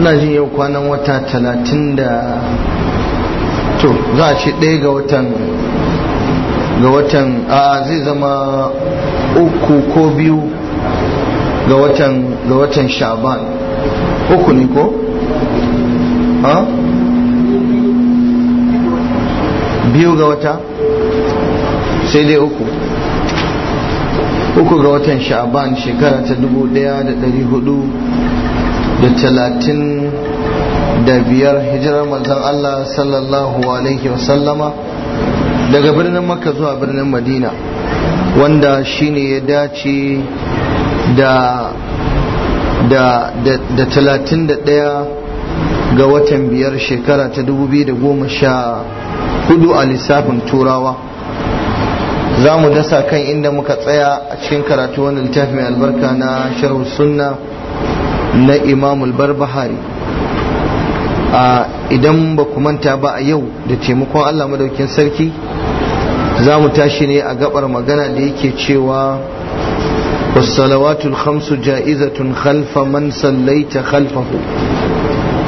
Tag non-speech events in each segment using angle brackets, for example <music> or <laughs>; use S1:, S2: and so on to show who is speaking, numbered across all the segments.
S1: ina jin yau kwanan wata talatin da to za a ce ɗaya ga watan ga watan a zai zama uku ko biyu ga watan ga watan shaban uku ne ko? ha? biyu ga wata? sai dai uku uku ga watan shaban shekara ta dubu daya da dari hudu da talatin da hijirar manzon Allah sallallahu alaihi wasallama daga birnin makka zuwa birnin madina wanda shine ya dace da da talatin da daya ga watan biyar shekara ta dubu biyu da goma sha hudu a lissafin turawa za mu dasa kan inda muka tsaya a cikin karatu wani littafi mai albarka na sharhu sunna na Imam imamul a idan ba ku manta ba a yau da taimakon allah madaukin sarki za mu tashi ne a gabar magana da yake cewa wasalawatul khamsu ja'izatun khalfa man sallaita khalfahu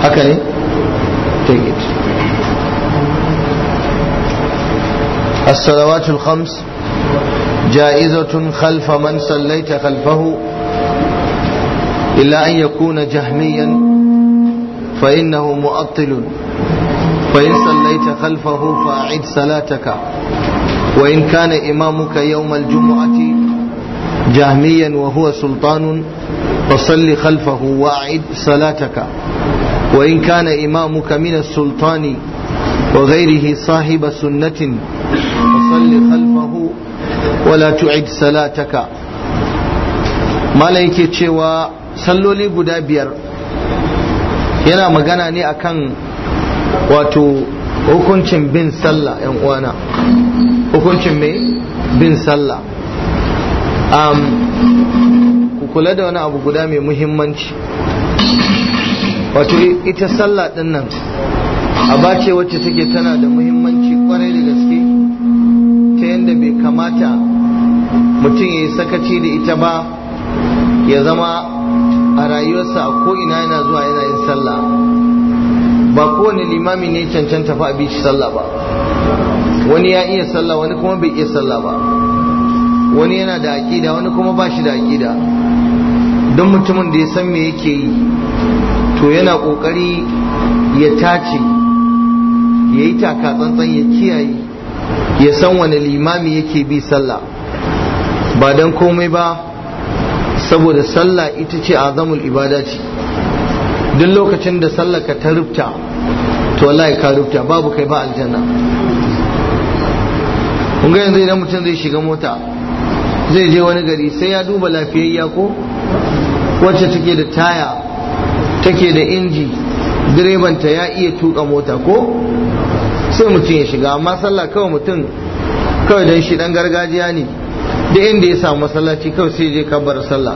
S1: haka ne take it as-salawatul khams ja'izatun khalfa man sallaita khalfahu إلا أن يكون جهميا فإنه مؤطل فإن صليت خلفه فأعد صلاتك وإن كان إمامك يوم الجمعة جهميا وهو سلطان فصل خلفه وأعد صلاتك وإن كان إمامك من السلطان وغيره صاحب سنة فصل خلفه ولا تعد صلاتك ما ليك تشوى salloli guda biyar yana magana ne akan wato hukuncin bin sallah yan uwana hukuncin mai bin sallah ku kula da wani abu guda mai muhimmanci wato ita sallah din nan a ce wacce take tana da muhimmanci kwarai da gaske ta yadda bai kamata mutum ya yi sakaci da ita ba ya zama a rayuwarsa a ko'ina yana zuwa yana yin sallah ba kowane limami ne cancanta fa abin shi sallah ba wani ya iya sallah wani kuma bai iya sallah ba wani yana da aƙida wani kuma ba shi da aƙida don mutumin da ya san me yake yi to yana ƙoƙari ya tace ya yi taka tsantsan ya kiyaye ya san wani limami yake bi sallah ba don komai ba saboda sallah ita ce azamul ibada ce duk lokacin da sallaka ta rubta to wallahi ka rubta babu kai ba aljanna kun ga yanzu idan mutum zai shiga mota zai je wani gari sai ya duba lafiyayya ko wacce take da taya take da inji direbanta ya iya tuka mota ko sai mutum ya shiga amma sallah kawai mutum kawai don shi dan gargajiya ne da inda ya samu masallaci kawai sai je kabbar sallah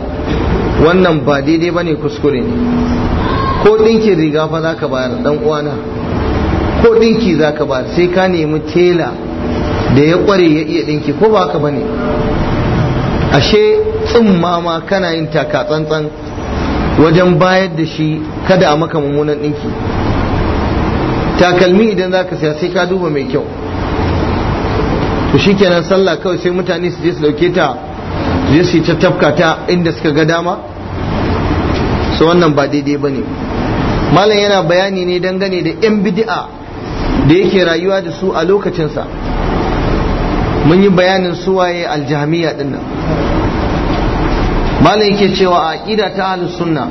S1: wannan ba daidai bane kuskure ne ko dinkin riga fa zaka bayar dan uwana ko dinki zaka bayar sai ka nemi tela da ya kware ya iya dinki ko ba haka bane ashe tsumma ma kana yin taka tsantsan wajen bayar da shi kada a maka mummunan dinki takalmi idan zaka siya sai ka duba mai kyau to shikenan sallah kawai sai mutane su je su dauke ta su je su ta tafka ta inda suka ga dama su wannan ba daidai bane malam yana bayani ne dangane da yan bid'a da yake rayuwa da su a lokacinsa mun yi bayanin suwaye aljamiya din nan malam yake cewa a aqida ta ahlus sunna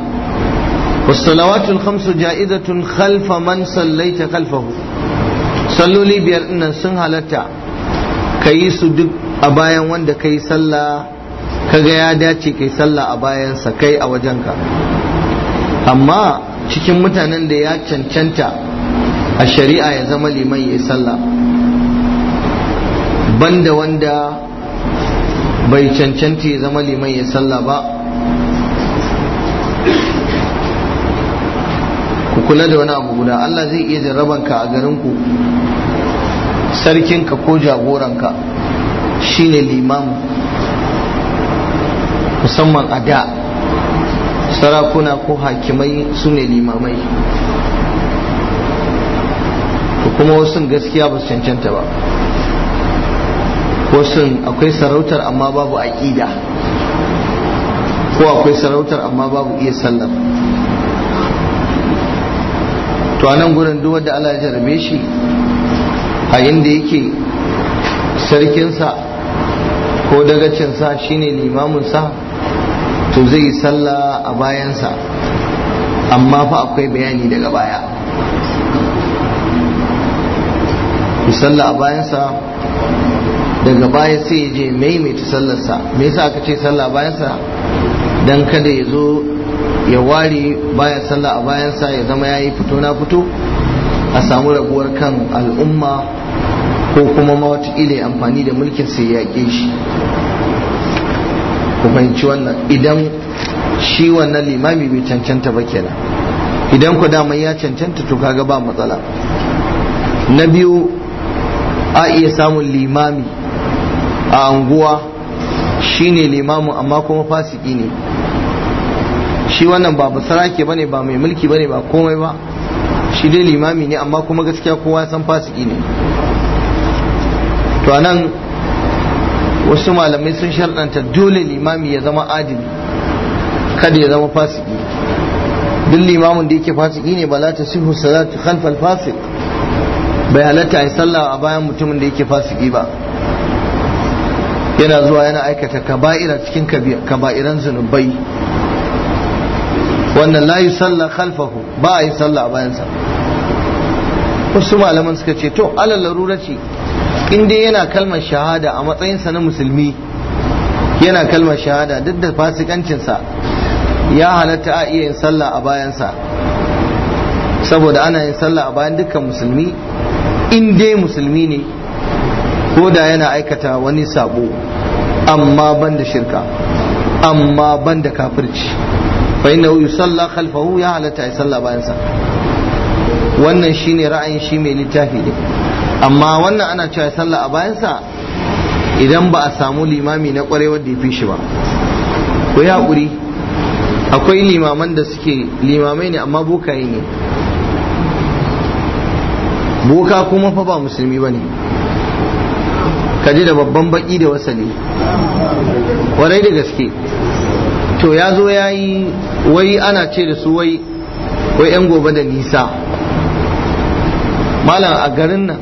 S1: والصلوات khamsu جائزة خلف man sallaita khalfahu صلوا biyar nan sun halatta ka yi su duk a bayan wanda ka yi sallah ga ya dace kai sallah a bayansa kai a wajenka amma cikin mutanen da ya cancanta a shari'a ya zama liman ya yi sallah banda wanda bai cancanta ya zama liman ya sallah ba ku kula da wani abu guda Allah zai iya jarrabanka a garinku sarkinka ko jagoranka shine limam musamman a da sarakuna ko hakimai su ne limamai kuma wasu gaskiya ba su cancanta ba wasu akwai sarautar amma babu aƙida ko akwai sarautar amma babu iya sallar to a nan gurin duk wanda Allah ya jarabe shi a inda yake sarkinsa ko sa shine sa to zai yi sallah a bayansa amma fa akwai bayani daga baya Ku sallah a bayansa daga baya sai ya je maimaita sallarsa me yasa aka ce sallah bayansa dan kada ya zo ya ware baya sallah a bayansa ya zama ya yi fito na fito a samu rabuwar kan al'umma ko kuma ma wataƙila ya amfani da mulkin sai ya yaƙe shi ku fahimci wannan idan shi wannan limami bai cancanta ba kenan idan ku dama ya cancanta to kaga ba matsala na biyu a iya samun limami a anguwa shine limamin amma kuma fasiki ne shi wannan ba basarake ne ba mai mulki ba ne ba komai ba shi dai limami ne amma kuma gaskiya kowa san fasiki ne to anan wasu malamai sun sharɗanta dole limami ya zama adili kada ya zama fasiki duk limamin da yake fasiki ne ba la ta sihu salatu khalfal fasik bai halatta ai sallah a bayan mutumin da yake fasiki ba yana zuwa yana aikata kaba'ira cikin kaba'iran zunubai wannan la yusalla khalfahu ba a yi sallah a bayansa wasu malaman suka ce to alal larura ce in dai yana kalmar shahada a matsayinsa na musulmi yana kalmar shahada duk da fasikancinsa ya halatta a iya yin sallah a bayansa saboda ana yin sallah a bayan dukkan musulmi in dai musulmi ne ko da yana aikata wani sabo amma ban da shirka amma ban da kafirci fa inna sallah khalfahu ya halatta a yi sallah bayansa wannan shine ra'ayin shi mai littafi ne amma wannan ana cewa sallah a bayansa idan ba a samu limami na kware wanda ya fi shi ba ko ya haƙuri akwai limaman da suke limamai ne amma bokaye ne boka kuma fa ba musulmi ba ne kaji da babban baki da wasali warai da gaske to ya zo ya yi wai ana ce da su wai wai 'yan gobe da nisa malam a garin nan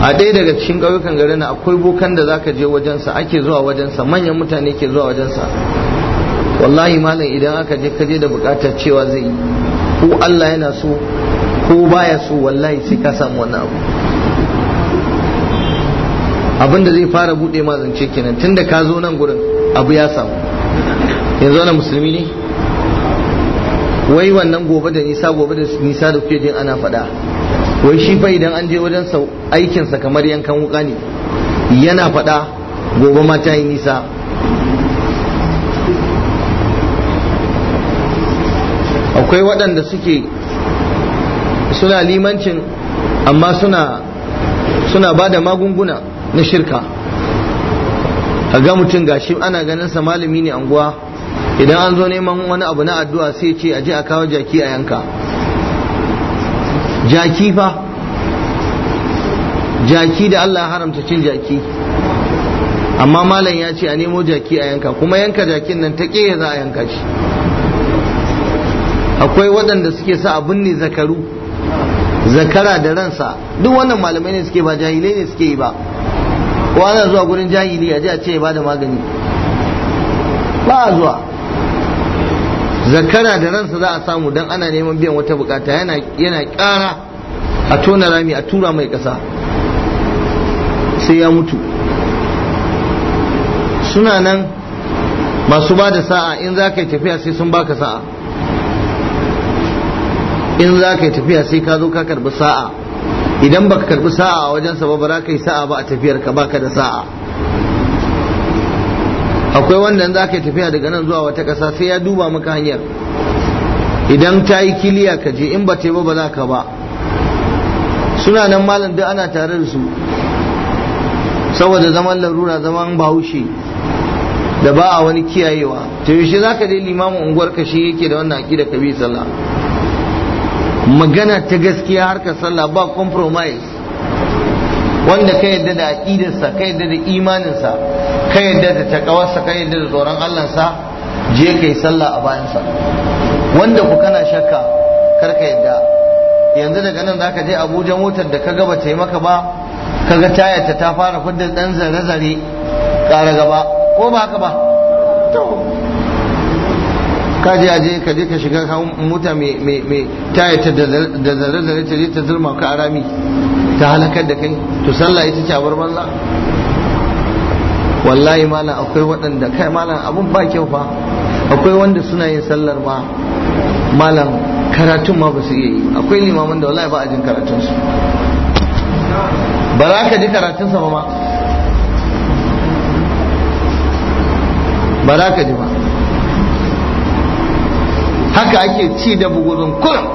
S1: a ɗaya daga cikin ƙauyukan na akwai bukan da zaka je wajensa ake zuwa wajensa manyan mutane ke zuwa wajensa wallahi malam idan aka je kaje da buƙatar cewa zai yi ko Allah yana so ko baya so wallahi sai ka samu wannan abu abin da zai fara buɗe ma zance kenan tunda ka zo nan gurin abu ya samu yanzu wani musulmi ne wai wannan gobe da nisa gobe da nisa da kuke jin ana faɗa wai shi fa idan an je wajen sau aikinsa kamar yankan wuka ne yana faɗa gobe ma ta yi nisa akwai waɗanda suke suna limancin amma suna suna ba da magunguna na shirka a ga mutum gashi ana ganin sa malami ne anguwa idan an zo neman wani abu na addu'a sai ce a je a kawo jaki a yanka jaki fa jaki da Allah haramta cin jaki amma malam ya ce a nemo jaki a yanka kuma yanka jakin nan ta ya za a yanka shi akwai waɗanda suke sa abin ne zakaru zakara da ransa duk wannan malamai ne suke ba jahilai ne suke yi ba ko ana zuwa gurin jahili a a ce ya bada magani ba a zuwa zakara da ransa za a samu don ana neman biyan wata bukata yana kara a tona rami a tura mai kasa. sai ya mutu suna nan masu ba da sa'a in za ka yi tafiya sai sun baka sa'a in za ka yi tafiya sai ka zo ka karbi sa'a idan baka karbi sa'a a wajen ba ba za ka yi sa'a ba a tafiyar ka baka da sa'a akwai wanda za ka yi tafiya daga nan zuwa wata ƙasa sai ya duba maka hanyar idan ta yi kiliya ka je in ba ta ba ba za ka ba suna nan malam duk ana tare da su saboda zaman larura zaman bahaushe da ba a wani kiyayewa ta shi za ka je limamin unguwar ka shi yake da wannan da ka bi sallah magana ta gaskiya harkar sallah ba compromise wanda ka yadda da aƙidarsa ka yadda da imaninsa ka yadda da takawarsa ka yadda da tsoron allansa je kai sallah a bayansa wanda ku kana shakka kar ka yadda yanzu daga nan za ka je Abuja motar da ka gaba ta yi maka ba ka ga tayarta ta fara kudda dan zare zare ƙara gaba ko ba haka ba ka je aje ka je ka shiga mota mai tayar ta da zare zare ta je ta zurma ka arami ta halakar da kai to sallah ita ce abar banza wallahi malam akwai waɗanda kai malam abun ba kyau fa akwai wanda suna yin sallar ma malam karatun ma ba su iya yi akwai limaman da wallahi ba a jin karatun su ba za ka ji karatun sa ba ma ba za ka ji ba haka ake ci da bugurin kullum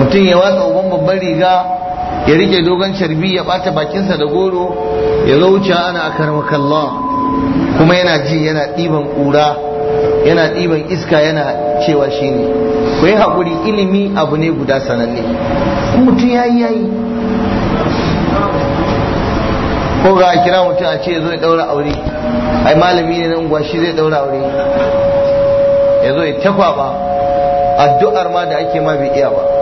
S1: mutum ya watsa uban babban riga ya rike dogon carbi ya bata bakinsa da goro ya zo wuce ana akarmakallah kuma yana ji yana ɗiban ƙura yana ɗiban iska yana cewa shi ne ku yi haƙuri ilimi abu ne guda sananne kuma mutum ya yi ya yi ko ga a kira mutum a ce ya zo ya ɗaura aure ai malami ne na unguwa shi zai ɗaura aure ya zo ya ba addu'ar ma da ake ma bai iya ba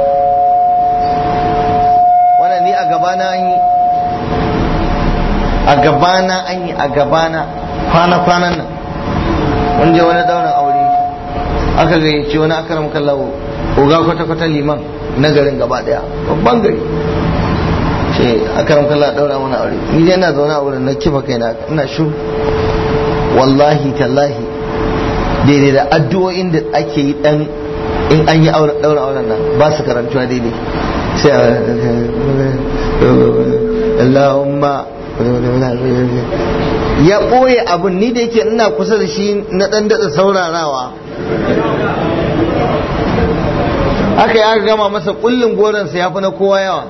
S1: gabana an yi a gabana an yi a gabana kwana-kwanan nan mun je wani daunar aure aka gaya ce wani aka akaram lawo uga kwata-kwata liman na garin gaba daya babban gari ce aka akaram kallawo daura wani aure ni dai na zaune a wurin na kifa kai na ina shu wallahi tallahi daidai da addu'o'in da ake yi dan in an yi daura auren nan ba su karantuwa daidai sai a ya ɓoye abin ni da yake ina kusa da shi na ɗan daɗa saurarawa aka yi aka gama masa ƙullin goronsa ya fi na kowa yawa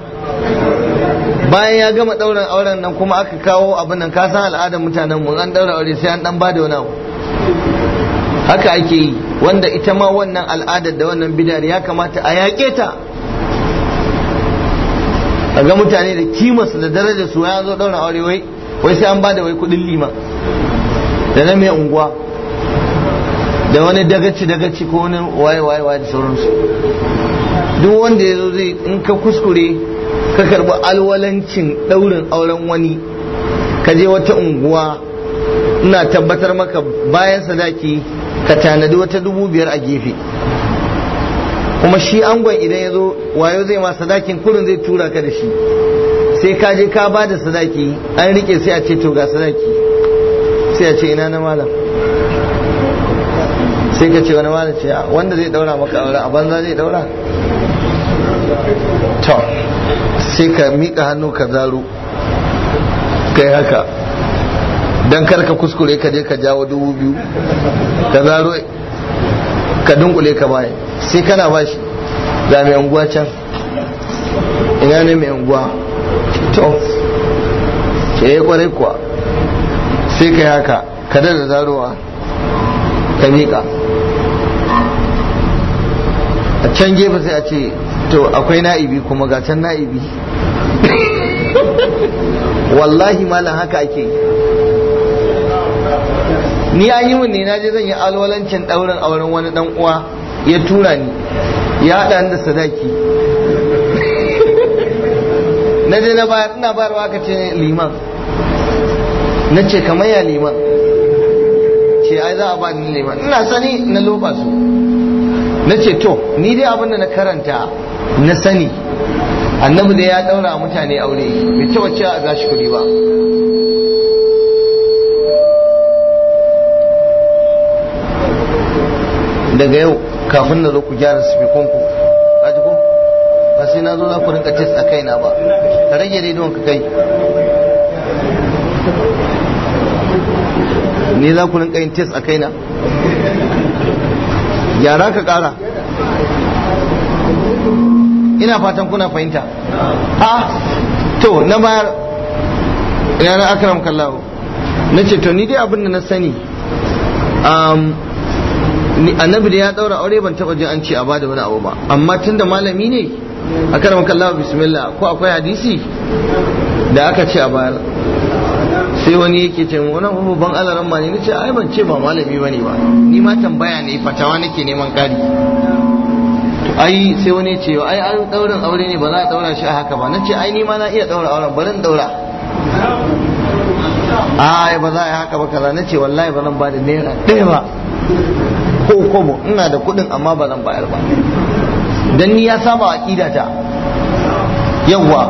S1: bayan ya gama ɗaurin auren nan kuma aka kawo abin nan kasan al'adar mutanen mu an ɗaura aure sai an ɗan ba da wani abu haka ake yi wanda ita ma wannan al'adar da wannan bidari ya kamata a yaƙe ta ga mutane da kimarsu da darajar su ya zo daura aure wai wai sai an bada wai kudin lima da na mai unguwa da wani dagaci dagaci ko wani waye waye waye da sauransu duk wanda ya zo zai in ka kuskure ka karbi alwalancin daurin auren wani ka je wata unguwa ina tabbatar maka bayan sadaki ka tanadi wata dubu biyar a gefe kuma shi angon idan ya zo wayo zai ma sadakin kurin zai tura ka da shi sai ka je ka ba da sadaki an rike sai a ce to ga sadaki sai a ce ina na malam sai ka ce wani malam ce ah, wanda zai daura maka aure a banza zai daura to sai ka miƙa hannu ka zaro kai haka don karka kuskure ka je ka jawo dubu biyu ka zaro ka dunkule ka baye sai kana bashi da mai unguwa can ina ne mai unguwa to ke yi kwarai kuwa sai ka yi haka ka da zarowa ka miƙa a can gefe sai a ce to akwai na'ibi kuma ga can na'ibi
S2: <laughs>
S1: wallahi malam haka ake yi ni an yi min ne naje zan yi alwalancin ɗaurin auren wani dan uwa ya tura ni ya hada da sadaki <laughs> na je na bayar ina bayarwa aka ce liman na ce kamar ya liman ce ai za a ba ni liman ina sani na loba su na ce to ni dai abin da na karanta na sani annabi da ya daura mutane aure bai taba cewa a gashi kuɗi ba daga yau kafin na zo ku gyara sifikonku ka ji ko ba sai na zo za ku rinka tes a kaina ba ka rage rediyon ka kai ni za ku rinka yin tes a kaina gyara ka kara ina fatan kuna fahimta a to na bayar ina akaram akram kallahu na ce to ni dai abin da na sani um, annabi da ya daura aure ban taba jin an ce a bada wani abu ba amma tunda malami ne a karan kallawa bismillah ko akwai hadisi da aka ce a bayar sai wani yake ce wani abu babban alaran ma ne ce ai ban ce ba malami bane ba ni ma tambaya ne fatawa nake neman kari ai sai wani ya ce ai an daurin aure ne ba za a daura shi a haka ba nace ai ni ma na iya daura auren barin daura ai ba za a yi haka ba kaza nace wallahi ba zan ba da naira ɗaya ba komo ina da kudin amma ba zan bayar ba dan ni ya saba aqidata yawa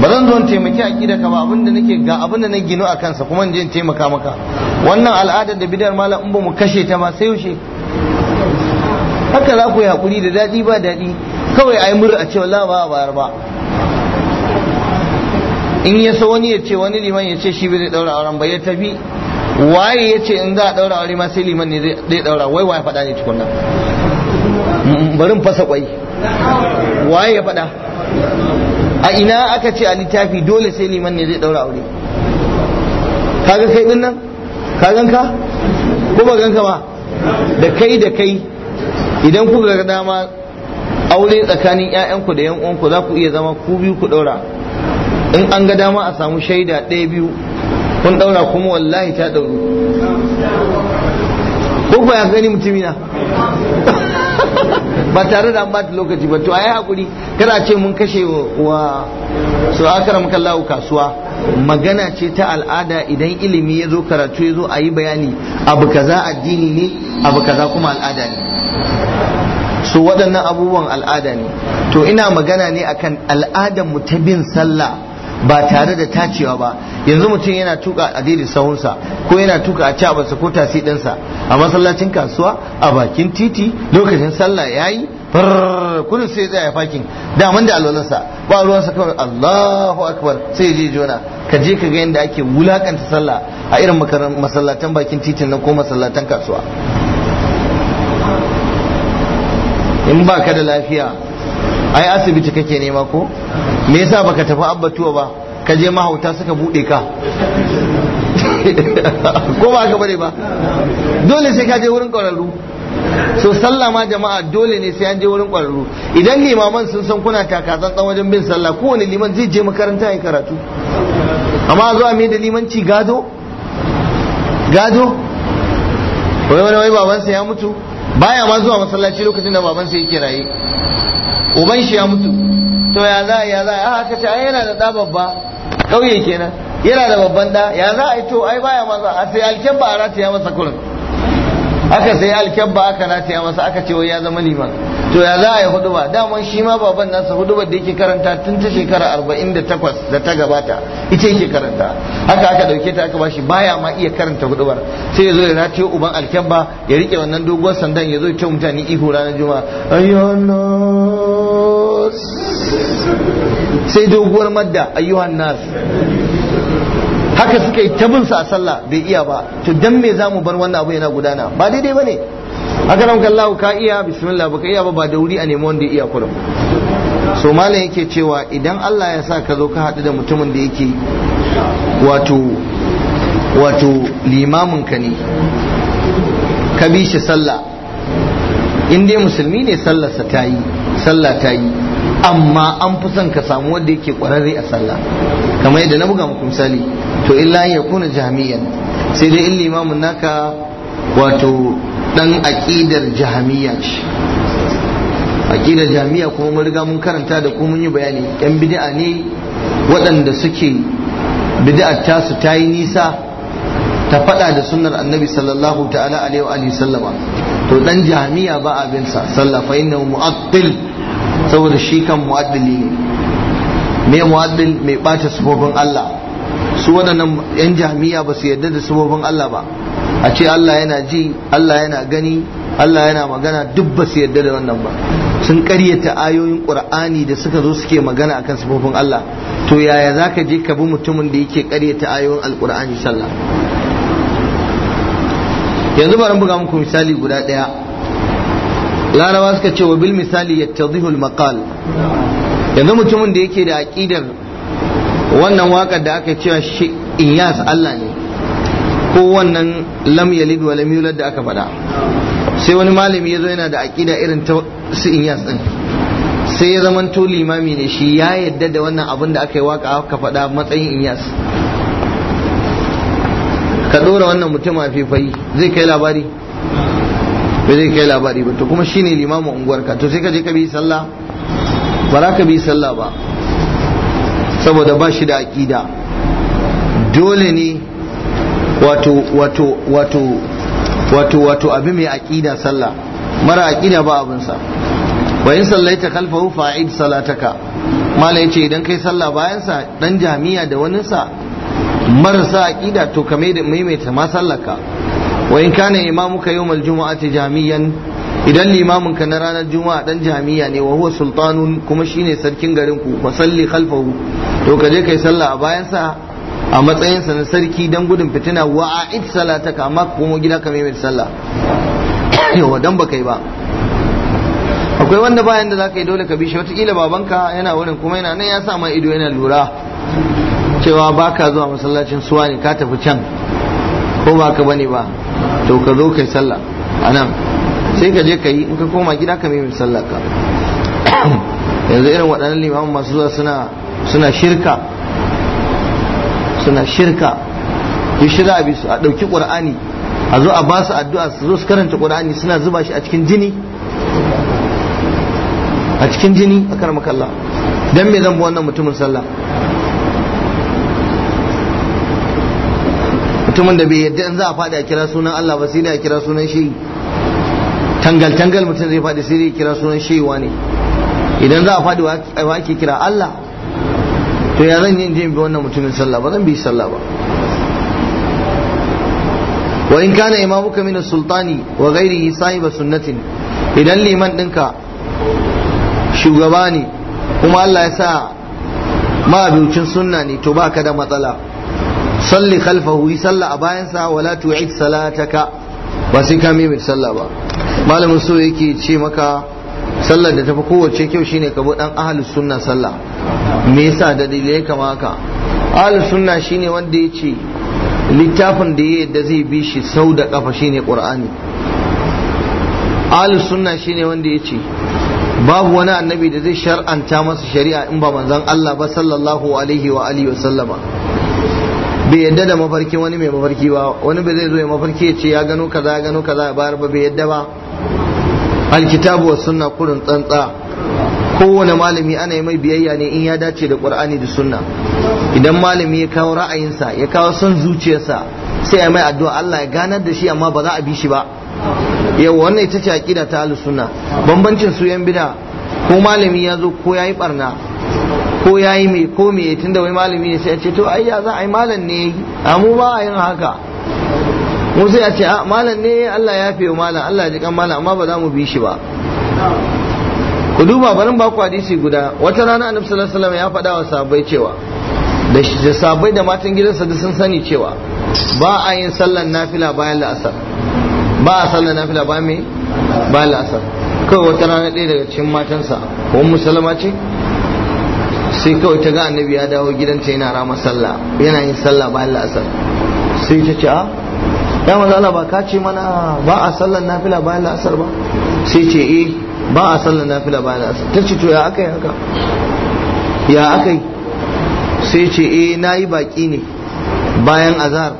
S1: ba zan zo taimaki aqida ka ba abinda nake ga abinda na gino a kansa kuma in taimaka maka wannan al'adar da bidar malam in ba mu kashe ta ba sai yaushe haka za ku yi hakuri da dadi ba dadi kawai ai mur a ce wallahi ba bayar ba in ya wani ya wani liman ya ce shi bai daura auren ba ya tafi waye ya ce in za a daura aure ma sai liman ne zai daura wai waye faɗa ne cikin nan? barin fasa kwai waye ya faɗa a ina aka ce a littafi dole sai liman ne zai daura aure kaga kai din nan ka ko ba ganka ba da kai da kai idan kuka ga dama aure tsakanin ƴaƴanku da 'yan uwanku za ku iya zama ku biyu ku daura in an ga dama a samu shaida ɗaya biyu kun ɗaura kuma wallahi ta dauru ko ba ya gani mutumina ba tare da an ba lokaci ba to a hakuri kada ce mun kashe wa su akaram kallahu kasuwa magana ce ta al'ada idan ilimi ya zo karatu ya zo a yi bayani abu kaza addini ne abu kaza kuma al'ada ne su waɗannan abubuwan al'ada ne to ina magana ne akan al'adar mu ta bin sallah ba tare da tacewa ba yanzu mutum yana tuka adidin sahunsa ko yana tuka a cabarsa ko tasi ɗinsa a masallacin kasuwa a bakin titi lokacin sallah yayi kudin sai tsaya fakin daman da alwalarsa ba ruwansa kawai Allahu akbar sai je jona ka je ka ga yadda ake wulakanta sallah a irin masallatan bakin titin nan ko masallatan kasuwa in ba ka da lafiya ai asibiti kake nema ko me yasa baka tafi abbatuwa ba ka je mahauta suka bude ka <laughs> ko ba ka bare ba dole sai ka je wurin kwararru so sallah ma jama'a dole ne sai an je wurin kwararru idan limaman sun san kuna takatsantsan wajen bin sallah kowane liman zai je makaranta ya karatu amma zuwa me da limanci gado gado wai wani wai babansa ya mutu baya ma zuwa masallaci lokacin da babansa yake raye uban shi ya mutu to ya za ya za a haka ce ai yana da da babba kauye kenan yana da babban da ya za a yi to ai baya maza a sai ba a ya masa kurin aka sai ba aka ya masa aka ce wai ya zama liman to ya za a yi huduba daman shi ma baban nasa ba da yake karanta tun ta shekara arba'in da takwas da ta gabata ita yake karanta haka aka dauke ta aka bashi baya ma iya karanta hudubar sai ya zo ya rataye uban alkyabba ya rike wannan doguwar sandan ya zo ya ce mutane ihu ranar juma'a ayyana sai doguwar madda ayyuhan nas haka suka yi tabinsa a sallah bai iya ba to dan me zamu bar wannan abu yana gudana ba daidai bane haka nan kallahu ka iya bismillah baka iya ba ba da wuri a nemi wanda ya iya kurum so malam yake cewa idan Allah ya sa ka zo ka hadu da mutumin da yake wato wato limamin ka ne ka bi shi sallah in dai musulmi ne sallarsa ta yi sallah ta yi amma an fi son ka samu wanda yake kwararre a sallah kamar yadda na buga muku misali to illa ya kuna jami'an sai dai in limamin naka wato dan aqidar jahamiyya ce aqidar jahamiyya kuma mun riga mun karanta da kuma mun yi bayani yan bid'a ne waɗanda suke bid'ar tasu ta yi nisa ta faɗa da sunnar annabi sallallahu ta'ala alaihi wa sallama to dan jami'a ba abin sa sallah fa inna mu'attil saboda shi kan mu'addili ne me mu'addil mai bata sufofin Allah su waɗannan yan jami'a ba su yarda da sufofin Allah ba a ce Allah yana ji Allah yana gani Allah yana magana duk ba su yarda da wannan ba sun karyata ayoyin qur'ani da suka zo suke magana akan sufofin Allah to yaya zaka je ka bi mutumin da yake karyata ayoyin alqur'ani sallah yanzu bari buga muku misali guda daya laraba suka ce wa bil misali ya al maqal yanzu mutumin da yake da aƙidar wannan wakar da aka cewa shi iyas Allah ne ko wannan lam yalid wa lam da aka faɗa sai wani malami ya zo yana da aƙida irin ta su inyas ɗin sai ya zamanto limami ne shi ya yadda da wannan abin da aka yi waka aka faɗa matsayin iyas ka ɗora wannan mutum a faifayi zai kai labari ba zai kai labari ba to kuma shine limamin unguwarka to sai ka je ka bi sallah ba za ka bi sallah ba saboda ba shi da aƙida dole ne wato wato wato wato wato abi mai aƙida sallah mara aƙida ba abinsa wa in sallaita khalfahu fa'id salataka mala yace idan kai sallah bayan sa dan jami'a da waninsa marasa aqida to ka maimaita ma sallaka wa in kana imamuka yawmal jumu'ati jami'an idan limamin ka na ranar juma'a dan jami'a ne wa huwa sultanun kuma shine sarkin garin ku fa salli khalfahu to ka je kai salla a bayan sa a matsayin sa na sarki dan gudun fitina wa a'id salataka amma kuma gida ka maimaita sallah <coughs> yawa dan baka yi ba akwai wanda bayan da zaka yi dole ka bi shi kila babanka yana wurin kuma yana nan ya sa ma ido yana lura cewa baka zuwa masallacin suwa ne ka tafi can ko ba ka bane ba to ka zo kai sallah a nan sai ka je ka yi in ka koma gida ka mai sallah ka <coughs> yanzu irin waɗannan limamin masu zuwa suna suna shirka suna shirka yi a abi su a ɗauki ƙur'ani a zo a ba su addu'a su zo su karanta ƙur'ani suna zuba shi a cikin jini a cikin jini a karmakalla don me zan bi wannan mutumin sallah mutumin da bai yadda in za a faɗi a kira sunan Allah ba sai dai a kira sunan shi tangal tangal mutum zai faɗi sai dai kira sunan shi ne idan za a faɗi wa ake kira Allah to ya zan yi in bi wannan mutumin sallah ba zan bi sallah ba wa in kana imamuka min sultani wa ghairihi sahiba sunnatin idan liman dinka shugaba ne kuma Allah ya sa ma'abincin sunna ne to baka da matsala salli khalfahu yi salla a bayansa wala tu'id salataka ba sai ka mai salla ba malamin so yake ce maka sallah da tafi kowace kyau shine ka dan ahlus sunna salla me yasa da dalilai kama haka ahlus sunna shine wanda ya ce littafin da ya yadda zai bi shi sau da kafa shine qur'ani ahlus sunna shine wanda ya ce babu wani annabi da zai shar'anta masa shari'a in ba manzon Allah ba sallallahu alaihi wa alihi wa sallama bai yadda da mafarki wani mai mafarki ba wani bai zai zo ya mafarki ya ce ya gano kaza ya gano kaza ba bayar ba bai yadda ba alkitabu wa sunna kurin tsantsa kowane malami ana yi mai biyayya ne in ya dace da qur'ani da sunna idan malami ya kawo ra'ayinsa ya kawo son zuciyarsa sai ya mai addu'a Allah ya ganar da shi amma ba za a bi shi ba yau wannan ita ce aqida ta ahlus sunna bambancin su yan bida ko malami ya zo ko yayi barna ko ya yi mai ko me da wai malami ne sai a ce to ai ya za a yi malam ne mu ba a yin haka mu sai a ce a malam ne Allah ya fi malam Allah ji kan malam amma ba za mu bi shi ba ku duba barin ba ku hadisi guda wata rana annabi sallallahu alaihi ya faɗa wa sahabbai cewa da sahabbai da matan gidansa da sun sani cewa ba a yin sallan nafila bayan la'asar ba a sallan nafila bayan me bayan la'asar kawai wata rana ɗaya daga cikin matansa ko musulma ce sai kawai ta ga annabi ya dawo gidanta yana rama sallah yana yin sallah bayan la'asar sai ta ce a ah, ya maza Allah ba ka ce mana ba a sallan nafila bayan la'asar ba sai ce eh ba a sallan nafila bayan la'asar ta ce to ya aka yi haka ya aka yi sai ce eh na yi baki ne bayan azar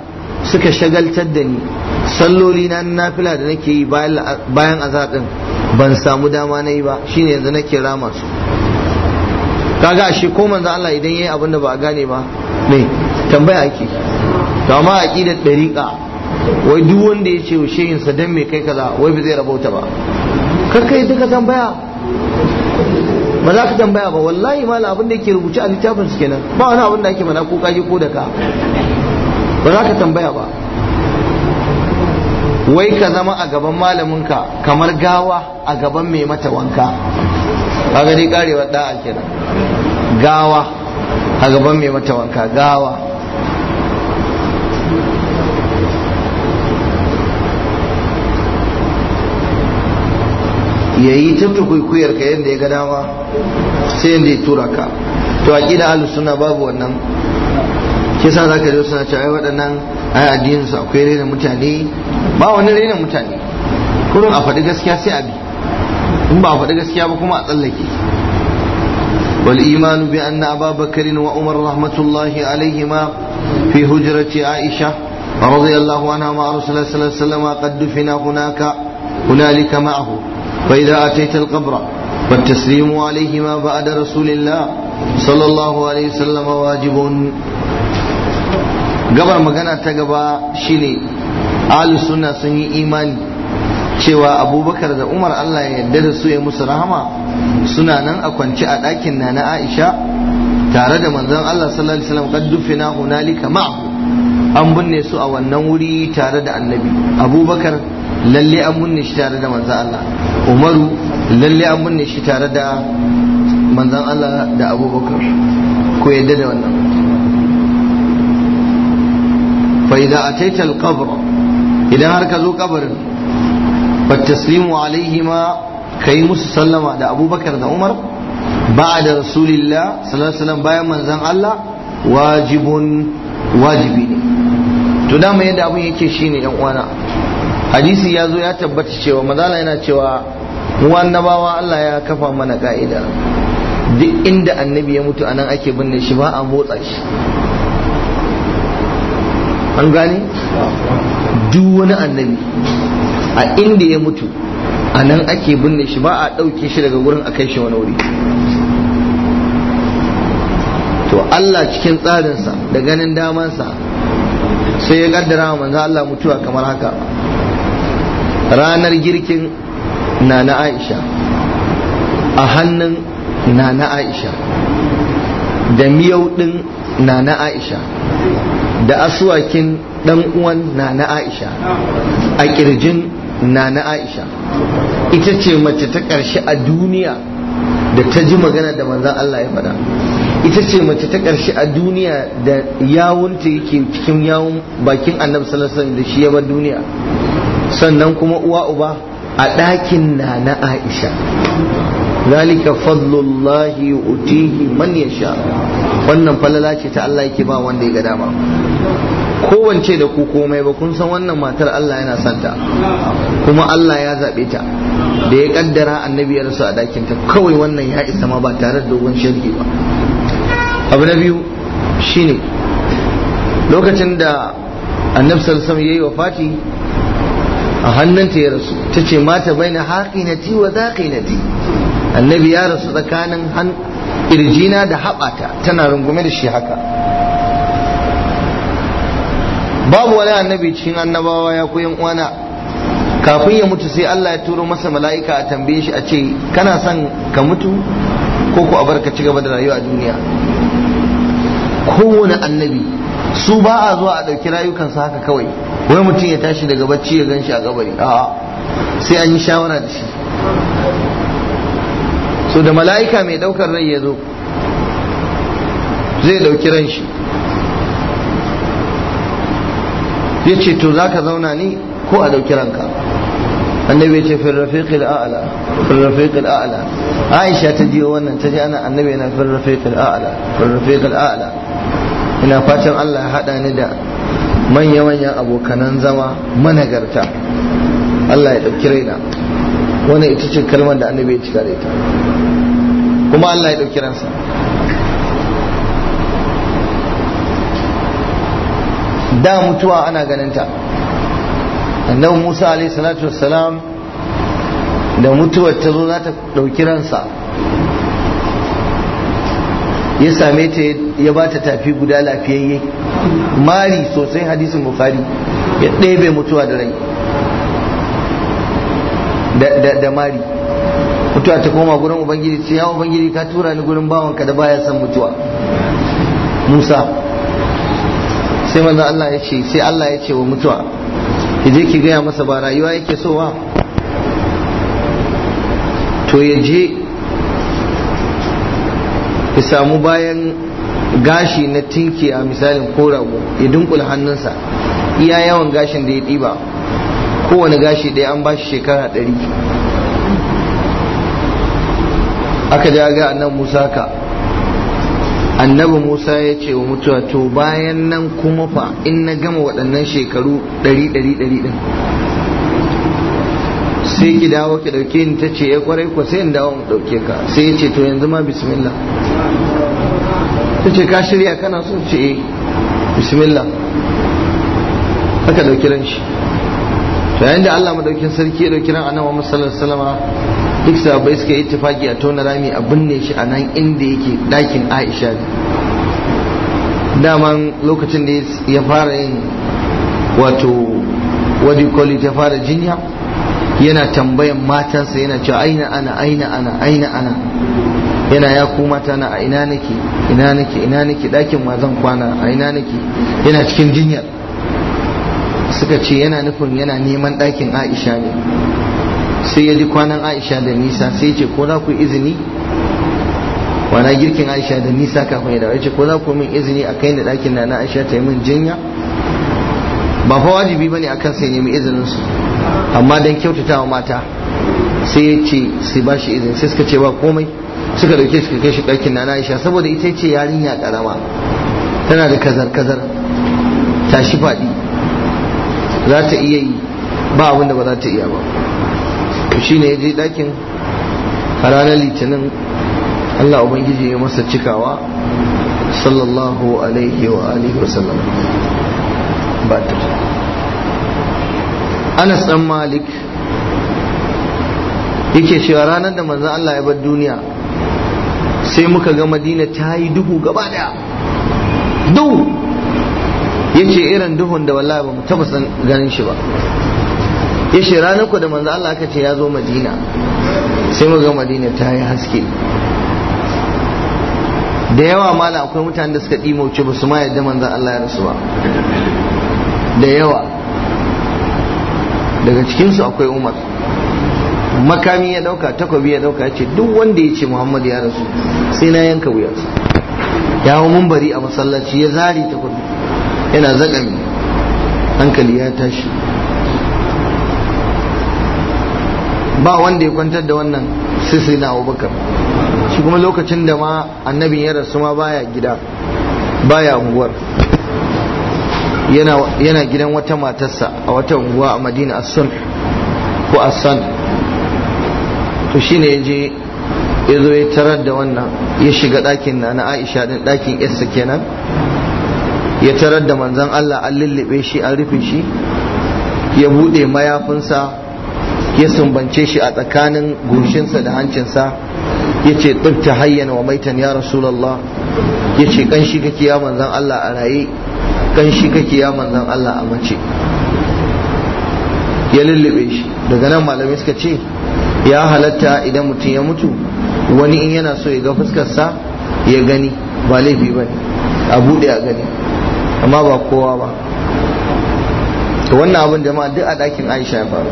S1: suka shagaltar da ni salloli na nafila da nake yi bayan azar din ban samu dama na yi ba shine yanzu nake rama su kaga ashe ko manzo Allah idan yayi abin da ba a gane ba ne tambaya ake to amma aqidar dariqa wai duk wanda ya ce shehin sa dan me kai kaza wai ba zai rabauta ba kar kai duka tambaya ba za ka tambaya ba wallahi mala abin da yake rubuce a littafin su kenan ba wani abin da ake mana ko kaje ko da ka ba za ka tambaya ba wai ka zama a gaban malamin ka kamar gawa a gaban mai mata wanka kaga dai karewar da'a kenan gawa a gaban mai mata wanka gawa ya yi tafta kwaikwayar ka yadda ya ga dama sai yadda ya tura ka to a ƙida alu suna babu wannan kisa za ka zo suna cewa waɗannan ai addininsu akwai raina mutane ba wani raina mutane kurin a faɗi gaskiya sai abi in ba a faɗi gaskiya ba kuma a tsallake والإيمان بأن أبا بكر وعمر رحمة الله عليهما في هجرة عائشة رضي الله عنهما رسول الله صلى الله عليه وسلم قد دفن هناك هنالك معه فإذا أتيت القبر فالتسليم عليهما بعد رسول الله صلى الله عليه وسلم واجب gabar magana ta gaba shine ahlus sunna sun yi imani cewa abubakar da umar allah ya yarda da su ya musu rahama suna nan a kwance a ɗakin na na aisha tare da manzon allah sallallahu alaihi wasallam kad dufina hunalika ma'ahu an binne su a wannan wuri tare da annabi abubakar lalle an binne shi tare da manzon allah umaru lalle an binne shi tare da manzon allah da abubakar ko yarda da wannan fa idza ataita al idan har ka zo kabarin والتسليم عليهما كي مسلم على أبو بكر ده da بعد رسول الله صلى الله عليه وسلم بايا من زن الله واجب واجبي to da mai yadda abin shi ne yan uwana hadisi ya zo ya tabbata cewa mazala yana cewa mu annabawa Allah ya kafa mana ka'ida duk inda annabi ya mutu anan ake binne shi ba a motsa shi an gane duk wani annabi a inda ya mutu a nan ake binne shi ba a ɗauke shi daga wurin a kai shi wani wuri to Allah cikin tsarinsa da ganin damansa sai ya kaddara wa manzo Allah mutuwa kamar haka ranar girkin nana Aisha a hannun nana Aisha da miyau ɗin nana Aisha da asuwakin ɗan uwan nana Aisha a kirjin na na aisha ita ce mace ta ƙarshe a duniya da ta ji magana da manzan Allah ya faɗa ita ce mace ta karshe a duniya da yawunta yake cikin yawun bakin annabi sallallahu da shi ya bar duniya sannan kuma uwa uba a ɗakin na na aisha zalika fadlullahi utihi man yasha wannan falala ce ta Allah yake ba wanda ya ga dama kowance da ku komai ba kun san wannan matar Allah yana santa kuma Allah ya zaɓe ta da ya ƙaddara annabi ya rasu a dakin ta kawai wannan ya isa ma ba tare da dogon shirki ba abu na biyu shine lokacin da annabi sallallahu alaihi wa fati a hannunta ya rasu ta ce mata baina haqinati wa zaqinati annabi ya rasu tsakanin irjina da haɓata tana rungume da shi haka babu wani annabi cikin annabawa ya koyan wana kafin ya mutu sai Allah ya turo masa mala'ika a tambaye shi a ce kana son ka mutu ko ku abar ka ci gaba da rayuwa a duniya kowane annabi su ba a zuwa a ɗauki rayukansa haka kawai wai mutum ya tashi daga bacci ya gan a gabari a'a sai an yi shawara da shi so da mala'ika mai ɗaukar rai ya zo zai ɗauki ran shi ya ce to za ka zauna ni ko a ɗauki ranka annabi ya ce fil a'ala a'la fil aisha ta jiyo wannan ta ce ana annabi yana fil a'ala a'la a'ala ina fatan Allah ya hada ni da manya manyan abokanan zama managarta Allah ya dauki raina wannan ita ce kalmar da annabi ya cika da ita kuma Allah ya dauki ransa da mutuwa ana ganin ta. annabi musa alaihi salatu wassalam da mutuwar ta zo za ta ɗauki ransa ya same ta ya ba ta tafi guda lafiyayye mari sosai hadisin bukhari ya ɗebe mutuwa da rai da mari mutuwa ta koma gurin ubangiji ce ya ubangiji ka tura ni gurin bawanka da baya son mutuwa musa sai maza Allah ya ce sai Allah ya ce wa mutuwa ki je ki gaya masa ba rayuwa yake so ba to ya je ya samu bayan gashi na tinki a misalin ko ya dunkula hannunsa iya yawan gashin da ya ɗiba kowane gashi ɗaya an ba shi shekara ɗari aka ja ga annan musaka annabi musa ya ce wa mutuwa to bayan nan kuma fa in na gama waɗannan shekaru ɗari ɗari ɗari ɗin sai ki dawo ki ɗauke ni ta ce ya eh, kwarai ko sai in dawo mu ɗauke ka sai ya ce to yanzu ma bismillah ta ce ka shirya kana so ce eh bismillah aka ɗauki ran shi to yayin da Allah madaukin sarki ya ɗauki ran annabi Muhammad sallallahu alaihi wasallam duk sahabbai suka yi tufaki a tona rami a binne shi a nan inda yake dakin aisha daman lokacin da ya fara yin wato wadikoli ya fara jinya yana tambayan matansa yana cewa aina ana aina ana aina ana yana ya ku mata na a ina nake ina nake ina nake dakin ma zan kwana a ina nake yana cikin jinyar suka ce yana nufin yana neman dakin aisha ne sai ya ji kwanan aisha da nisa sai ce ko za ku izini wana girkin aisha da nisa kafin ya dawo ya ce ko za ku min izini a kai da ɗakin na na aisha ta yi min jinya ba fa wajibi bane akan sai nemi izinin su amma dan kyautatawa mata sai ya ce sai ba shi izini sai suka ce ba komai suka dauke suka kai shi ɗakin na Aisha saboda ita ce yarinya karama tana da kazar kazar tashi faɗi za ta iya yi ba abin da ba za ta iya ba to shine ya je dakin a ranar litinin Allah ubangiji ya masa cikawa sallallahu alaihi wa alihi wa sallam ba Anas dan Malik yake cewa ranar da manzon Allah ya bar duniya sai muka ga Madina ta yi duhu gaba daya duhu yace irin duhun da wallahi ba mu taba ganin shi ba ya shi ranar ku da manzo Allah aka ce ya zo madina sai mu ga madina ta yi haske da yawa mala akwai mutane da suka ɗimauce ba su ma yadda manzan Allah ya rasu ba da yawa daga cikinsu akwai umar makami ya ɗauka takobi ya ɗauka ya ce duk wanda ya ce muhammad ya rasu sai na yanka wuyarsa ya hau mumbari a masallaci ya zari takobi yana zaƙami hankali ya tashi ba wanda ya kwantar da wannan sai na abubakar shi kuma lokacin da ma annabin ya rasu ma baya gida baya unguwar yana gidan wata matarsa a wata unguwa a madina assun ko assan to ne ya je ya zo ya tarar da wannan ya shiga ɗakin na na aisha ɗin ɗakin yarsa kenan ya tarar da manzan allah an lullube shi an rufe shi ya buɗe mayafinsa ya sumbance shi a tsakanin gushinsa da hancinsa ya ce tsibta hayyana wa maitan ya rasulallah ya ce shi kake ya manzan Allah a raye shi kake ya manzan Allah a mace ya lullube shi daga nan malamai suka ce ya halatta idan mutum ya mutu wani in yana so ya ga fuskarsa ya gani ba laifi ba a buɗe a gani amma ba kowa ba wannan abin jama'a duk a ɗakin aisha ya faru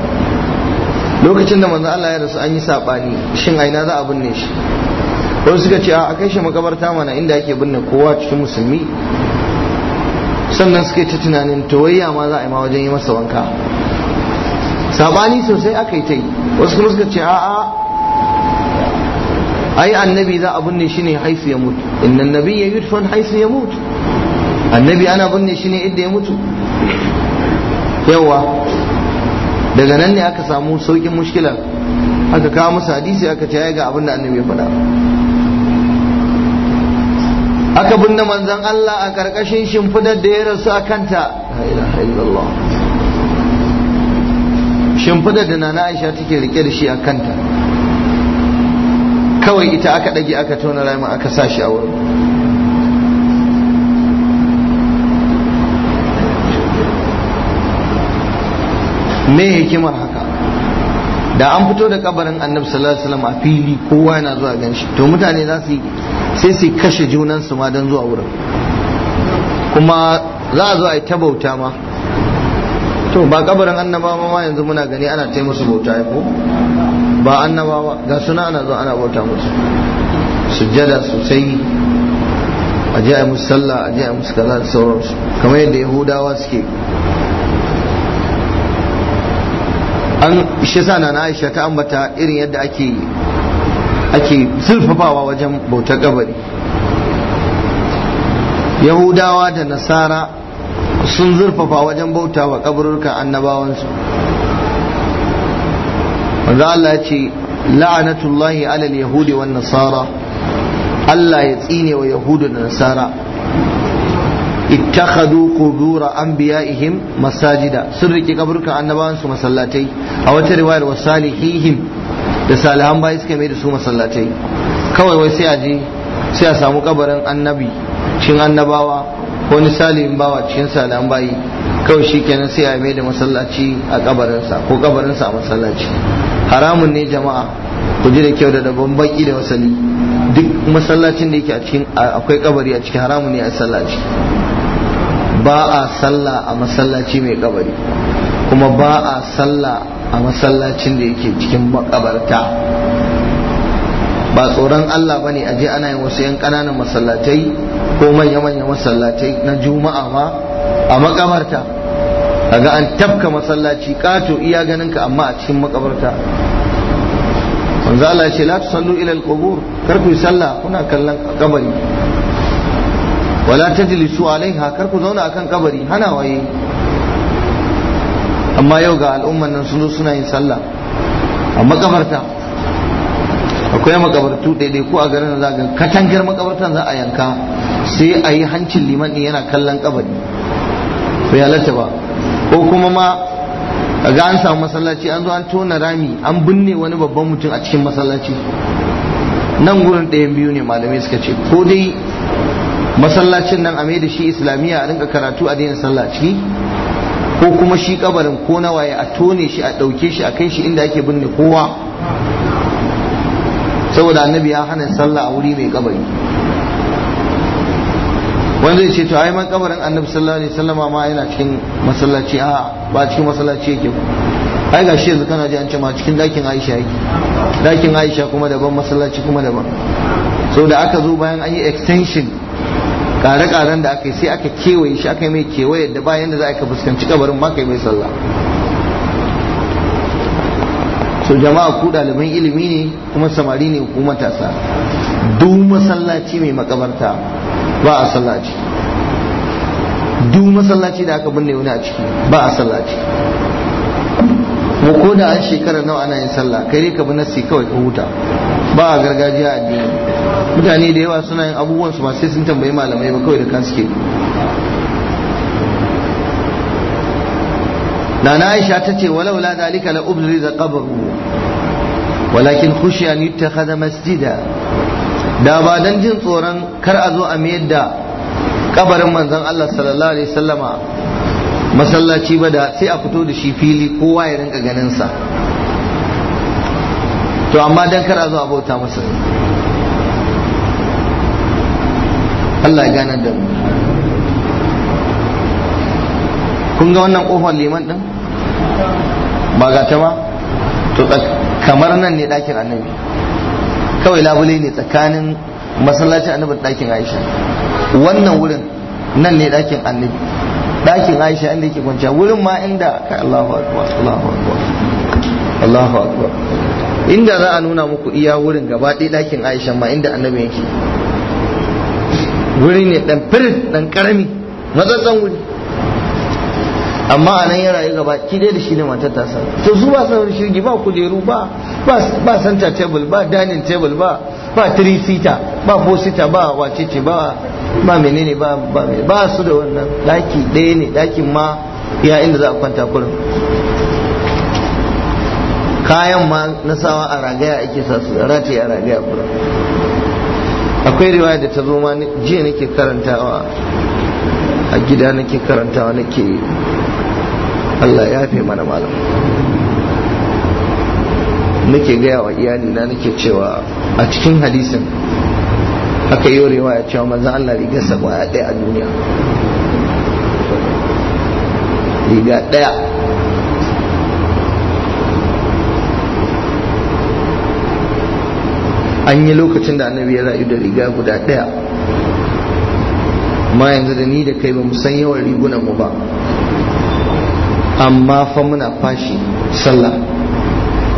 S1: lokacin da manzo Allah ya rasu an yi sabani shin aina za a binne shi wasu suka ce a kai shi makabarta mana inda ake binne kowa cikin musulmi sannan suka yi ta tunanin tawayya ma za a yi ma wajen yi masa wanka sabani sosai aka yi ta yi wasu kuma suka ce a ai annabi za a binne shi ne haisu ya mutu inna nabi ya yudfan haisu ya mutu annabi ana binne shi ne idda ya mutu yawa daga nan ne aka samu saukin mushkilar aka kawo musu hadisi aka ce ga abin da annabi ya faɗa aka binne manzon Allah a ƙarƙashin shimfidar da ya rasu a kanta shimfidar da nana Aisha take rike da shi a kanta kawai ita aka ɗage aka tona rayuwa aka sa shi a wurin me hikimar haka da an fito da kabarin annabi sallallahu alaihi wasallam a fili kowa yana zuwa ganshi to mutane za su sai su kashe junan su ma don zuwa wurin kuma za a zo a yi ta bauta ma to ba kabarin annaba ma yanzu muna gani ana ta musu bauta ko ba ba ga suna ana zo ana bauta musu sujjada sosai a je a musu sallah a je a musu kaza da sauransu kamar yadda yahudawa suke an shi sana na Aisha ta ambata irin yadda ake ake zulfafawa wajen bautar kabari yahudawa da nasara sun zurfafa wajen bauta wa kaburrukan annabawansu wanda Allah ya ce la'anatullahi alal yahudi wan nasara Allah ya tsine wa yahudu da nasara an biya anbiya'ihim masajida sun rike kaburkan annabawan su masallatai a wata riwayar wa salihihim da salihan bai suka mai da su masallatai kawai wai sai a sai a samu kabarin annabi cin annabawa ni salihin bawa cikin salihan bai kawai kenan sai a mai da masallaci a kabarinsa ko kabarinsa a masallaci haramun ne jama'a ku da kyau da bambaki baki da wasali duk masallacin da yake a cikin akwai kabari a cikin haramun ne a sallaci ba a sallah a masallaci mai kabari kuma ba a sallah a masallacin da yake cikin makabarta ba tsoron Allah ba ne aje ana yin wasu 'yan ƙananan masallatai ko manya-manya masallatai na juma'a ma a makabarta ga an tafka masallaci kato iya ganinka amma a cikin makabarta wanzu Allah ce la tusallu ilal kubur qubur kar sallah kuna kallon kabari wala tajlisu alaiha kar ku zauna akan kabari hana waye amma yau ga al'umman nan sun zo suna yin sallah a makabarta akwai makabartu daidai ko a garin za ga katangar makabartan za a yanka sai a yi hancin liman din yana kallon kabari bai halatta ba ko kuma ma ga an samu masallaci an zo an tona rami an binne wani babban mutum a cikin masallaci nan gurin ɗayan biyu ne malamai suka ce ko dai masallacin nan a da shi islamiyya a rinka karatu a daina sallah ciki ko kuma shi kabarin ko na waye a tone shi a ɗauke shi a kai shi inda ake binne kowa saboda annabi ya hana sallah a wuri mai kabari wanda zai ce to ai man kabarin annabi sallallahu alaihi wasallama ma yana cikin masallaci a ba cikin masallaci yake ba ai gashi yanzu kana ji an ce ma cikin dakin Aisha yake dakin Aisha kuma daban masallaci kuma daban saboda aka zo bayan an yi extension ƙare-ƙaren da aka yi sai aka kewaye shi aka yi mai kewaye da bayan da za a fuskanci kabarin ma kai mai sallah so jama'a ku ɗaliban ilimi ne kuma samari ne ku matasa duk masallaci mai makabarta ba a sallaci duk masallaci da aka binne wani a ciki ba a sallaci ko da an shekara nawa ana yin sallah kai dai ka bi nasi kawai ka huta ba a gargajiya addini mutane da yawa suna yin abubuwan su ba sai sun tambayi malamai ba kawai da kan suke nana aisha ta ce walau la dalika la ubri da qabru walakin khushi an yuttakhadha masjida da ba dan jin tsoron kar a zo a mayar da kabarin manzon Allah sallallahu alaihi wasallama masallaci ba da sai a fito da shi fili kowa ya rinka ganin sa to amma dan kar a zo a bauta masa Allah ya ganar da mu kun ga wannan kofar liman din ba ga ta ba to kamar nan ne ɗakin annabi kawai labule ne tsakanin masallacin annabi da ɗakin aisha wannan wurin nan ne ɗakin annabi ɗakin aisha inda yake kwanciya wurin ma inda kai Allahu akbar Allahu akbar Allahu akbar inda za a nuna muku iya wurin gaba ɗaya ɗakin aisha ma inda annabi yake wuri ne dan firin dan karami matsatsan wuri amma a nan ya rayu gaba ki dai da shi ne matar tasa to su ba san shirgi ba kujeru ba ba santa table ba dining table ba ba three seater ba four seater ba wacece ba ba menene ba ba ba su da wannan daki ɗaya ne dakin ma ya inda za a kwanta kurin kayan ma na sawa a ragaya ake sa su rataye a ragaya kurin akwai riwaya da ta zo ma jiya nake karantawa a gida nake karantawa nake Allah ya fi mana malam nake gaya wa iyali na nake cewa a cikin hadisin aka yi riwaya cewa maza Allah riga kwaya ɗaya a duniya riga ɗaya an yi lokacin da annabi ya rayu da riga guda ɗaya ma yanzu da ni da kai ba mu san yawan rigunan mu ba amma fa muna fashi sallah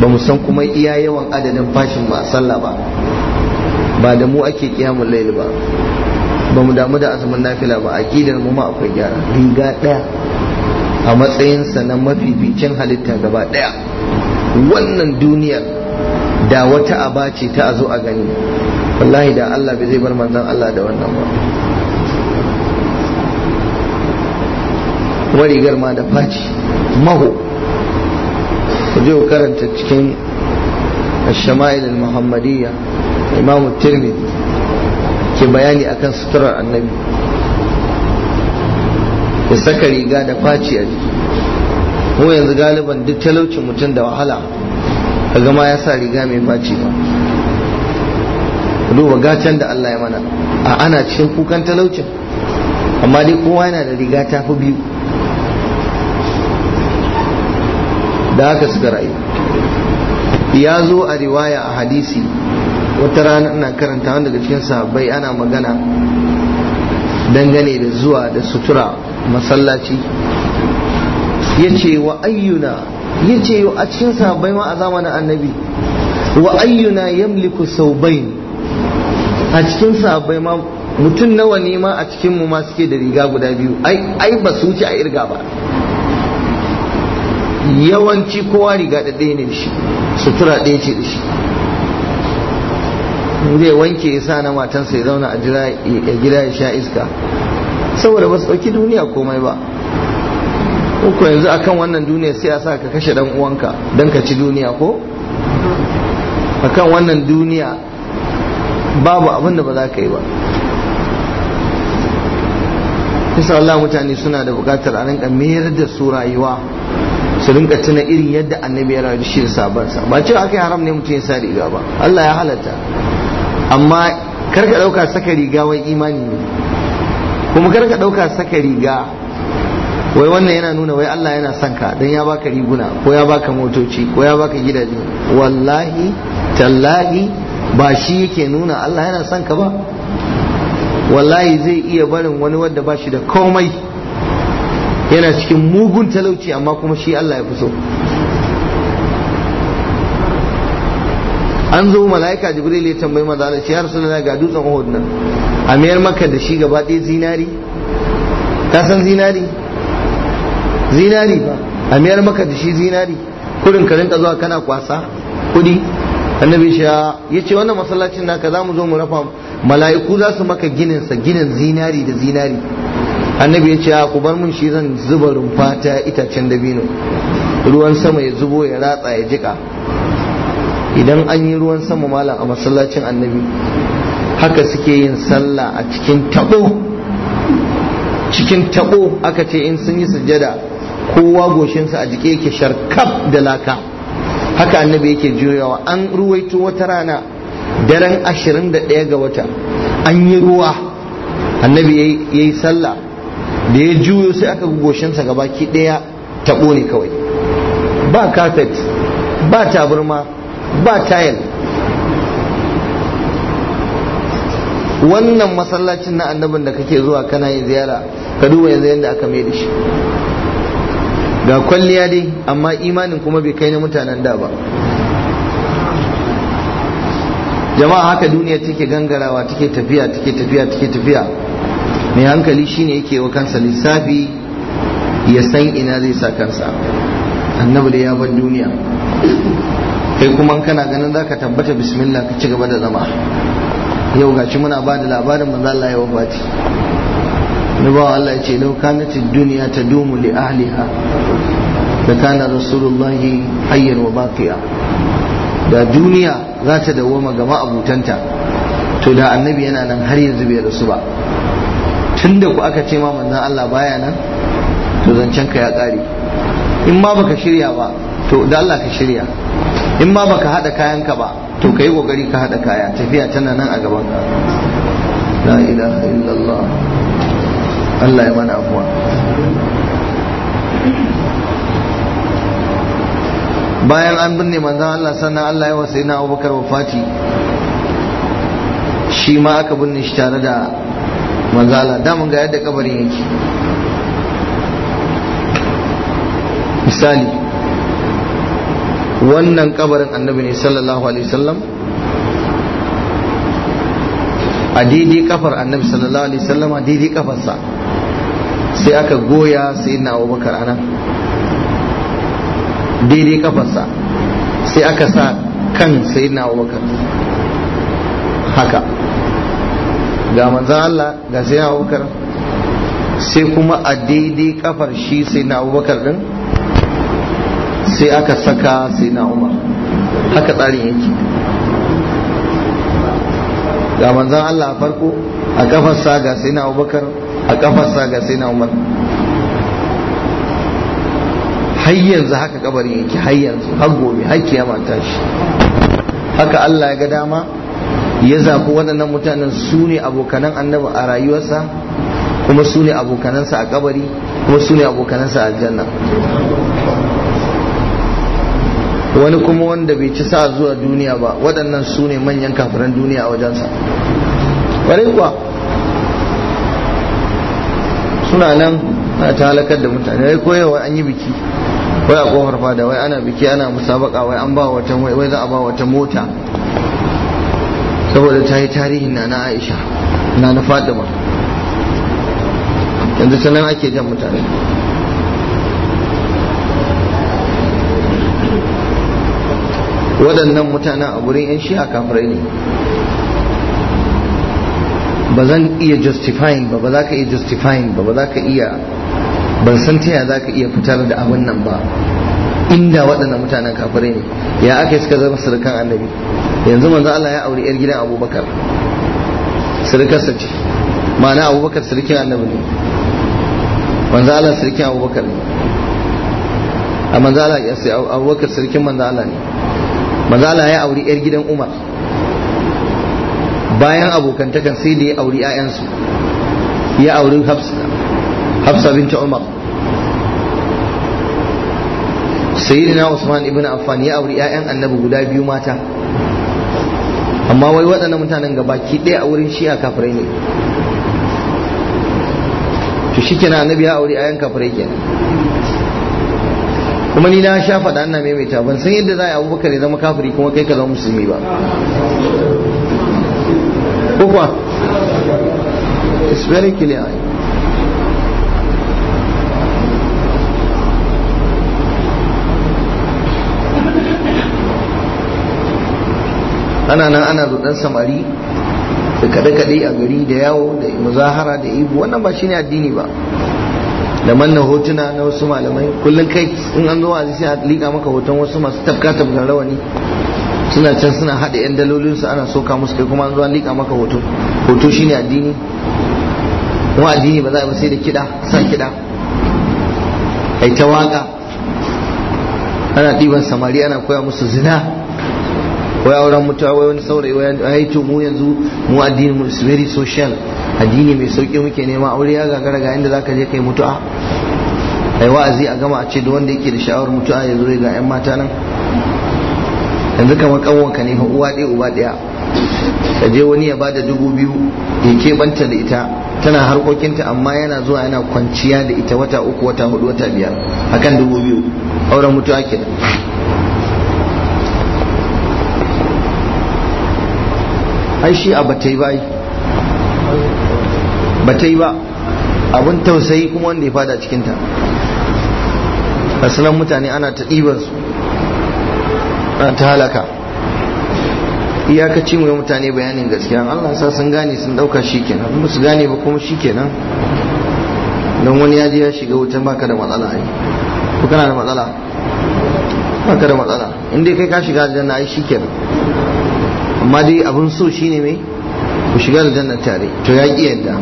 S1: ba mu san kuma iya yawan adadin fashin ba sallah ba ba da mu ake kiyamun laili ba ba mu damu da azumin nafila ba aqidar mu ma akwai gyara riga daya a matsayinsa na mafi bikin halitta gaba daya wannan duniyar da wata aba ce ta a zo a gani wallahi da Allah bai zai bar manzon Allah da wannan ba kuma rigar ma da faci maho ku je karanta cikin al Muhammadiyya Imamu tirmidhi ke bayani akan suturar annabi ya saka riga da faci a jiki mu yanzu galiban duk talaucin mutum da wahala ka gama ya sa riga mai faci ba duba gacen da Allah ya mana a ana cikin kukan talaucin amma dai kowa yana da riga ta fi biyu da aka suka rayu ya zo a riwaya a hadisi wata rana ana karanta wanda daga cikin sahabbai ana magana dangane da zuwa da sutura masallaci ya ce wa ayyuna yace yo a cikin sahabbai ma a zamanin annabi wa ayyuna yamliku saubain a cikin sahabbai ma mutum nawa ne ma a cikin mu ma suke da riga guda biyu ai ba su wuce a irga ba yawanci kowa riga da ɗaya ne da shi sutura ɗaya ce da shi zai wanke ya sa na matansa ya zauna a gida ya sha iska saboda ba su ɗauki duniya komai ba uku yanzu akan wannan duniya sai a sa ka kashe dan uwanka don ka ci duniya ko a kan wannan duniya babu abin da ba za ka yi ba bisa Allah mutane suna da bukatar a rinka mayar da su rayuwa su rinka tuna irin yadda annabi ya rayu shi da sabansa ba cewa aka yi haram ne mutum ya sa riga ba Allah ya halatta amma karka ɗauka saka riga wai imani ne kuma karka ɗauka saka riga wai wannan yana nuna wai Allah yana son ka don ya baka riguna ko ya baka motoci ko ya baka gidaje wallahi tallahi ba shi yake nuna Allah yana son ka ba wallahi zai iya barin wani wanda ba shi da komai yana cikin mugun talauci amma kuma shi Allah ya fi so an zo mala'ika jibril ya tambayi maza da shi har suna ga dutsen uhud nan a mayar maka da shi gaba ɗaya zinari ka san zinari zinari a miyar maka da shi zinari kudin ka rinka zuwa kana kwasa kudi annabi shi ya ce wannan masallacin naka za mu zo mu rafa mala'iku za su maka ginin sa ginin zinari da zinari annabi ya ce ku bar mun shi zan zuba rumfa ta itacen dabino ruwan sama ya zubo ya ratsa ya jika idan an yi ruwan sama malam a masallacin annabi haka suke yin sallah a cikin tabo cikin tabo aka ce in sun yi sujada. kowa goshinsa a jike yake sharkaf da laka haka annabi yake juyawa an ruwaito wata rana daren 21 ga wata an yi ruwa annabi ya yi sallah da ya juyo sai aka goshinsa ga baki ɗaya taɓo ne kawai ba kafet ba taburma ba tayil wannan masallacin na annabin da kake zuwa kana yin ziyara ka duba yanzu yadda aka mai da shi ga kwalliya dai amma imanin kuma bai kai na mutanen da ba jama'a haka duniya take gangarawa take tafiya take tafiya take tafiya mai hankali shine yake wa kansa lissafi ya san ina zai sa kansa annabi da ya bar duniya kai kuma kana ganin za ka tabbata bismillah ka ci gaba da zama yau gaci muna ba da labarin manzo Allah ya wani bawan Allah ya ce lau kanat duniya ta dumu li ahliha da kana rasulullahi hayyan wa baqiya da duniya za ta dawoma ga ma'abutanta to da annabi yana nan har yanzu bai rasu ba tun da ku aka ce ma manzan Allah baya nan to zancen ka ya kare in ma baka shirya ba to da Allah ka shirya in ma baka hada kayan ka ba to yi kokari ka hada kaya tafiya tana nan a gaban ka la ilaha illallah Allah ya mana abuwa bayan an binne manzan Allah sannan Allah ya wasa yana abubakar wafati shi ma aka binne shi tare da manzala damun ga yadda kabarin yake misali wannan kabarin annabi ne sallallahu alaihi wasallam a daidai kafar annabi sallallahu alaihi wasallam a daidai kafarsa sai aka goya sai na bakar ana daidai kafarsa sai aka sa kan sai na bakar haka ga manzan Allah ga sai na bakar sai kuma a daidai kafar shi sai na bakar din sai aka saka sai na umar haka tsarin yake ga manzan Allah farko a kafarsa ga sai na bakar a kafarsa ga sai na umar har yanzu haka kabarin yake har yanzu har gobe har kiyama ta shi haka Allah ya ga dama ya zafi waɗannan mutanen su ne abokanan annabi a rayuwarsa kuma su ne abokanansa a kabari kuma su ne abokanansa a aljanna wani kuma wanda bai ci sa zuwa duniya ba waɗannan su ne manyan kafiran duniya a wajensa ƙwarai kuwa suna nan a talakar da mutane wai koyewa an yi biki wai a kofar fada wai ana biki ana musabaka wai an ba wata wai za a ba wata mota saboda ta yi tarihin na na aisha na na fadima yanzu sanan ake jan mutane waɗannan mutanen a wurin 'yan shi'a kafirai ne ba zan iya justifying ba ba za ka iya justifying ba ba za ka iya ban san ta za ka iya fitar da abin nan ba inda waɗannan mutanen kafirai ne ya aka yi suka zama surukan annabi yanzu manzo Allah ya auri yar gidan abubakar surukarsa ce ma'ana abubakar surukin annabi ne manzo Allah surukin abubakar ne a manzo Allah ya sai abubakar surukin manzo Allah ne manzo Allah ya auri yar gidan umar bayan abokantakan sai da ya auri 'ya'yansu ya auri hafsa binta umar sayyidina usman ibn affan ya auri 'ya'yan annabi guda biyu mata amma wai waɗannan mutanen gabaki ɗaya a wurin shi'a kafirai ne to shi kenan annabi ya auri 'ya'yan kafirai kenan kuma ni na sha faɗa ana maimaita ban san yadda za a yi abubakar ya zama kafiri kuma kai ka zama musulmi ba ana nan ana zuɗan samari da kaɗe-kaɗe a gari da yawo da muzahara da ibu wannan ba shi ne addini ba da manna hotuna na wasu malamai kullum kai in an zo zai sai a liƙa maka hoton wasu masu tafka tafkan rawani suna can suna haɗa 'yan dalolinsu ana soka musu kai kuma an zuwa liƙa maka hoto hoto shine addini kuma addini ba za a sai da kiɗa sa kiɗa ai ta waƙa ana ɗiban samari ana koya musu zina wai auren mutuwa wai wani saurayi wai haito mu yanzu mu addini mu very social addini mai sauƙi muke nema aure ya gagara ga inda zaka je kai mutu'a ai wa'azi a gama a ce da wanda yake da sha'awar mutu'a ya zo ga 'yan mata nan yanzu kamar kawon ka fa uwa ɗaya uba ɗaya ka je wani ya bada dubu biyu ya keɓanta da ita tana harkokinta amma yana zuwa yana kwanciya da ita wata uku wata hudu wata biyar kan dubu biyu auren mutuwa kenan ai shi a batai ba bata ba abin tausayi kuma wanda ya fada cikinta a sanan mutane ana ta ɗibar su Ah, ta halaka iyakaci mu mutane bayanin gaskiya Allah sa sun gane sun dauka shikenan ba su gane ba kuma shikenan don wani ya je ya shiga wutan baka da matsala ai ko kana da matsala baka da matsala in dai kai ka shiga aljanna ai shikenan amma dai abun so shine mai ku shiga aljanna tare to ya ki yadda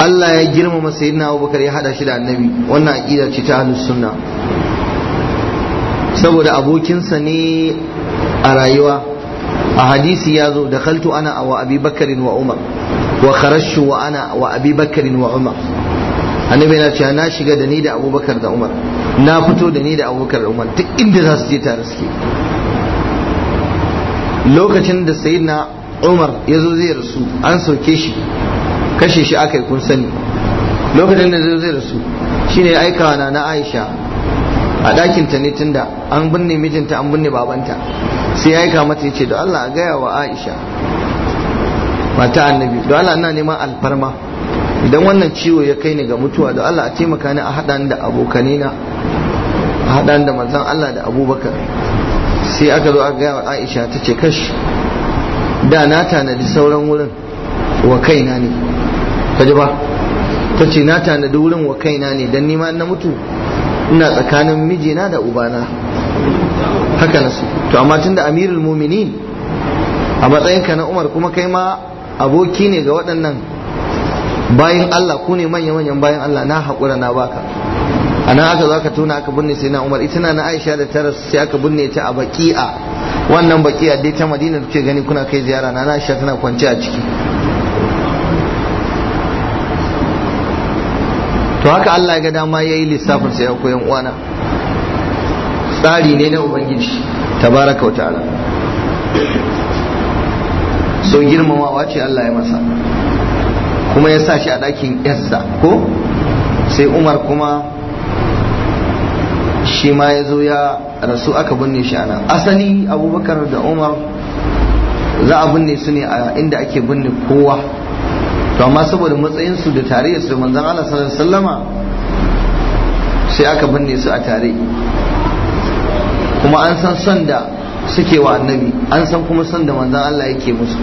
S1: Allah ya girmama sayyidina Abubakar ya hada shi da annabi wannan aqida ce ta ahlus suna. saboda abokinsa ne a rayuwa a hadisi ya zo da kaltu ana wa abi bakarin wa umar wa kharashu wa ana wa abi bakarin wa umar annabi na cewa na shiga da ni da abubakar da umar na fito da ni da abubakar da umar duk inda za su je tare suke lokacin da sayyidina umar ya zo zai rasu an sauke shi kashe shi aka yi kun sani lokacin da zai rasu shine aikawa na na aisha a ɗakin ta ne tunda an binne mijinta an binne babanta sai ya aika mata yace da Allah a gaya wa Aisha mata annabi da Allah ina neman alfarma idan wannan ciwo ya kai ni ga mutuwa da Allah a taimaka ni a haɗa da abokanina a haɗa da manzon Allah da Abubakar sai aka zo aka gaya wa Aisha ta ce kash da na tanadi sauran wurin wa kaina ne kaji ba ta ce na tanadi wurin wa kaina ne dan nima na mutu ina tsakanin mijina da ubana haka na su to amma tun da amirul muminin a matsayinka na umar kuma kai ma aboki ne ga waɗannan bayan Allah ku ne manya-manyan bayan Allah na haƙura na baka a nan aka za ka tona aka binne sai na umar ita na aisha da tara sai aka binne ta a baki'a wannan baki'a dai ta madina da kuke gani kuna kai ziyara na aisha tana kwance a ciki to haka Allah ga dama ya yi lissafin sa ya koyan uwana tsari ne na ubangiji tabaraka ta'ala so girmamawa ce Allah ya masa kuma ya sa shi a ɗakin yarsa ko sai umar kuma shi ma ya zo ya rasu aka binne shi ana asali abubakar da umar za a binne su ne a inda ake binne kowa to amma saboda matsayin su da tarihi su da manzon Allah sallallahu alaihi wasallama sai aka binne su a tare kuma an san son da suke wa annabi an san kuma son da manzon Allah yake musu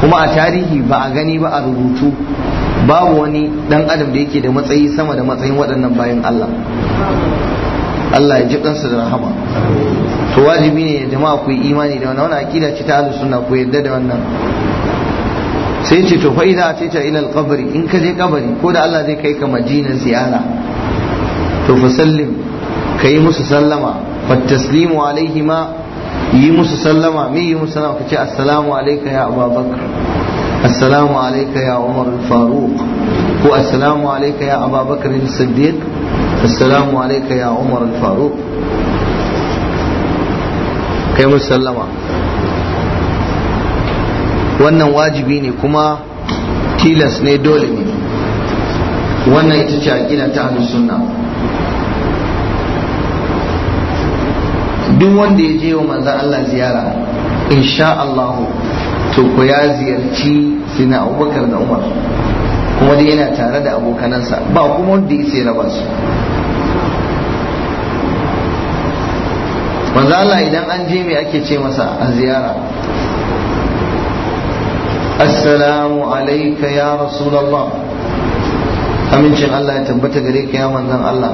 S1: kuma a tarihi ba a gani ba a rubutu babu wani dan adam da yake da matsayi sama da matsayin waɗannan bayan Allah Allah ya ji kansa da rahama to wajibi ne jama'a ku yi imani da wannan wannan akida ce ta ahlus sunna ku yarda da wannan sai ce to fa idza atita ila al in ka je kabari ko da Allah zai kai ka Madina ziyara to fa sallim yi musu sallama fa taslimu ma yi musu sallama me yi musu sallama kace assalamu alaika ya Ababakar, assalamu alaika ya Umar al-Faruq ko assalamu alaika ya Ababakar as-Siddiq assalamu alaika ya Umar al-Faruq kai musu sallama wannan wajibi ne kuma tilas ne dole ne wannan ita ce aƙida ta hannun sunna duk wanda ya je wa manzan Allah ziyara insha Allah to ku ya ziyarci sina abubakar da umar kuma dai yana tare da abokanansa ba kuma wanda ya sai raba su manzan Allah idan an je me ake ce masa a ziyara السلام عليك يا رسول الله أمين شيخ الله يتبتك قريك يا من الله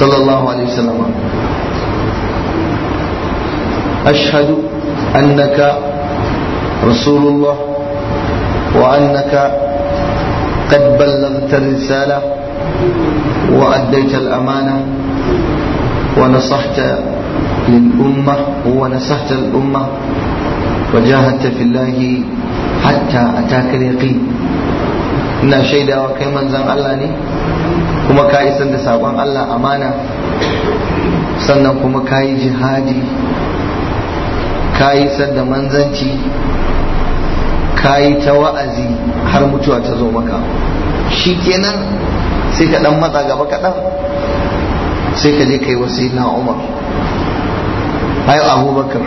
S1: صلى الله عليه وسلم أشهد أنك رسول الله وأنك قد بلغت الرسالة وأديت الأمانة ونصحت للأمة ونصحت الأمة وجاهدت في الله hatta a takar yaƙi ina shaidawa kai manzan Allah ne kuma ka isar da sabon Allah amana sannan kuma ka yi jihadi ka yi da manzanci ka yi ta wa'azi har mutuwa ta zo maka shi kenan sai ka ɗan matsa gaba kaɗan sai ka je ka yi wasu na umar ai abubakar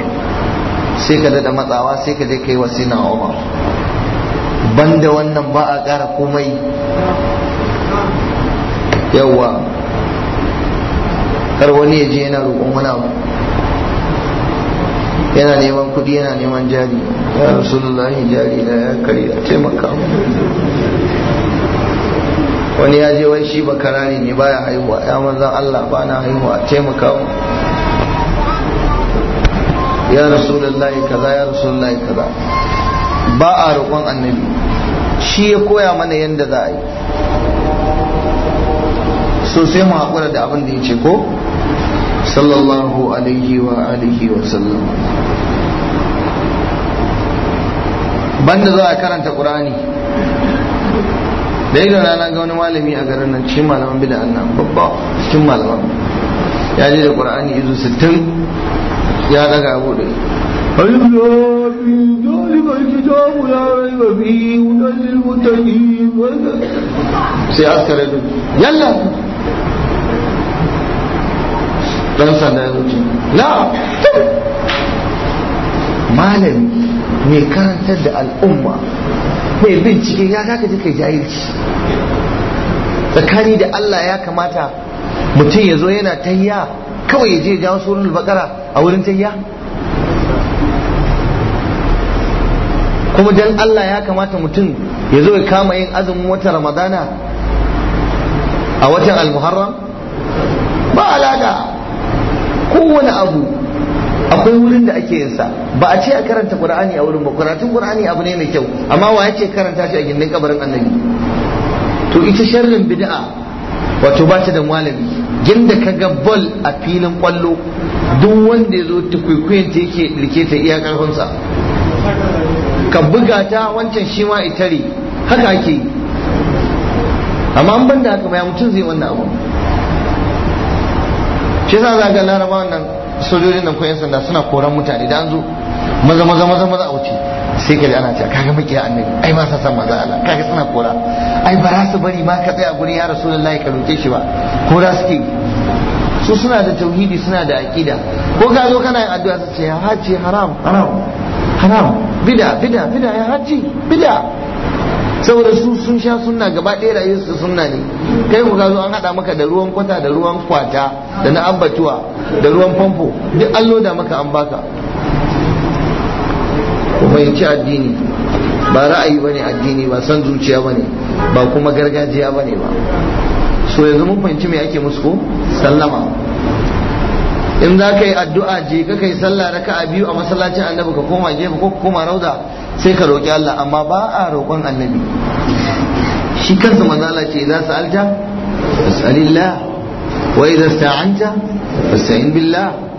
S1: sai ka daɗa matsawa sai ka je kai wasi na umar banda wannan ba a ƙara komai yawwa kar wani ya je yana roƙon wani abu yana neman kuɗi yana neman jari ya rasulullahi jari na ya kari a taimaka wani ya je wai shi bakarari ne baya haihuwa ya manzan Allah ba na haihuwa taimaka mu ya rasulullahi kaza ya rasulullahi kaza ba a roƙon annabi shi ya koya mana yadda za a yi so sai mu haƙura da abin da ya ce ko sallallahu alaihi wa alihi wa sallam banda za a karanta ƙur'ani da idan rana ga wani malami a garin nan cikin malaman bida nan babba cikin malaman ya je da ƙur'ani izu sittin. ya daga abu da ألف
S2: لام ذلك الكتاب لا ريب فيه هدى للمتقين سيأذكر يلا
S1: dan sanda ya wuce na malami mai karantar da al'umma mai bincike ya kaka ji kai jahilci tsakani da Allah ya kamata mutum ya zo yana tayya kawai ya je jawo surun bakara a wurin tayya kuma dan Allah ya kamata mutum ya zo ya kama yin azumin wata ramadana a watan Al-Muharram? ba alaka kowane abu akwai wurin da ake yinsa ba a ce a karanta qur'ani a wurin ba karatun qur'ani abu ne mai kyau amma wa yake karanta shi a gindin kabarin annabi to ita sharrin bid'a wato ba ta da malami Yanda ka ga bol a filin kwallo duk wanda ya zo ta kwaikwayen ta yake rike ta iya karfinsa ka buga ta wancan shi ma itare haka ake yi amma an banda haka ya mutum zai wannan abu shi yasa za ga laraba nan sojojin nan kwayan sanda suna koran mutane da an zo maza maza maza maza a wuce sai ka ana cewa kaga makiya annabi ai ma san maza Allah kaga suna kora ai ba za su bari ma ka tsaya gurin ya rasulullahi ka roke shi ba kora suke su suna da tauhidi suna da aqida ko ka zo kana yin addu'a su ce ya haji haram haram haram bid'a bid'a bid'a ya haji bid'a saboda su sun sha sunna gaba ɗaya rayuwar su sunna ne kai ku zo an haɗa maka da ruwan kwata da ruwan kwata da na ambatuwa da ruwan famfo duk an loda maka an baka fahimci addini ba ra'ayi bane addini ba san zuciya bane ba kuma gargajiya bane ba so yanzu mun fahimci mai ake musu ko sallama in za ka yi addu'a je ka kai sallah raka a biyu a masallacin annabi ka koma gefe ko koma rauda sai ka roƙi Allah amma ba a roƙon annabi shi kansa mazala ce idan sa'alta fas'alillah wa idan sta'anta fasta'in billah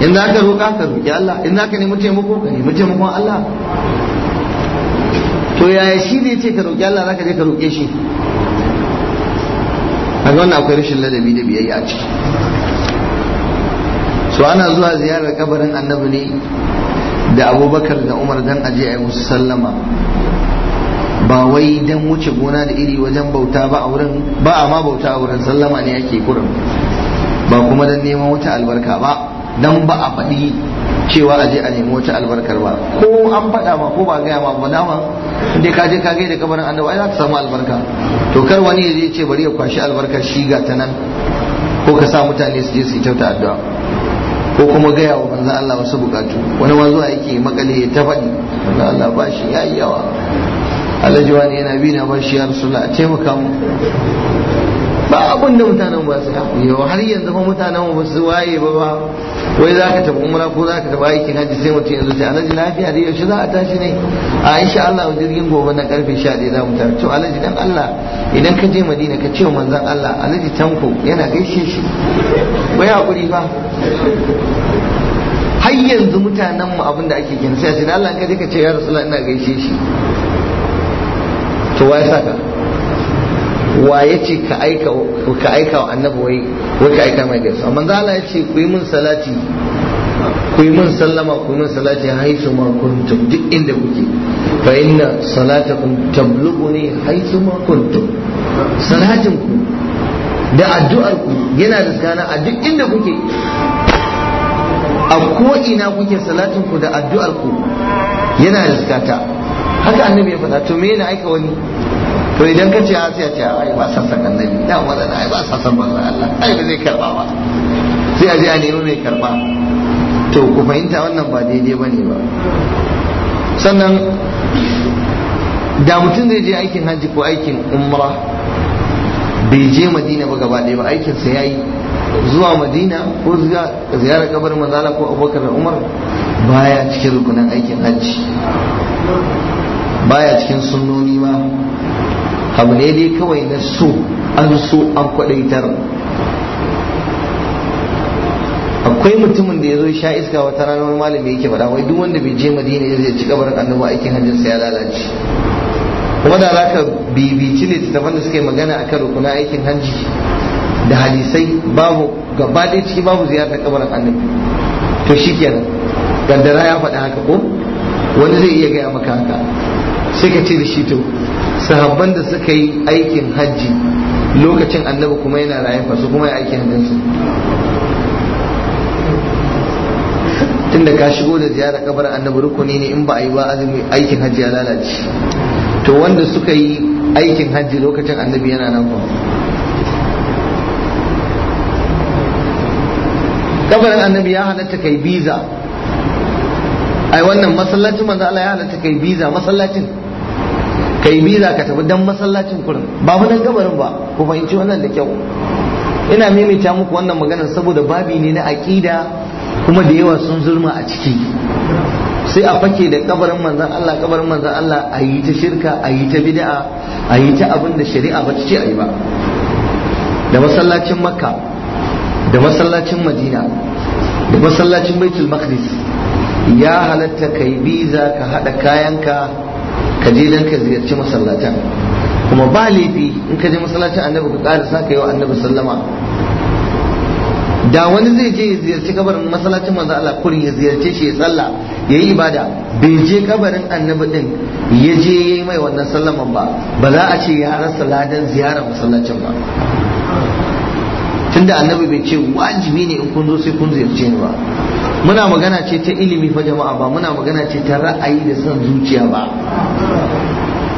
S1: in za ka roƙa ka roƙi Allah in za ka nemi taimako ka nemi taimakon Allah to yaya shi ne ce ka roƙi Allah za ka je ka roƙe shi a ga wannan akwai rashin ladabi da biyayya a ciki so ana zuwa ziyarar kabarin annabi ne da abubakar da umar dan aje a yi musu sallama ba wai dan wuce gona da iri wajen bauta ba a wurin ba a ma bauta a wurin sallama ne ake kurin ba kuma dan neman wata albarka ba dan ba a faɗi cewa aje a nemi wata albarkar ba ko an faɗa ma ko ba gaya ma ba dama inda ka je ka ga da kabarin annabi ai za ka samu albarka to kar wani ya je ce bari ya kwashi albarkar shi ga ta nan ko ka sa mutane su je su yi kyauta addu'a ko kuma gaya wa manzon Allah wasu bukatu wani wazo yake makale ya ta faɗi wanda Allah ba shi yayi yawa alhaji ne yana bi na bar shi ya rasulullah a taimaka mu ba abin da mutanen ba su yau har yanzu ba mutanen ba su waye ba ba wai za ka tafi umra ko za ka tafi aikin hajji sai mutum yanzu sai alhaji lafiya da yaushe za a tashi ne a insha Allah jirgin gobe na karfe 11 za mu tafi to alhaji dan Allah idan ka je Madina ka ce manzon Allah alhaji tanko yana gaishe shi bai hakuri fa har yanzu mutanen mu abin da ake gina sai a ce Allah ka je ka ce ya rasulullah ina gaishe shi to wai saka wa ya ce ka aika wa annabi wai wai ka aika mai gaisuwa manzo Allah ya ce ku yi mun salati ku yi mun sallama ku yi mun salati haisu ma kuntum duk inda kuke fa inna salatakum ne haisu ma kuntum salatin ku da addu'ar ku yana da tsana a duk inda kuke a ko ina kuke salatin ku da addu'ar ku yana da tsata haka annabi ya faɗa to me yana aika wani to idan ka ce asiya ah, ce ai ba san san annabi da wannan ai ba san san manzo Allah ai ba zai karba ba sai a je a nemi mai karba to ku fahimta wannan ba daidai bane ba sannan da mutum zai je aikin hajji ko aikin umra bai je madina ba gaba ɗaya ba aikinsa ya yi zuwa madina ko ziyarar kabarin manzala ko abubakar da umar baya cikin rukunin aikin hajji baya cikin sunnoni ma abu ne dai kawai na so an so an kwadaitar akwai mutumin da ya zo sha iska wata rana wani malami yake faɗa wai duk wanda bai je madina zai ci kabarin annabi aikin hajjin sa ya lalace kuma da zaka bibici ne tattafan da suke magana akan rukunan aikin hajji da hadisai babu gaba ɗaya ciki babu ziyartar kabarin annabi to shikenan gandara ya faɗa haka ko wani zai iya gaya maka haka sai ka ce da shi to sahabban da suka yi aikin hajji lokacin annabi kuma yana rayan fasu kuma ya aikin hajjinsu tunda ka shigo da ziyara kabar annabi rukuni ne in ba a yi ba azumi aikin hajji ya lalace to wanda suka yi aikin hajji lokacin annabi yana nan ba kabarin annabi ya halatta kai biza ai wannan masallacin manzo Allah ya halatta kai biza masallacin kai biza ka tafi dan masallacin kurin ba mu dan gabarin ba ku fahimci wannan da kyau ina maimaita muku wannan maganar saboda babi ne na aƙida. kuma da yawa sun zurma a ciki sai a fake da kabarin manzan Allah kabarin manzan Allah a yi ta shirka a yi ta bid'a a yi ta abin da shari'a ba ta ce a yi ba da masallacin makka da masallacin madina da masallacin baitul maqdis ya halatta kai biza ka hada kayanka ka je dan ka ziyarci masallatan kuma ba laifi in ka je masallacin annabi ka ƙara sa ka yi wa annabi sallama da wani zai je ya ziyarci kabarin masallacin manzo Allah kurin ya ziyarce shi ya tsalla ya yi ibada bai je kabarin annabi din ya je ya yi mai wannan sallaman ba ba za a ce ya rasa ladan ziyarar masallacin ba tunda annabi bai ce wajibi ne in kun zo sai kun ziyarce ni ba muna magana ce ta ilimi fa jama'a ba muna magana ce ta ra'ayi da son zuciya ba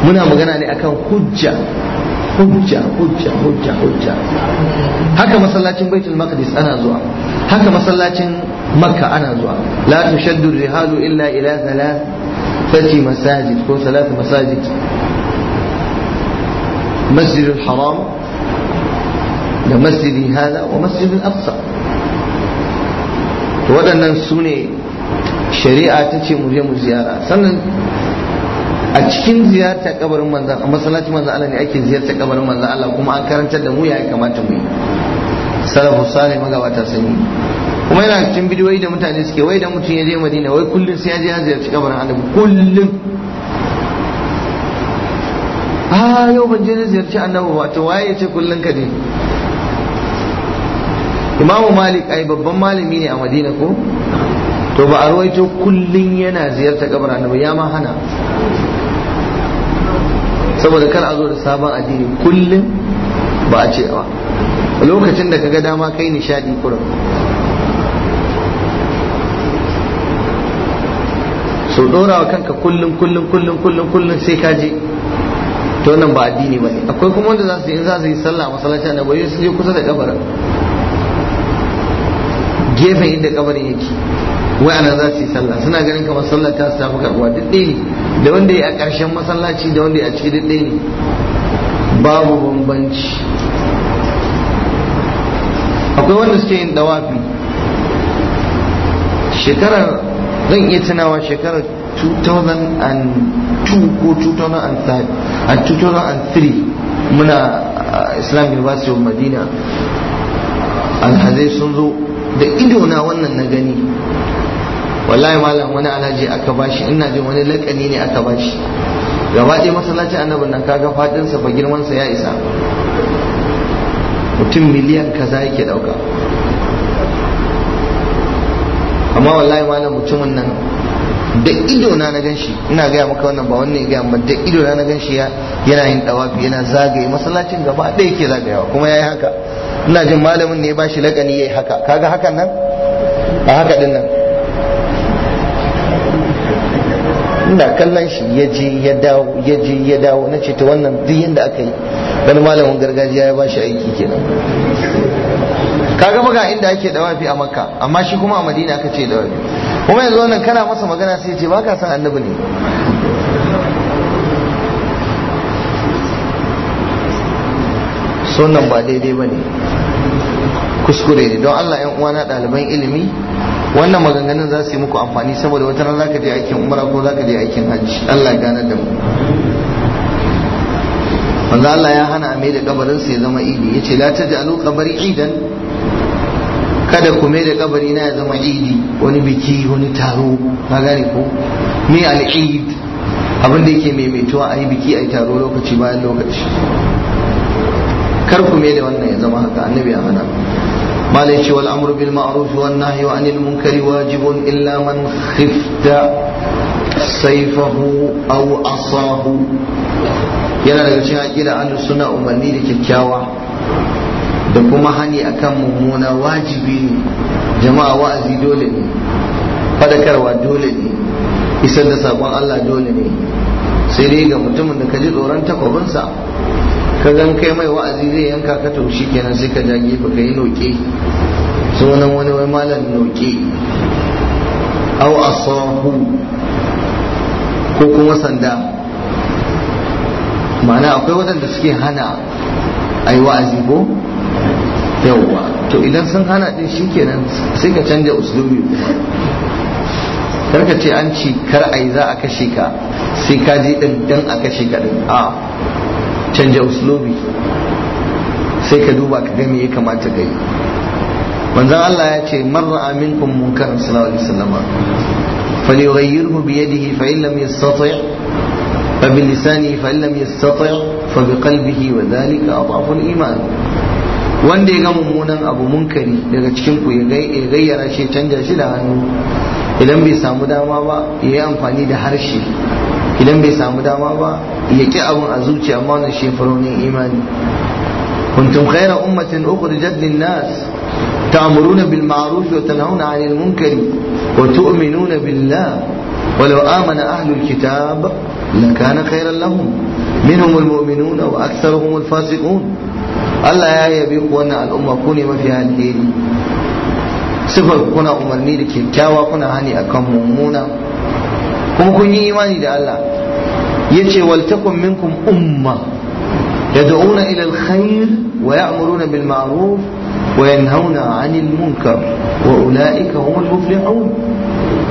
S1: muna magana ne akan hujja hujja hujja hujja hujja haka masallacin baitul maqdis ana zuwa haka masallacin makka ana zuwa la tushaddu rihalu illa ila thalathati masajid ko thalath masajid masjid al-haram da masjidi hada wa masjid al-aqsa to waɗannan su ne shari'a ta ce mu je mu ziyara sannan a cikin ziyarta kabarin manzan a masallacin manzan Allah ne ake ziyarta kabarin manzan Allah kuma an karantar da mu ya kamata mu yi salafu salih magabata sun kuma yana cikin bidiyoyi da mutane suke wai da mutum ya je Madina wai kullum sai ya je ya ziyarci kabarin Annabi kullum a ah, yau ban je ziyarci Annabi ba ta waye ya ce kullum ka ne imamu malik ai babban malami ne a madina ko to ba a ruwaito kullum yana ziyarta kabar annabi ya ma hana saboda kar a zo da sabon addini kullum ba a ce ba lokacin da kaga dama kai nishadi kurum so wa kanka kullum kullum kullum kullum kullum sai ka je to nan ba addini ba ne akwai kuma wanda za su yi in za su yi sallah masallaci annabi sai su je kusa da kabarin gefen inda kabarin yake wai ana za su yi sallah suna ganin kamar sallah ta su tafi karbuwa duk ɗaya ne da wanda ya a ƙarshen masallaci da wanda ya ci ciki duk ɗaya ne babu bambanci akwai wanda suke yin dawafi shekarar zan iya tunawa shekarar 2002 ko 2003 muna islam university of madina alhazai sun zo da ido na wannan na gani wallahi malam wani alhaji aka bashi ina jin wani lakani ne aka bashi gaba ɗaya masallacin annabin nan kaga fadinsa ba girmansa ya isa mutum miliyan kaza yake ɗauka amma wallahi malam mutumin nan da ido na na ganshi ina gaya maka wannan ba wannan gaya ba da ido na na ganshi yana yin dawafi yana zagaye masallacin gaba ɗaya ke zagayawa kuma yayi haka ina jin malamin ne ba shi lakani yayi haka kaga hakan nan a haka din nan ina kallon shi ya ya dawo ya ya dawo na ce ta wannan duk yadda aka yi wani malamin gargajiya ya ba shi aiki kenan kaga maga inda ake dawafi a makka amma shi kuma a madina aka ce dawafi kuma yanzu wannan kana masa magana sai ce baka san annabi ne sunan ba daidai ba ne kuskure ne don Allah yan uwana ɗaliban ilimi wannan maganganun za su yi muku amfani saboda wata ran zaka je aikin umra ko zaka je aikin hajji Allah ya gane da mu manzo Allah ya hana a da kabarin su ya zama idi yace la taj'alu qabri idan kada ku mai kabari na ya zama idi wani biki wani taro na gane ko mai al abin da yake maimaituwa a yi biki a yi taro lokaci bayan lokaci kar ku da wannan ya zama haka annabi ya hana malai ce wal amru bil ma'ruf wan wa anil munkari wajibun illa man khifta saifahu aw asahu yana daga cikin aqida ahlus sunna umarni da kyakkyawa da kuma hani akan mummuna wajibi ne jama'a wa'azi dole ne fadakarwa dole ne isar da sabon Allah dole ne sai dai ga mutumin da ka ji tsoron takwabinsa ka gan kai mai wa'azi zai yanka ka to shi kenan sai ka jage ba ka yi noke sunan wani wai malam noke au asahu ko kuma sanda ma'ana akwai waɗanda suke hana a yi wa'azi ko yawwa to idan sun hana din shi kenan sai ka canja uslubi karka ce an ci kar a yi za a kashe ka sai ka ji ɗin dan a kashe ka ɗin a canja uslubi sai ka duba ka gani ya kamata ka yi manzon Allah ya ce marra aminkum munkaran sallallahu alaihi wasallam falyughayyirhu bi yadihi fa in lam yastati' fa bi lisanihi fa in lam yastati' fa bi qalbihi wa dhalika adhafu al-iman wanda ya ga mummunan abu munkari daga cikin ku ya gayyara shi canja shi da hannu idan bai samu dama ba ya yi amfani da harshe idan bai samu dama ba ya ki abun a zuciya amma wannan shi furonin imani kuntum khayra ummatin ukhrijat lin-nas ta'muruna bil ma'ruf wa tanhauna 'anil munkar wa tu'minuna billah ولو آمن أهل الكتاب لكان خيرا لهم منهم المؤمنون وأكثرهم الفاسقون Allah ya yabe ku wannan al'umma ku ne mafi alheri sifar kuna umarni da kyakkyawa kuna hani akan mummuna kuma kun yi imani da Allah yace wal waltakun minkum umma da'una ilal khair wa ya'muruna bil ma'ruf wa yanhauna 'anil munkar wa ulaika humul muflihun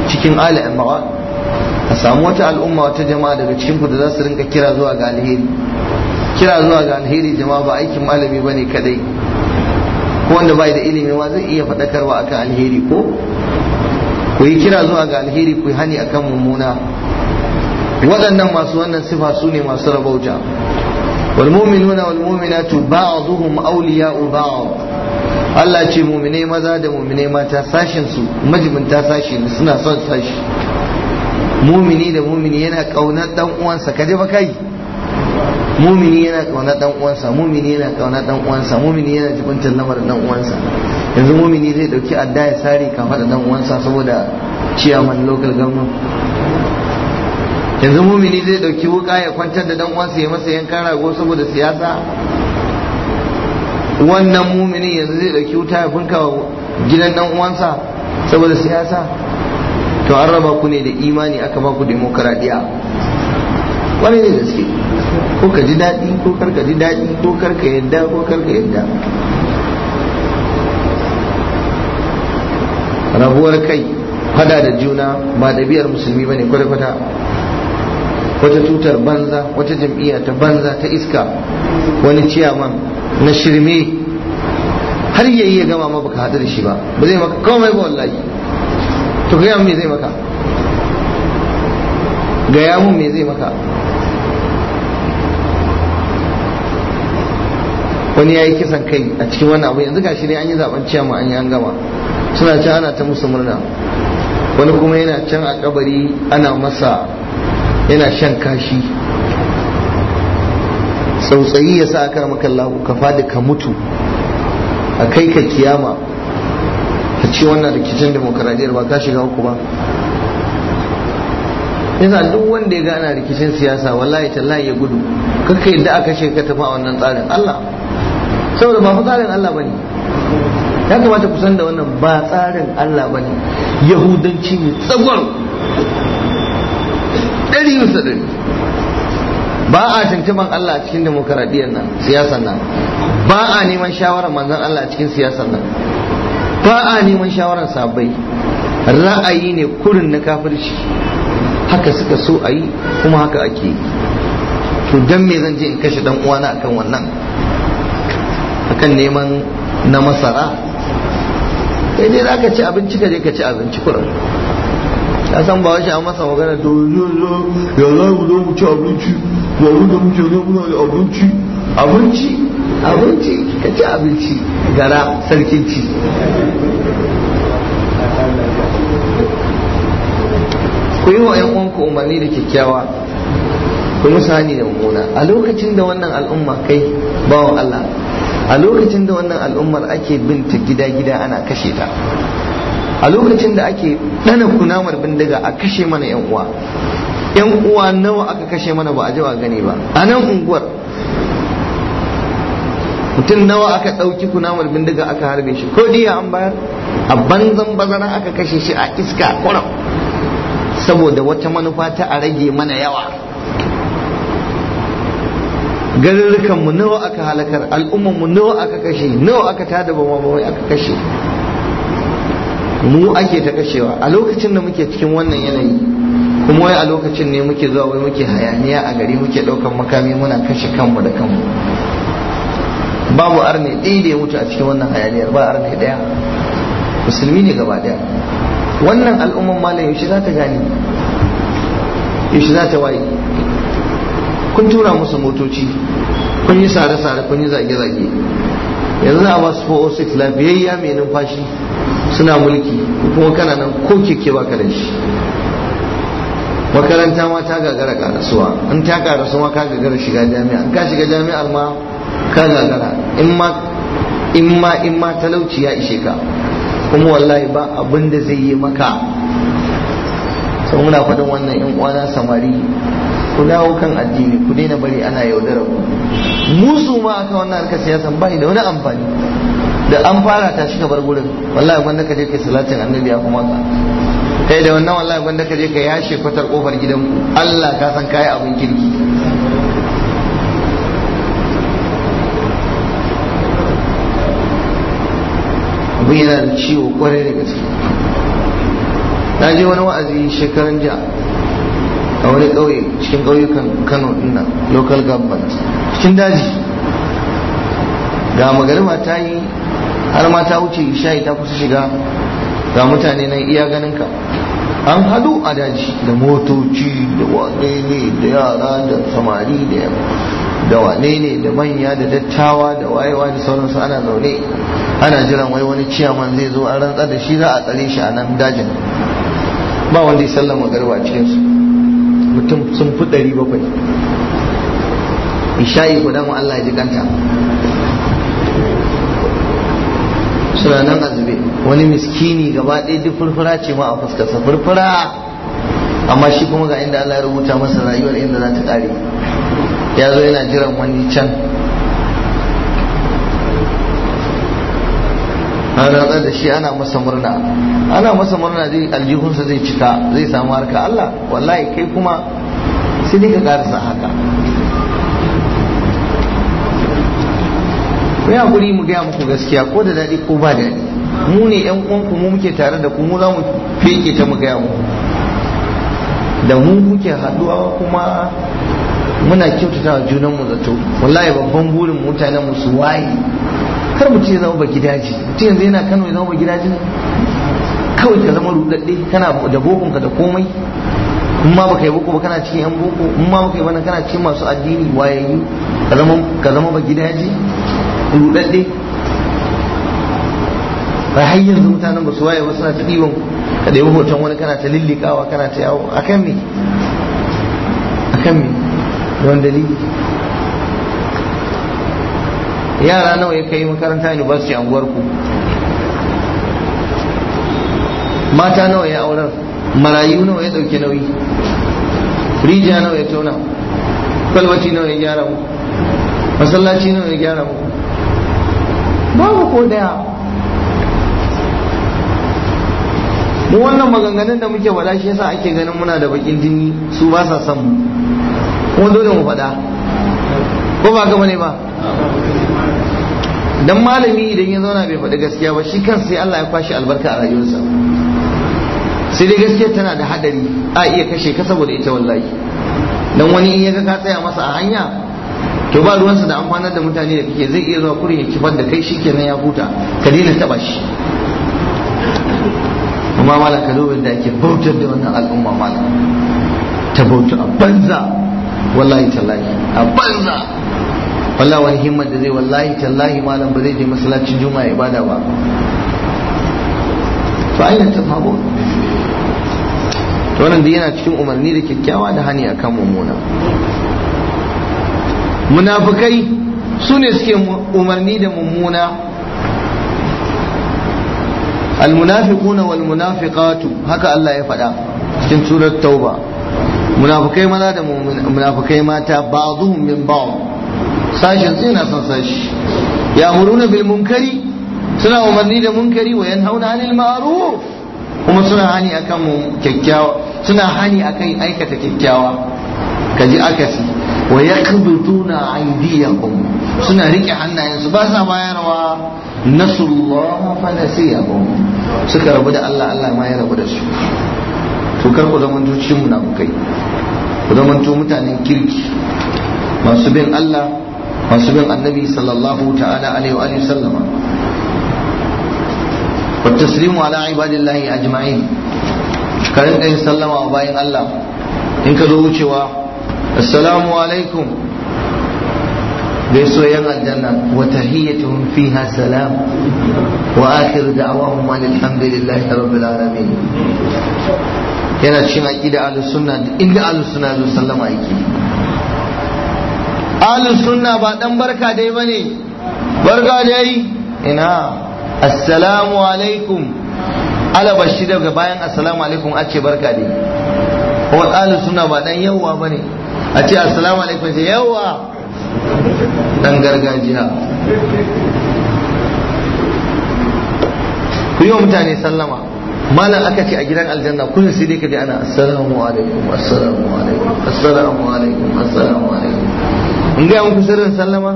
S1: cikin ali imran a samu wata al'umma wata jama'a daga cikin ku da za su rinka kira zuwa ga alheri kira zuwa ga alheri jama'a ba aikin malami bane kadai ko wanda bai da ilimi ma zai iya faɗakarwa akan alheri ko ku yi kira zuwa ga alheri ku yi hani akan mummuna waɗannan masu wannan sifa su ne masu rabauta والمؤمنون والمؤمنات بعضهم awliya'u بعض Allah ce mumine maza da mumine mata sashin su majibinta sashi suna son sashi mumini da mumini yana kaunar dan uwansa ka ba kai mumini yana kaunar dan uwansa mumini yana kaunar dan uwansa mumini yana jibintar lamarin dan uwansa yanzu mumini zai dauki adda ya sare kan da dan uwansa saboda ciyaman local government yanzu mumini zai dauki wuka ya kwantar da dan uwansa ya masa yankan rago saboda siyasa wannan mumini yanzu zai dauki wuta ya funka gidan dan uwansa saboda siyasa to an raba ku ne da imani aka ba ku demokaradiyya wani ne gaske ko ka ji daɗi ko karka ji daɗi ko karka yadda ko karka yadda rabuwar kai hada da juna ba ɗabi'ar musulmi ba ne kwata-kwata wata tutar banza wata jam'iyya ta banza ta iska wani ciyaman na shirme har yayi ya gama ma baka hadu da shi ba ba zai maka komai ba wallahi to gaya me zai maka gaya mun me zai maka wani ya yi kisan kai a cikin wani abu yanzu gashi ne an yi zaben ciyaman an yi an gama suna can ana ta musu murna wani kuma yana can a kabari ana masa yana shan kashi tsautsayi ya sa aka maka lahu ka fadi ka mutu a kai ka kiyama ka ce wannan rikicin demokaradiyyar ba ka shiga uku ba yana duk wanda ya ga ana rikicin siyasa wallahi tallahi ya gudu kakka yadda aka shiga ka tafi a wannan tsarin Allah saboda ba mu tsarin Allah ba ne. ya kamata ku san da wannan ba tsarin Allah ba ne. yahudanci ne tsagwar ɗari bisa ɗari ba a tuntuban Allah a cikin demokaradiyyar nan siyasar nan ba a neman shawarar manzan Allah a cikin siyasar nan ba a neman shawarar sabai ra'ayi ne kurin na kafirci haka suka so a yi kuma haka ake to dan me zan je in kashe dan uwana akan wannan akan neman na masara sai dai za ka ci abinci ka je ka ci abinci kurar ya san ba wasu a masa magana to ya za ku zo ku ci abinci ba ku da muke ne muna da abinci abinci abinci ka ci abinci gara sarkin ci ku yi wa 'yan uwanku umarni da kyakkyawa ku yi sani da mummuna a lokacin da wannan al'umma kai bawan Allah a lokacin da wannan al'ummar ake binta gida-gida ana kashe ta a lokacin da ake ɗana kunamar bindiga a kashe mana yan uwa yan uwa nawa aka kashe mana ba a jawa gani ba a nan unguwar mutum nawa aka ɗauki kunamar bindiga aka harbe shi ko diya an bayar a banzan bazara aka kashe shi a iska kwarau saboda wata manufa ta a rage mana yawa garurrukan mu nawa aka halakar al'umman mu nawa aka kashe nawa aka tada mai aka kashe mu ake ta kashewa a lokacin da muke cikin wannan yanayi kuma wai a lokacin ne muke zuwa wai muke hayaniya a gari muke ɗaukan makami muna kashe kanmu da kanmu babu arne ɗaya da ya mutu a cikin wannan hayaniyar ba arne ɗaya musulmi ne gaba ɗaya wannan al'umman malam yaushe za ta gane yaushe za ta waye kun tura musu motoci kun yi sare-sare kun yi zage-zage yanzu a masu 406 lafiyayya mai numfashi suna mulki kuma kana nan ko keke baka da shi makaranta ma ta gagara karasuwa in ta karasu ka gagara shiga jami'a in ka shiga jami'ar ma ka gagara in ma in ma talauci ya ishe ka kuma wallahi ba abin da zai yi maka sau muna faɗin wannan yan uwana samari ku dawo kan addini ku daina bari ana yaudara ku musu ma akan wannan harkar siyasa ba da wani amfani da an fara ta shi ka bar gurin wallahi gwanda ka je kai salatin annabi ya kuma ka kai da wannan wallahi gwanda ka je ka yashe kwatar kofar gidanku Allah ka san kai abin kirki abin yana da ciwo kwarai da gaske na je wani wa'azi shekaran jiya a wani ƙauye cikin ƙauyukan kano ina local government cikin daji ga magariba ta yi har ma ta wuce shayi ta kusa shiga ga mutane na iya ganin ka an hadu a daji da motoci da wane ne da yara da samari da da wane ne da manya da dattawa da wayewa da sauransu ana zaune ana jiran wai wani ciyaman zai zo an rantsar da shi za a tsare shi a nan dajin ba wanda ya sallama garba cikinsu mutum sun fi ɗari bakwai isha'i ku damu Allah ji kanta suna nan azube wani miskini gaba ɗaya duk furfura ce ma a fuskarsa furfura amma shi kuma ga inda Allah ya rubuta masa rayuwar inda za ta ƙare ya zo yana jiran wani can an ratsar da shi ana masa murna ana masa murna zai aljihunsa zai cika zai samu harka Allah wallahi kai kuma sai dai ka karasa haka ku guri mu gaya muku gaskiya ko da daɗi ko ba daɗi mu ne yan uwanku mu muke tare da ku mu za mu feke ta mu gaya muku da mu muke haɗuwa kuma muna kyautata wa junanmu zato wallahi babban burin mutanen mu su waye kar mu ce zama ba gidaje mutum yanzu yana kano ya zama ba gidaje ne kawai ka zama rudadde kana da bokonka da komai in ma baka yi boko ba kana cikin yan boko in ma baka yi bana kana cikin masu addini wayayyu ka zama ka zama ba gidaje rudadde ba har yanzu mutanen ba su waye ba suna ta ɗiban ka ɗebi hoton wani kana ta lillikawa kana ta yawo a kan me A kan me don dalili yara nawa ya kai makaranta university a unguwarku mata nawa ya aurar marayu nawa ya dauke nauyi rijiya nawa ya tona kwalbati nawa ya gyara mu masallaci nawa ya gyara mu
S2: babu ko daya
S1: mu wannan maganganun da muke faɗa shi yasa ake ganin muna da bakin jini su ba sa san mu kuma dole mu faɗa ko ba gama ne ba dan malami idan ya zauna bai faɗi gaskiya ba shi kansa sai Allah ya kwashi albarka a rayuwarsa sai dai gaskiya tana da hadari a iya kashe ka saboda ita wallahi dan wani in ya ga ka tsaya masa a hanya to ba ruwansa da amfanar da mutane da kake zai iya zuwa kurin ya kifar da kai shi kenan ya huta ka daina taba shi amma mala ka zo da ake bautar da wannan al'umma mala ta bauta a banza wallahi tallahi a
S2: banza
S1: wallahi wani himmar da zai wallahi tallahi malam ba zai je masallacin juma'a ibada ba to ainihin tafabo to wannan da yana cikin umarni da kyakkyawa da hani akan mummuna munafukai su ne suke umarni da mummuna المنافقون والمنافقات haka Allah ya faɗa cikin surar tauba munafikai maza da munafikai mata ba'dhum min ba'd sashin sai na son sashi ya muru na bil munkari suna umarni da munkari wa yanhauna anil ma'ruf kuma suna hani akan mu kyakkyawa suna hani akan aikata kyakkyawa kaji akasi wa yaqbutuna aydiyakum suna rike hannayensu ba sa bayarwa nasullah fa nasiyahum suka rabu da Allah Allah ma ya rabu da su to kar ku zaman cikin munafukai ku zaman mutanen kirki masu bin Allah masu bin annabi sallallahu ta'ala alaihi wa sallama wa taslimu ala ibadillahi ajma'in Karin rinka sallama wa bayan Allah in ka zo wucewa assalamu alaikum gaisuwayen aljanna wa tahiyyatuhum fiha salam wa akhir da'wahum alhamdulillahi rabbil alamin yana cikin aqida ahlus sunna inda ahlus sunna zo sallama yake ahlu sunna ba dan barka dai bane barka dai ina assalamu alaikum ala bashi daga bayan assalamu alaikum a ce barka dai kuma ahlu sunna ba dan yawa bane a ce assalamu alaikum ce yawa dan gargajiya ku yi wa mutane sallama malam aka ce a gidan aljanna kun sai dai ka ji ana assalamu alaikum assalamu alaikum assalamu alaikum assalamu alaikum in gaya muku sirrin sallama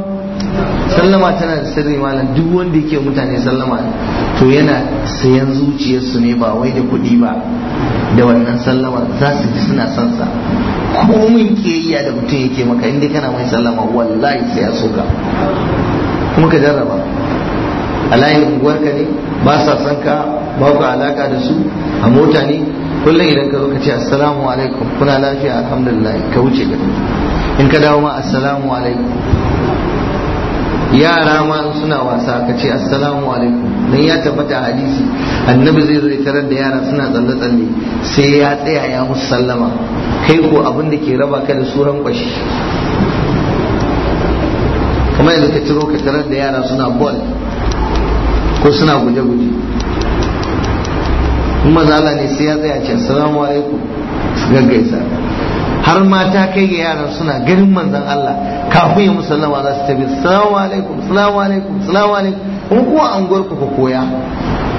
S1: sallama tana da sirri malam duk wanda yake mutane sallama to yana sayan zuciyarsu ne ba wai da kuɗi ba da wannan sallama za su ji suna son sa komin kiyayya da mutum yake maka inda kana mai sallama wallahi sai ya soka kuma ka jarraba a layin ka ne ba sa son ka ba ku alaka da su a mota ne kullum idan ka zo ka ce assalamu alaikum kuna lafiya alhamdulillah ka wuce ka in ka dawo ma assalamu alaikum yara ma suna wasa ka ce assalamu alaikum dan ya tabbata a hadisi annabi zai zo tarar da yara suna tsalle tsalle sai ya tsaya ya musu sallama kai ko abin da ke raba ka da suran kwashi kuma yanzu ka ciro ka tarar da yara suna bol ko suna guje-guje kuma maza ne sai ya tsaya ce assalamu alaikum su gaggaisa har mata kai ga yaran suna ganin manzon Allah kafin ya musallama za su tafi salamu alaikum salamu alaikum salamu alaikum kuma kuwa an gwarku ka koya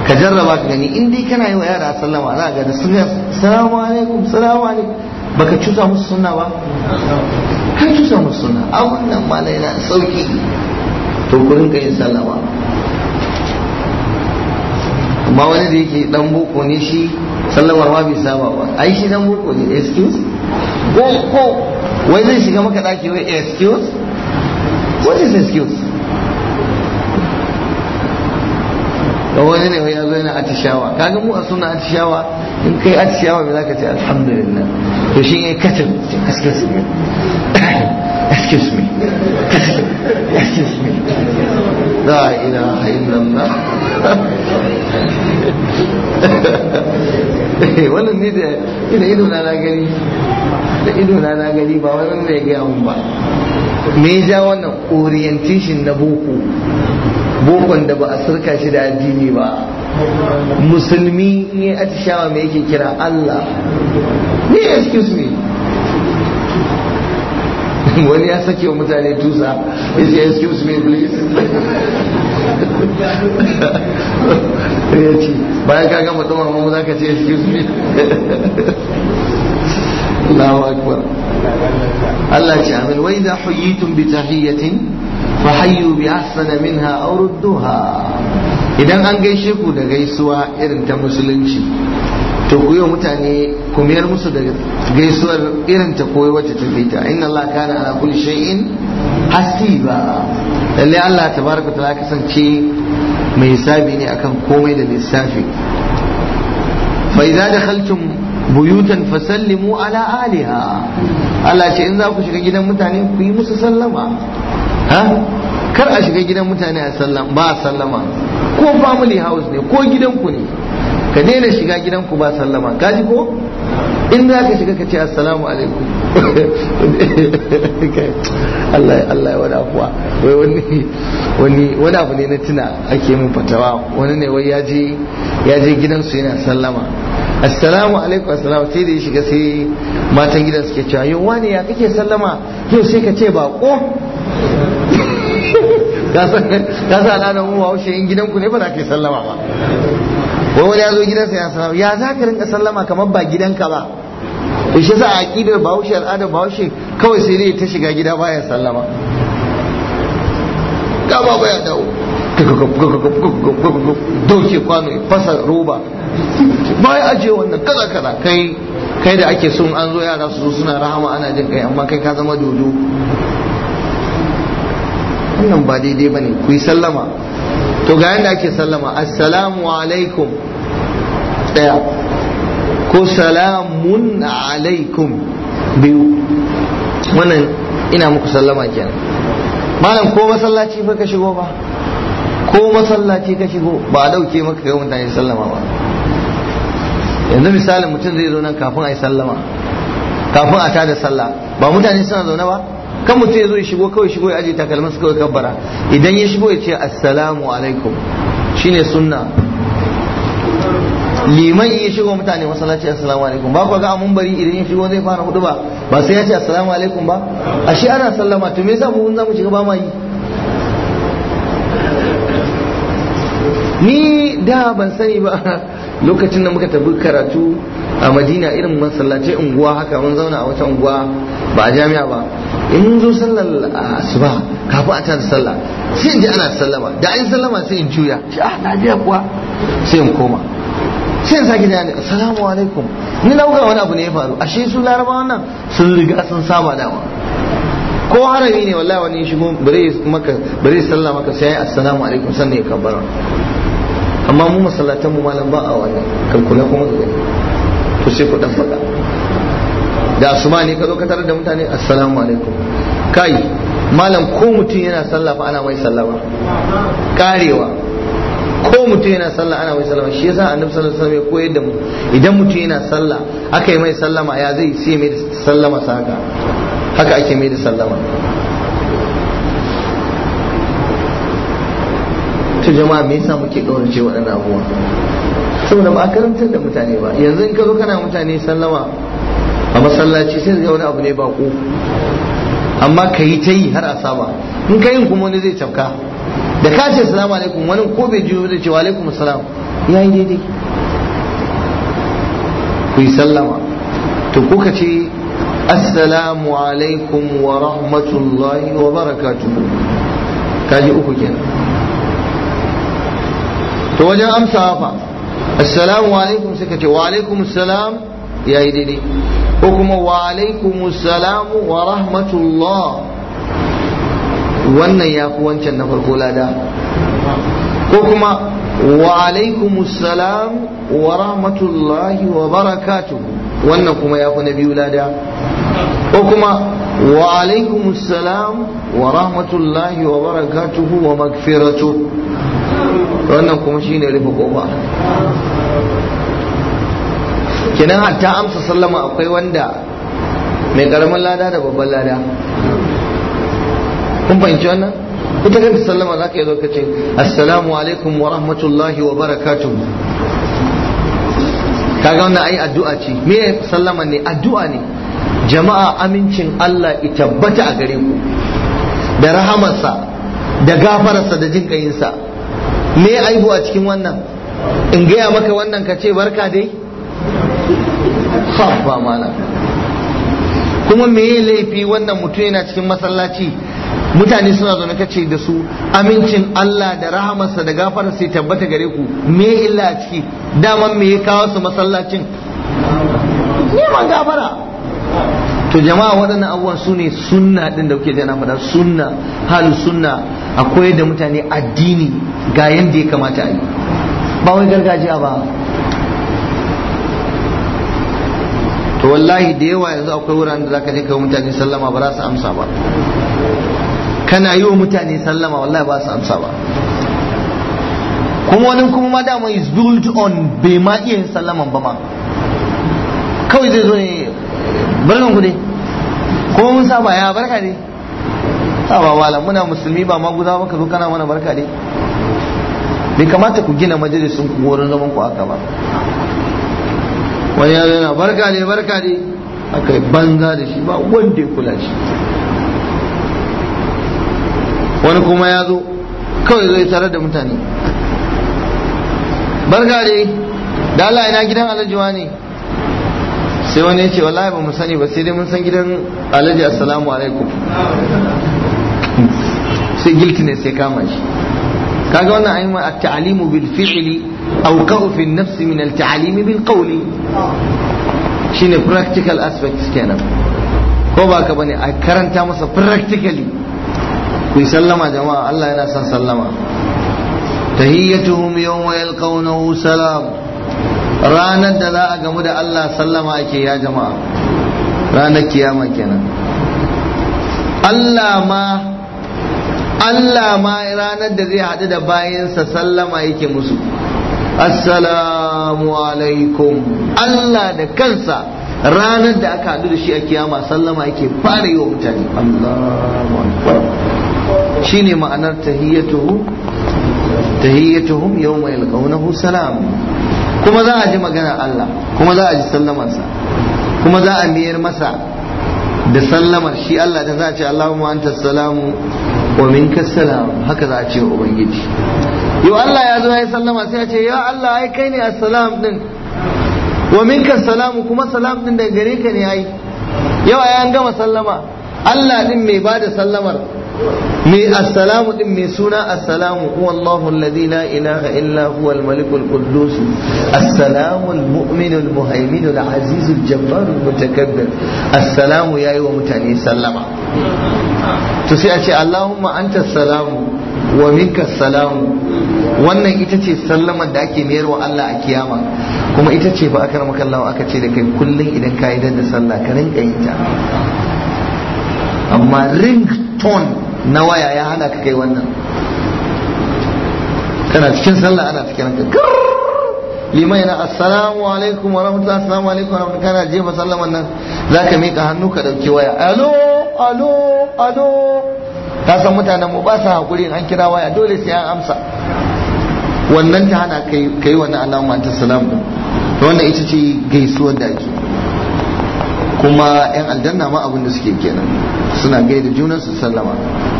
S1: ka jarraba ka gani in dai kana yi wa yara sallama za ka gani sun ga salamu alaikum salamu alaikum baka cuta musu sunna ba ka cuta musu sunna a wannan malai na sauki to ku rinka yin sallama amma wani da yake dan boko ne shi sallamar ma bai saba ba ai shi dan boko ne excuse ko ko wai zai shiga maka daki wai excuse what is excuse ga wani ne wai ya zo yana atishawa kaga mu a suna atishawa in kai atishawa bai zaka ce alhamdulillah to shi ne katin excuse me <coughs> excuse me excuse me la ilaha illallah wannan ne da ina ido na na gani da ido na na gani ba wannan da ya gaya mun ba me ja wannan orientation na boko bokon da ba a sirka shi da addini ba musulmi ne atishawa me yake kira Allah ne ya cikin su ne <laughs> wani ya sake wa mutane tusa ya ce excuse me please <laughs> ya ce bayan ka gama tsawon mu za ka ce excuse me <laughs> Allahu akbar Allah ce amin wa yi tun bi tahiyyatin fa hayyu bi ahsana minha aw rudduha idan an gaishe ku da gaisuwa irin ta musulunci to ku yi mutane ku mayar musu da gaisuwar irin ta koyi wacce ta fita inna Allah kana ala kulli shay'in hasiba lalle Allah tabaraka ta kasance mai hisabi ne akan komai da lissafi fa idza dakhaltum buyutan fasallimu ala aliha Allah ce in za ku shiga gidan mutane ku yi musu sallama ha kar a shiga gidan mutane a sallama ba sallama ko family house ne ko gidanku ne ka daina shiga gidanku ba sallama gaji ko in za ka shiga ka ce assalamu alaikum <laughs> Allah ya wada kuwa wai wani wani abu ne na tuna ake mun fatawa wani ne wai ya je gidansu yana sallama assalamu alaikum assalamu sai da ya shiga sai matan gidan suke cewa yau wani ya kake sallama yau sai ka ce ko. <laughs> ka sa al'adar mu ushe in gidanku ne ba za ka yi sallama ba wai wani ya zo gidansa ya sallama ya za ka rinka sallama kamar ba gidanka ba to shi yasa a aqidar bahaushe al'ada bahaushe kawai sai dai ta shiga gida baya sallama ka ba baya dawo dauke kwano fasa roba baya ajiye wannan kaza kaza kai kai da ake sun an zo yara su suna rahama ana jin kai amma kai ka zama dodo wannan ba daidai bane ku yi sallama to ga yadda ake sallama assalamu alaikum daya ko salamun alaikum biyu wannan ina muku sallama kenan malam ko masallaci fa ka shigo ba ko masallaci ka shigo ba a dauke maka ga mutane sallama ba yanzu misali mutum zai zo nan kafin a yi sallama kafin a tada sallah ba mutane suna zaune ba kan mutum ya zo ya shigo kawai shigo ya aje takalmin suka kabbara idan ya shigo ya ce assalamu alaikum shine sunna liman ya shigo mutane masallaci assalamu alaikum ba ku ga amun bari idan ya shigo zai fara hudu ba ba sai ya ce assalamu alaikum ba ashe ana sallama to me yasa mu mun zamu shiga ba mai ni da ban sani ba lokacin da muka tafi karatu a madina irin masallacin unguwa haka mun zauna a wata unguwa ba a jami'a ba in zo sallar asuba kafin a tada sallah sai in ji ana sallama da an sallama sai in juya ah na biya kuwa sai in koma sai in sake jani assalamu alaikum ni dauka wani abu ne ya faru ashe su laraba wannan sun riga sun saba dama ko harami ne wallahi wani shigo bare maka bare sallah maka sai assalamu alaikum sannan ya kabbara amma mu masallatan mu malam ba a wannan kan kula kuma to sai ku dan faɗa da ma ne ka zo ka tarar da mutane assalamu alaikum kai malam ko mutum yana sallah fa ana mai sallah ba karewa ko mutum yana sallah ana mai sallama shi yasa annabi sallallahu alaihi wasallam ya koyar da mu idan mutum yana sallah aka yi mai sallama ya zai sai mai sallama sa haka haka ake mai da sallama to jama'a me yasa muke kaurace waɗannan abubuwa saboda ba a karantar da mutane ba yanzu in ka zo kana mutane sallama a masallaci sai zai wani abu ne bako amma ka yi ta yi har a saba in ka yin kuma wani zai tafka da ka ce salamu alaikum wani ko bai jiyo da cewa alaikum salam ya yi daidai ku yi sallama to ko ka ce assalamu alaikum wa rahmatullahi wa barakatuhu ka ji uku kenan to wajen amsa fa assalamu alaikum suka ce wa alaikum salam ya yi daidai ko kuma wa alaikum wa rahmatullah wannan ya fi wancan na farko lada ko kuma wa salam wa rahmatullahi wa barakatuh wannan kuma ya fi na biyu lada ko kuma wa salam wa rahmatullahi wa barakatuhu wa magfiratu wannan kuma shine rufe kofa kenan hatta amsa sallama akwai wanda mai karamin lada da babban lada kun fahimci wannan ita sallama za ka yi lokacin assalamu alaikum wa rahmatullahi wa barakatuh kaga wannan ai addu'a ce me sallama ne addu'a ne jama'a amincin Allah i tabbata a gare ku da rahamarsa da gafararsa da jin kayinsa me aibu a cikin wannan in gaya maka wannan ka ce barka dai ba mana kuma me ya laifi wannan mutum yana cikin masallaci mutane suna zaune kace da su amincin Allah da rahamarsa da gafarar sai tabbata gare ku me illa a ciki dama me ya kawo su masallacin neman gafara to jama'a waɗannan abubuwan su ne sunna ɗin da kuke jana faɗa sunna halin sunna akwai da mutane addini ga yadda ya kamata a yi ba wai gargajiya ba to wallahi da yawa yanzu akwai wuraren da zaka je kai mutane sallama ba za su amsa ba kana yi wa mutane sallama wallahi ba su amsa ba kuma wani kuma ma dama is built on bai ma iya yin sallaman ba ma kawai zai zo ne barkan ku ne. kuma mun saba ya barka ne saba malam muna musulmi ba maguza ba ka zo kana mana barka ne bai kamata ku gina majalisun ku wurin zaman ku haka ba wani ya yana barka ne barka ne aka yi banza da shi ba wanda ya kula shi wani kuma ya zo kawai zai tare da mutane barka ne da Allah ina gidan alajiwa ne sai wani ya ce wallahi ba mu sani ba sai dai mun san gidan alaji assalamu alaikum sai gilti ne sai kama shi kaga wannan ayyuma at ta'alimu bil fi'li أوقع في النفس من التعليم بالقول shine practical aspects kenan ko ba ka bane a karanta masa practically ku sallama jama'a Allah yana son sallama tahiyyatuhum yawma yalqawnahu salam ranar da za a gamu da Allah sallama ake ya jama'a ranar kiyama kenan Allah ma Allah ma ranar da zai haɗu da bayansa sallama yake musu assalamu alaikum Allah da kansa ranar da aka haɗu da shi a kiyama sallama yake fara yi wa mutane shi ne ma'anar tahiyyatuhu tahiyyatuhum yawma yalqawnahu salam kuma za a ji magana Allah kuma za a ji sallamarsa kuma za a miyar masa da sallamar shi Allah da za a ce Allahumma anta salamu wa minka salam haka za a ce wa ubangiji yau Allah ya zo ya yi sallama sai ya ce ya Allah ai kai ne assalam din wa minka salamu kuma salam din daga gare ka ne ai yau ai an gama sallama Allah din mai bada sallamar mai assalamu din mai suna assalamu wallahu alladhi la ilaha illa huwa al-malik al-quddus assalamu al-mu'min al-muhaymin al-aziz al-jabbar al-mutakabbir assalamu yayi wa mutane sallama to sai a ce allahumma anta salamu wa minka salamu wannan ita ce sallamar da ake mayar wa Allah a kiyama kuma ita ce ba aka rama kallawa aka ce da kai kullum idan ka yi da sallah ka rinka yin ta amma ringtone na waya ya hana ka kai wannan kana cikin sallah ana cikin ranka lima yana assalamu alaikum wa rahmatullahi assalamu alaikum wa rahmatullahi kana jefa sallamar nan zaka mika hannu ka dauki waya alo alo alo ta san mutanen mu ba sa hakuri an kira waya dole sai an amsa wannan ta hana kai wani alama ta salam wannan ita ce gaisuwar da ake kuma 'yan aljanna ma abin da suke kenan suna gaida junan su sallama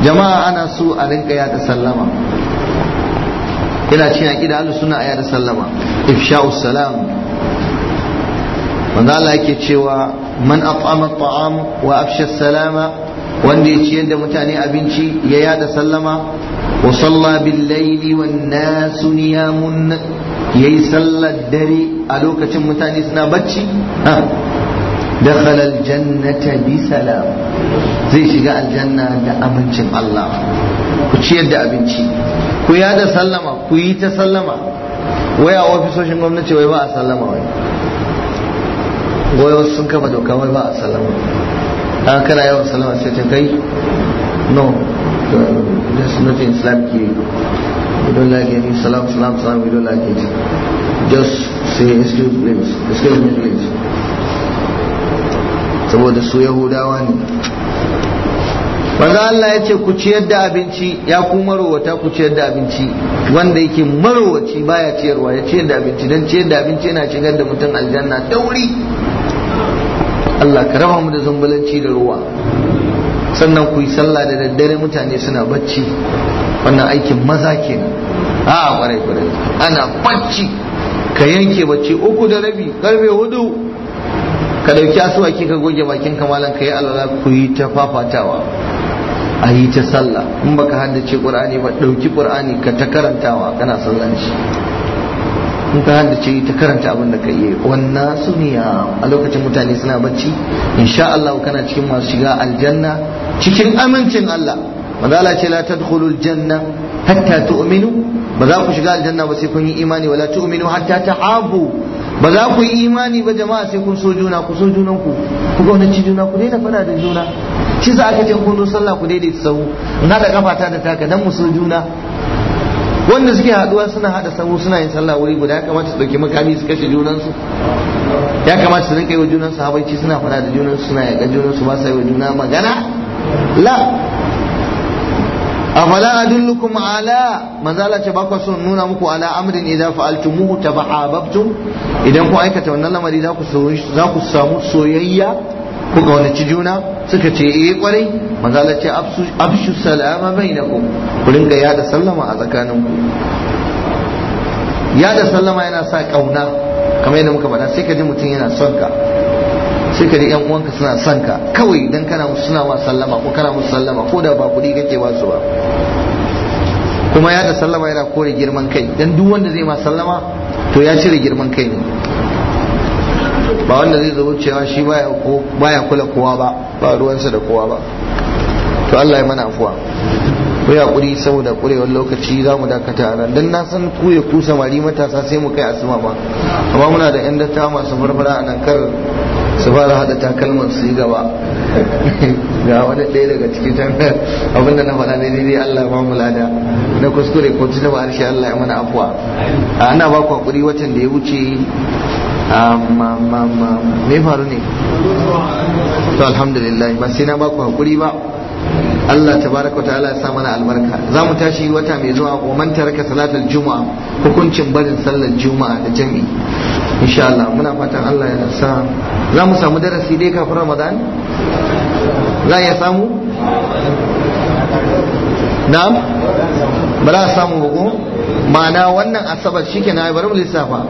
S1: jama'a ana so a rinka yada sallama yana cikin aqida alu suna a yada sallama ifsha'us salam wanda Allah yake cewa man at'ama at'am wa afsha salama wanda ya ciyar da mutane abinci ya yada sallama وصلى بالليل والناس نيام يي صلى الدري ألوك متاني سنا بچي آه. دخل الجنة بسلام زي شجاء الجنة دا أمنشن الله كتشير دا أبنشي كويا دا سلمة كوي تسلمة ويا أوفيسوشن gwamnati wai ba a sallama wai wai wasu sun kafa doka wai ba a sallama an kana yawan sallama sai ta kai no this is not in Islam We don't like any salam, salam, salam, we don't like it. Just say, excuse me please, excuse me please. Saboda su Yahudawa ne. Manzo Allah ya ce ku ciyar da abinci ya ku marowata ku ciyar da abinci wanda yake marowaci baya ciyarwa ya ciyar da abinci dan ciyar da abinci yana shigar da mutum aljanna dauri Allah ka raba mu da zumbulanci da ruwa sannan ku yi sallah da daddare mutane suna bacci wannan aikin maza kenan a kwarai kwarai ana bacci ka yanke bacci uku da rabi karfe hudu ka dauki asuwaki ka goge bakin kamalan ka yi alala ku yi ta fafatawa a yi ta sallah in baka haddace qur'ani ba ɗauki qur'ani ka ta karantawa kana sallan shi in ka haddace ta karanta abin da ka yi wannan suniya a lokacin mutane suna bacci insha Allah kana cikin masu shiga aljanna cikin amincin Allah manzala ce la tadkhulul janna hatta tu'minu ba za ku shiga aljanna ba sai kun yi imani wala tu'minu hatta tahabu ba za ku yi imani ba jama'a sai kun so juna ku so junan ku ku ci juna ku daina fada da juna shi za a ce kun zo sallah ku daidaita sahu na da kafata da taka dan mu so juna wanda suke haduwa suna hada sahu suna yin sallah wuri guda ya kamata su dauki makami su kashe junansu ya kamata su rinka yi wa junansu habaici suna fada da junansu suna yaƙa junansu ba sa yi wa juna magana la afala adullukum ala manzala ce ba so nuna muku ala amrin idza fa'altumuhu tabahabtum idan ku aikata wannan lamari za ku samu soyayya ku kaunaci juna suka ce eh kwarai manzala ce abshu salama bainakum ku rinka yada sallama a tsakaninku yada sallama yana sa ƙauna, kamar yadda muka faɗa sai ka ji mutum yana son ka sai ka yan uwanka suna son ka kawai dan kana suna ma sallama ko kana musu sallama ko da ba kuɗi kake ba su ba kuma ya da sallama yana kore girman kai dan duk wanda zai ma sallama to ya cire girman kai ne ba wanda zai zo cewa shi baya ko baya kula kowa ba ba ruwansa da kowa ba to Allah ya mana afuwa ku ya kuri saboda kurewar lokaci za mu dakata a nan dan na san ku ya ku matasa sai mu kai asuma ba amma muna da yan dattawa masu farfara a nan kar su fara hada takalman su yi gaba <laughs> ga wani ɗaya daga cikin a abinda na faɗa ne daidai Allah ba mu lada na kuskure ko tuna ba harshe Allah ya mana afuwa ana ba ku hakuri watan da ya wuce me faru ne to alhamdulillah ba sai na ba ku hakuri ba Allah tabaraka ta'ala ya sa mana albarka za mu tashi wata mai zuwa wa man taraka salatul juma'a hukuncin barin sallar juma'a da jami'i insha Allah muna fatan Allah ya sa za mu samu darasi dai kafin Ramadan za ya samu na'am ba za a samu ko ma'ana wannan asabar shike na bari mu lissafa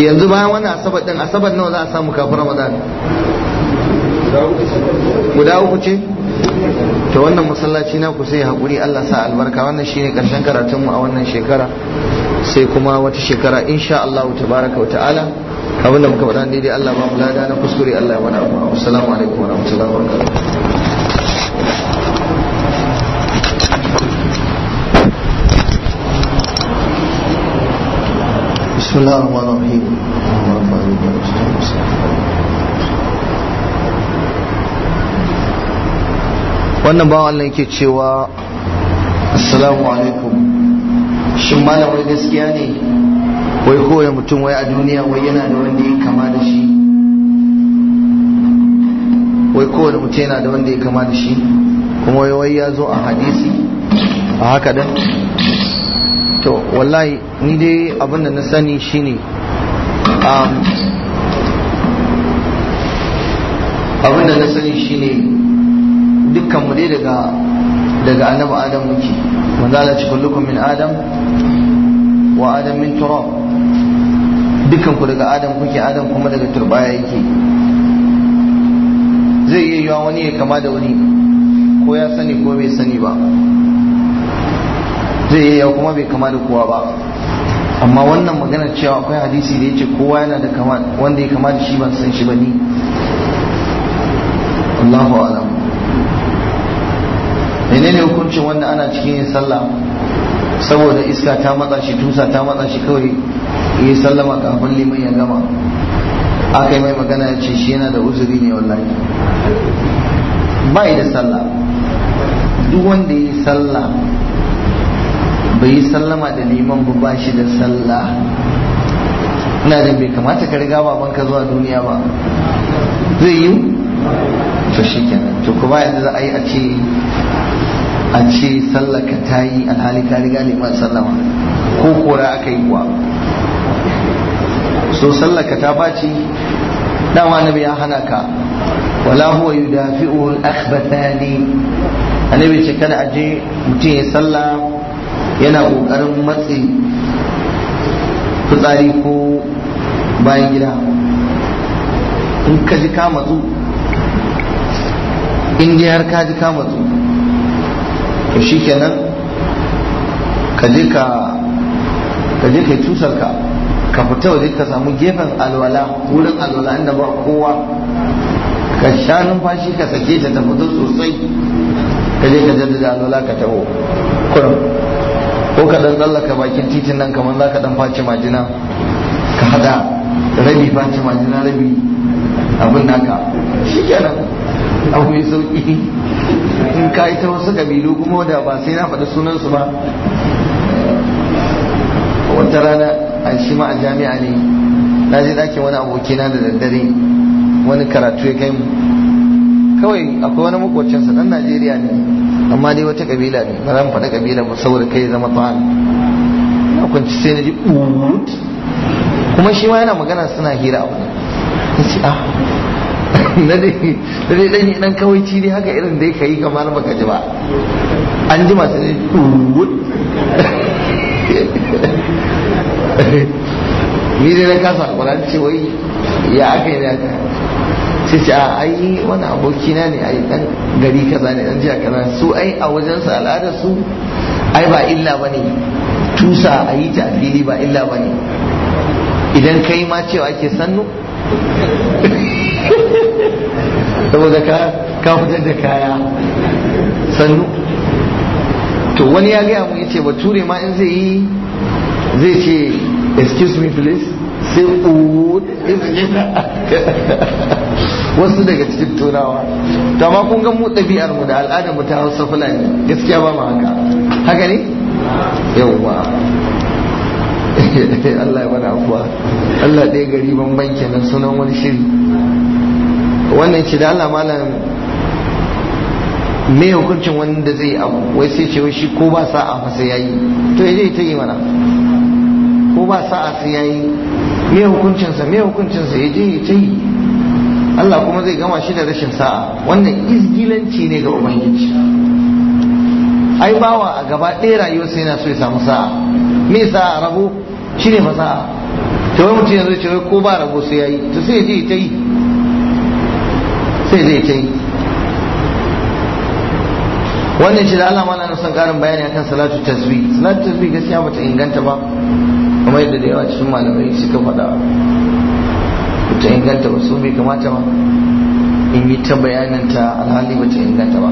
S1: yanzu bayan wannan asabar din asabar nawa za a samu kafin Ramadan guda uku ce to wannan masallaci na ku sai hakuri Allah sa albarka wannan shine karshen karatun mu a wannan shekara sai kuma wata shekara insha Allah tabaraka wa ta'ala abinda muka faɗa ne dai Allah ba mu lada na kuskure Allah ya mana abu assalamu alaikum wa rahmatullahi wa barakatuh بسم الله الرحمن الرحيم wannan bawan Allah yake cewa assalamu alaikum shin malam wai gaskiya ne wai koya mutum wai a duniya wai yana da wanda ya kama da shi wai kowane mutum yana da wanda ya kama da shi kuma wai wai ya zo a hadisi a haka dan to wallahi ni dai abin da na sani shine um, abin da na sani shine dukkanmu dai daga daga annabi adam muke manzo Allah kullukum min adam wa adam min turab dukkan ku daga adam kuke adam kuma daga turbaya yake zai iya yiwa wani ya kama da wani ko ya sani ko bai sani ba zai iya kuma bai kama da kowa ba amma wannan maganar cewa akwai hadisi da ya ce kowa yana da kama wanda ya kama da shi ban san shi ba ni Allahu a'lam menene hukuncin wanda ana cikin yin sallah saboda iska ta matsa shi tusa ta matsa shi kawai yi sallama kafin liman ya gama aka yi mai magana ya ce shi yana da uzuri ne wallahi bai da sallah duk wanda yi sallah bai yi sallama da liman ba ba shi da sallah ina da bai kamata ka riga ka zuwa duniya ba zai yi to shi kenan to kuma yanzu za a yi a ce a ce sallaka ta yi alhali ka riga liman sallama ko kora aka yi kuwa so sallaka ta baci dama na ya hana ka wala huwa yudafi'u al-akhbathani annabi ce kada aje mutum ya salla yana kokarin matsi fitsari ko bayan gida in ka ji ka matsu in dai ka ji ka matsu to shi kenan ka je ka ka kai tusar ka ka fita waje ka samu gefen alwala wurin alwala inda ba kowa ka sha numfashi ka sake ta ta fito sosai ka je ka jaddada alwala ka taho kurum ko ka dan tsallaka bakin titin nan kamar za ka dan face majina ka hada rabi face majina rabi abin naka shi kenan abu mai sauki in ka yi ta wasu ƙabilu kuma da ba sai na faɗi sunansu ba wata rana an shi ma a jami'a ne na je ɗakin wani abokina da daddare wani karatu ya kai mu kawai akwai wani makwacinsa ɗan najeriya ne amma dai wata ƙabila ne ba za mu faɗa ƙabila ba saboda kai zama fa'an na kwanci sai na ji uhuh. kuma shi ma yana magana suna hira a
S2: wani
S1: <laughs> na dai dan dan ci ne haka irin da yake yi kamar baka ji ba an ji masu ne <laughs> ni dai na kasa kwaran ce wai ya aka yi haka sai ce a ah, ai wani abokina ne ai dan gari kaza ne dan jiya kaza su ai a wajen su al'ada su ai ba illa bane tusa a yi ta fili ba illa bane idan kai ma cewa ake sannu saboda ka fitar da kaya sannu to wani ya gaya mu yace ba ture ma in zai yi zai ce excuse me please sai <laughs> wasu daga cikin turawa to amma kun ga mu ɗabi'ar mu da al'adar mu ta Hausa Fulani gaskiya ba mu haka haka ne yawwa <laughs> Allah ya bada afuwa Allah ɗaya gari ban banke sunan wani shiri wannan ce da Allah malam me hukuncin wanda zai abu wai sai ce shi ko ba sa'a a sai yayi to yaje ta yi mana ko ba sa'a sai yayi me hukuncin sa me hukuncin sa yaje ta yi Allah kuma zai gama shi da rashin sa'a wannan izgilanci ne ga ubangiji ai bawa a gaba ɗaya rayuwar sai yana so ya samu sa'a me sa'a rabo shine fa sa'a to wani mutum yanzu ce ko ba rabo sai yayi to sai yaje ta yi sai zai ta yi wannan ce da Allah mana na son karin bayani akan salatu tasbih salatu tasbih gaskiya bata inganta ba kuma yadda da yawa cikin malamai suka faɗa bata inganta ba sun bai kamata ba in yi ta bayanin ta alhali bata inganta ba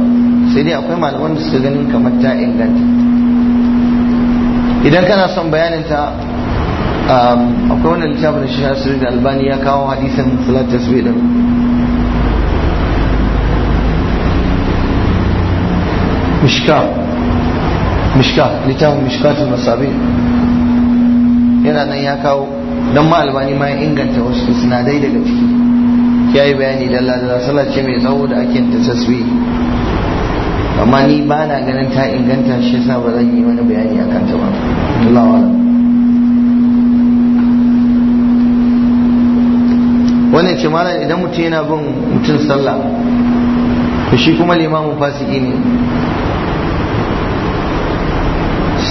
S1: sai dai akwai malaman da suka ganin kamar ta inganta idan kana son bayanin ta um, akwai wannan littafin shi da albani ya kawo hadisin salatu tasbih din mishka mishka littafin mishkatul yana nan ya kawo dan ma'albani albani ma ya inganta wasu sinadai daga ciki ya yi bayani dalla da sallah ce mai tsawo da ake ta taswi amma ni ba na ganin ta inganta shi yasa ba zan yi wani bayani a kanta ba Allah wannan ce malam idan mutum yana bin mutum sallah to shi kuma limamin fasiki ne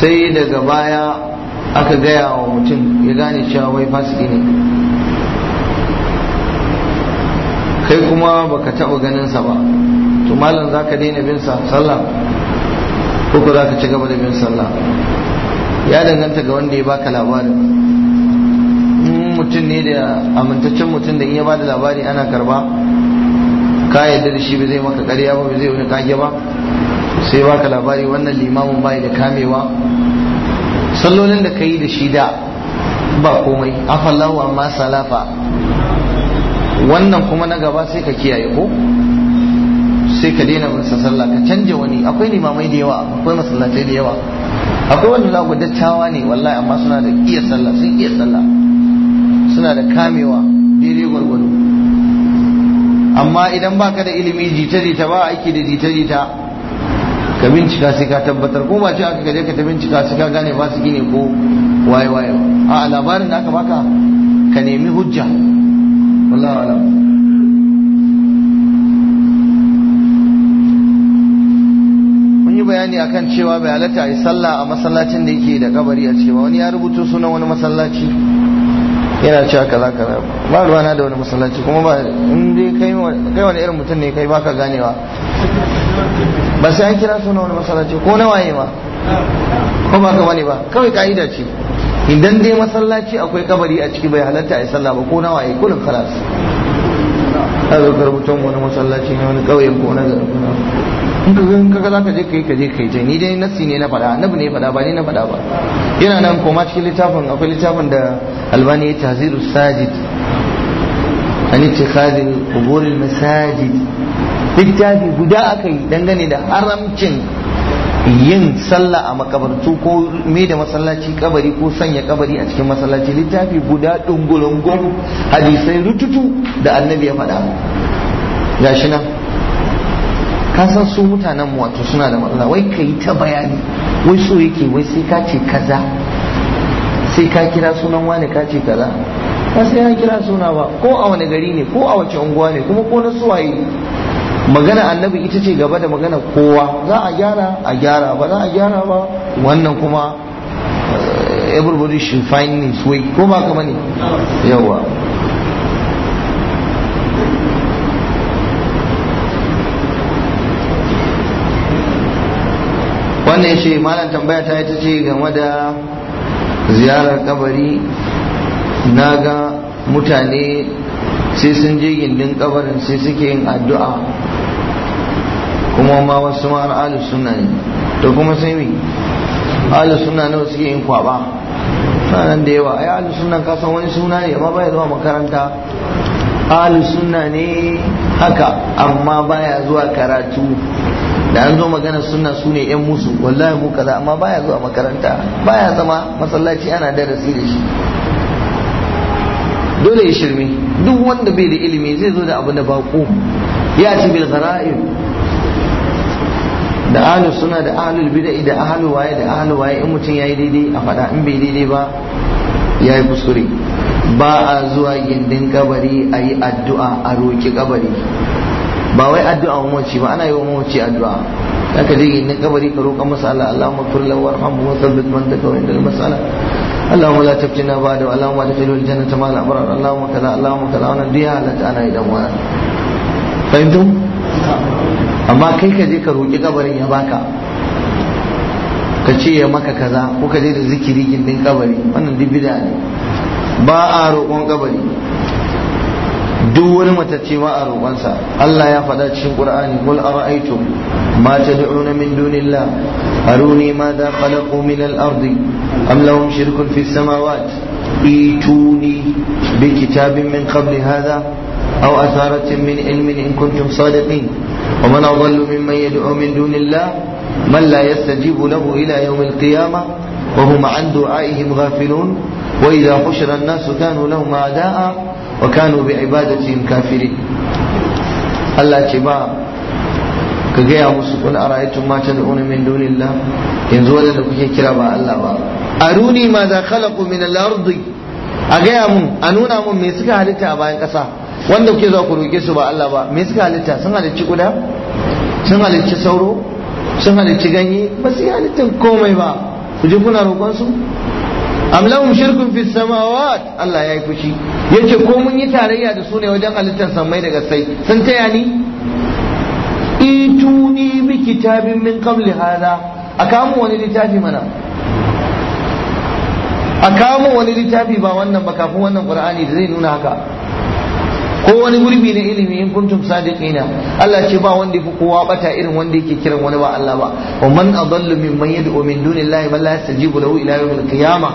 S1: sai daga baya aka gaya wa mutum ya gane cewa wai fasiki ne kai kuma baka taɓa ganinsa ba to malam za ka daina bin sa sallah ko ko za ka ci gaba da bin sallah ya danganta ga wanda ya baka labarin in mutum ne da amintaccen mutum da in ya bada labari ana karba ka yarda da shi ba zai maka karya ba ba zai wani kage ba sai baka labari wannan limamin bai da kamewa sallolin da ka yi da shi da ba komai afallahu amma salafa wannan kuma na gaba sai ka kiyaye ko sai ka daina masa sallah ka canja wani akwai limamai da yawa akwai masallatai da yawa akwai wani lagu da dattawa ne wallahi amma suna da iya sallah sun iya sallah suna da kamewa daidai gwargwado amma idan baka da ilimi jita-jita ba aiki da jita-jita ka bincika sai ka tabbatar ko ba ce aka gaje ka ta bincika sai ka gane ba su gine ko waye waye a labarin da aka baka ka nemi hujja wallahi mun yi bayani akan cewa bai halatta a yi sallah a masallacin da yake da kabari a cewa wani ya rubuto sunan wani masallaci yana cewa kaza kaza ba ruwana da wani masallaci kuma ba in dai kai wani irin mutum ne kai baka ganewa ba sai an kira suna wani masallaci ko na waye ma
S2: ko ba ka bane ba
S1: kawai ka'ida ce idan dai masallaci akwai kabari a ciki bai halatta a yi sallah ba ko na waye kullum kalas a zo ka rubuta wani masallaci ne wani kawai ko na garin in ka gan kaga zaka je kai ka je kai ta ni dai nassi ne na faɗa annabi ne faɗa ba ni na faɗa ba yana nan koma cikin littafin akwai littafin da albani ya tahziru sajid an ittikhadhi qubur al masajid littafi guda aka yi dangane da haramcin yin sallah a makabartu ko me da masallaci kabari ko sanya kabari a cikin masallaci littafi guda dungulungun hadisai rututu da annabi ya faɗa gashi nan ka san su mutanen mu wato suna da matsala wai ka yi ta bayani wai so yake wai sai ka ce kaza sai ka kira sunan wani ka ce kaza ba sai ya kira suna ba ko a wani gari ne ko a wace unguwa ne kuma ko na suwaye magana annabi ita ce gaba da magana kowa za a gyara a gyara ba za a gyara ba wannan kuma eh, everybody should find his way ko ba kama ne yawa wannan ya ce malam tambaya ta ita ce game da ziyarar kabari na ga mutane sai sun je gindin kabarin sai suke yin addu'a kuma ma wasu ma alif suna ne to kuma sai me alif suna nawa wasu yin kwaba sanan da yawa ai alif suna ka san wani suna ne amma baya zuwa makaranta alif suna ne haka amma baya zuwa karatu da an zo magana suna su ne yan musu wallahi mu kaza amma baya zuwa makaranta baya zama masallaci ana darasi da shi dole ya shirme duk wanda bai da ilimi zai zo da abu da bako ya ci bil ghara'ib da ahli suna da ahlul bid'a da ahlul waye da ahlul waye in mutum yayi daidai a faɗa in bai daidai ba yayi kuskure ba a zuwa gindin kabari a yi addu'a a roki kabari ba wai addu'a mawaci ba ana yi wa mawaci addu'a za ka je gindin kabari ka roƙa masa Allah Allahumma maghfir lahu warhamhu wa thabbit man da kawai da mas'ala اللهم لا تفتنا بعد اللهم ادخل الجنة مع الأبرار kala كذا اللهم كذا allah ta ana idan wa فهمتم؟ amma kai ka je ka roƙi kabarin ya baka ka ce ya maka kaza ko ka je da zikiri gindin kabari wannan duk ne ba a roƙon kabari duk wani matacce ba a roƙonsa Allah ya faɗa cikin Qur'ani qul ara'aytum ma tad'una min dunillah aruni ma da khalaqu min al-ardi am lahum shirkun fi samawat ituni bi kitabin min qabli hadha aw atharatin min ilmin in kuntum sadiqin ومن أضل ممن يدعو من دون الله من لا يستجيب له إلى يوم القيامة وهم عن دعائهم غافلون وإذا حشر الناس كانوا لهم أعداء وكانوا بعبادتهم كافرين Allah ce ba ka gaya musu kun ara'aytum ma tad'una min dunillah yanzu wanda da kuke kira ba Allah ba aruni ma za khalaqu min a gaya mun a nuna mun me suka halitta a bayan kasa wanda kuke zuwa ku roke su ba Allah ba me suka halitta sun halicci kuda sun halicci sauro sun halicci ganye ba su yi halittin komai ba ku je kuna roƙon su
S2: am lahum shirkun
S1: fi samawat Allah ya yi fushi yace ko mun yi tarayya da su ne wajen halittar samai daga sai sun taya ni ituni bi kitabin min qabli hada a kamo wani littafi mana a kamo wani littafi ba wannan ba kafin wannan qur'ani da zai nuna haka ko wani gurbi na ilimi in kuntum sadiqina Allah ce ba wanda yake kowa bata irin wanda yake kiran wani ba Allah ba wa man adallu mimman yad'u min dunillahi man la yastajibu lahu ila al-qiyama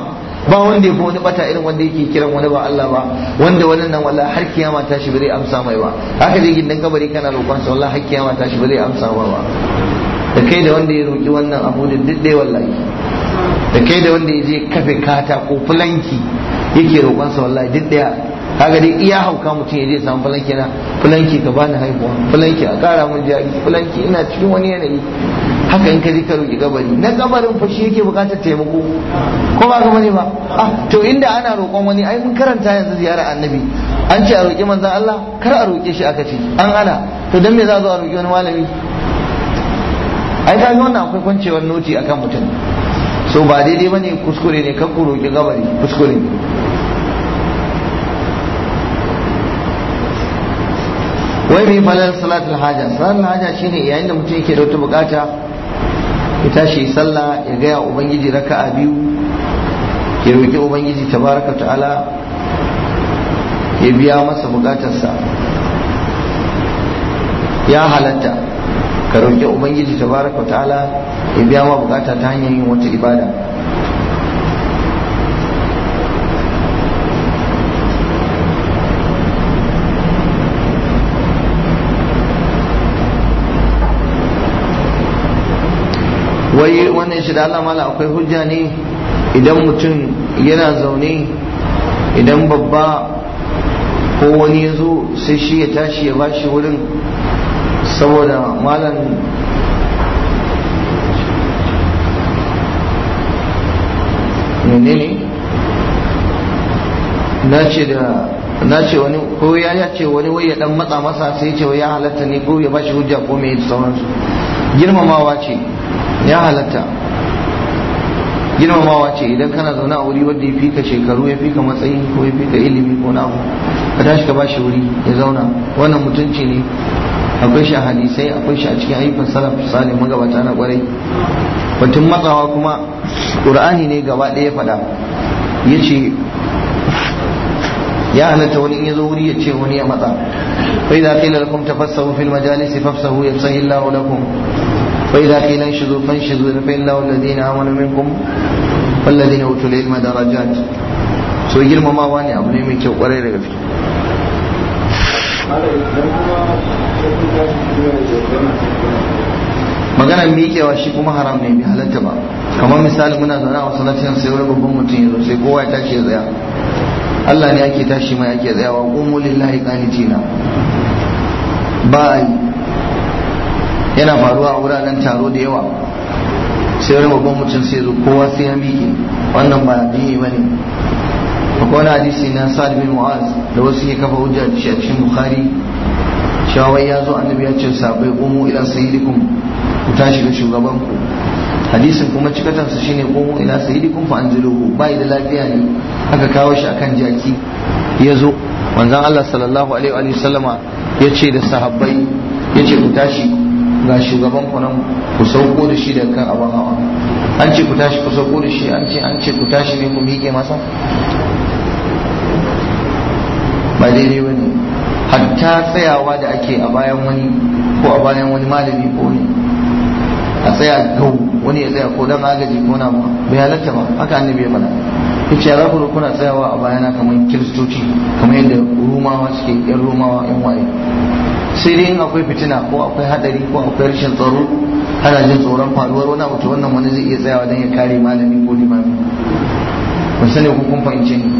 S1: ba wanda yake wani bata irin wanda yake kiran wani ba Allah ba wanda wannan nan wallahi har kiyama ta shi bare amsa mai ba haka dai gidan kabari kana roƙon sa wallahi har kiyama ta shi bare amsa mai ba da kai da wanda ya roki wannan abu da dai wallahi da kai da wanda ya je kafe kata ko fulanki yake roƙon sa wallahi duk daya kaga dai iya hauka mutum ya je samu fulanki na fulanki ka bani haihuwa fulanki a kara mun jari fulanki ina cikin wani yanayi haka in ka je ka roki gabari na gabarin fa shi yake bukatar taimako ko ba ga bane ba ah to inda ana roƙon wani ai mun karanta yanzu ziyara annabi an ce a roƙi manzon Allah kar a roƙe shi aka ce an ana to dan me za zo a roƙi wani malami ai kaga wannan akwai kwancewar noti akan mutum so ba daidai bane kuskure ne kan ku roƙi gabari kuskure wai mai falal salatul haja salatul haja shine yayin da mutum yake da wata bukata ya tashi sallah ya gaya ubangiji raka'a biyu ya roki ubangiji tabaraka ta'ala ya biya masa bukatarsa ya halatta ka roki ubangiji tabaraka ta'ala ya biya ma bukata ta hanyar yin wata ibada wai wannan shi da Allah mala akwai hujja ne idan mutum yana zaune idan babba ko wani ya zo sai shi ya tashi ya bashi wurin saboda malam menene na ce da na ce wani ko ya ya ce wani wai ya dan matsa masa sai ce ya halatta ne ko ya bashi hujja ko me sauransu girmamawa ce ya halatta girmamawa ce idan kana zaune a wuri wanda ya fi ka shekaru ya fi ka matsayi ko ya fi ka ilimi ko na abu ka tashi ka bashi wuri ya zauna wannan mutunci ne akwai shi a hadisai akwai shi a cikin ayyukan salaf salih magabata na kwarai batun matsawa kuma qur'ani ne gaba ɗaya faɗa ya ce ya halatta wani in ya zo wuri ya ce wani ya matsa fa idza qila lakum tafassahu fil majalisi fafsahu yafsahu lakum فإذا قيل انشدوا فانشدوا فإن فإلا الذين آمنوا منكم والذين أوتوا العلم درجات so girmamawa ما واني أبني mai kyau kwarai da magana maganar miƙewa shi kuma haram ne bai halatta ba kamar misali muna zana a masallacin sai wani babban mutum ya zo sai kowa ya tashi ya tsaya Allah ne ake tashi mai ake tsayawa qumu lillahi qanitina ba yi yana faruwa a wuraren taro da yawa sai wani babban mutum sai zo kowa sai ya miƙe wannan ba addini ba ne akwai wani hadisi na sa'ad bin mu'az da wasu ke kafa hujja da shi a cikin bukhari shawai ya zo annabi ya ce sabai umu ila sayyidikum ku tashi ga shugaban ku hadisin kuma cikatan su shine umu ila sayyidikum fa anziluhu bai da lafiya ne aka kawo shi akan jaki ya zo manzon Allah sallallahu alaihi wa sallama ya ce da sahabbai ya ce ku tashi ga shugaban ku nan ku sauko da shi daga kan abin hawa an ce ku tashi ku sauko da shi an ce an ce ku tashi ne ku miƙe masa ba daidai ba ne hatta tsayawa da ake a bayan wani ko a bayan wani malami ko ne a tsaya gau wani ya tsaya ko dan agaji ko na bai halatta ba haka annabi ya mana ce za ku kuna tsayawa a bayana kamar kiristoci kamar yadda rumawa suke yan rumawa yan waye sai dai in akwai fitina ko akwai hadari ko akwai rashin tsaro ana jin tsoron faruwar wani abu to wannan wani zai iya tsayawa don ya kare malami ko limami ban sani ko kun fahimce ni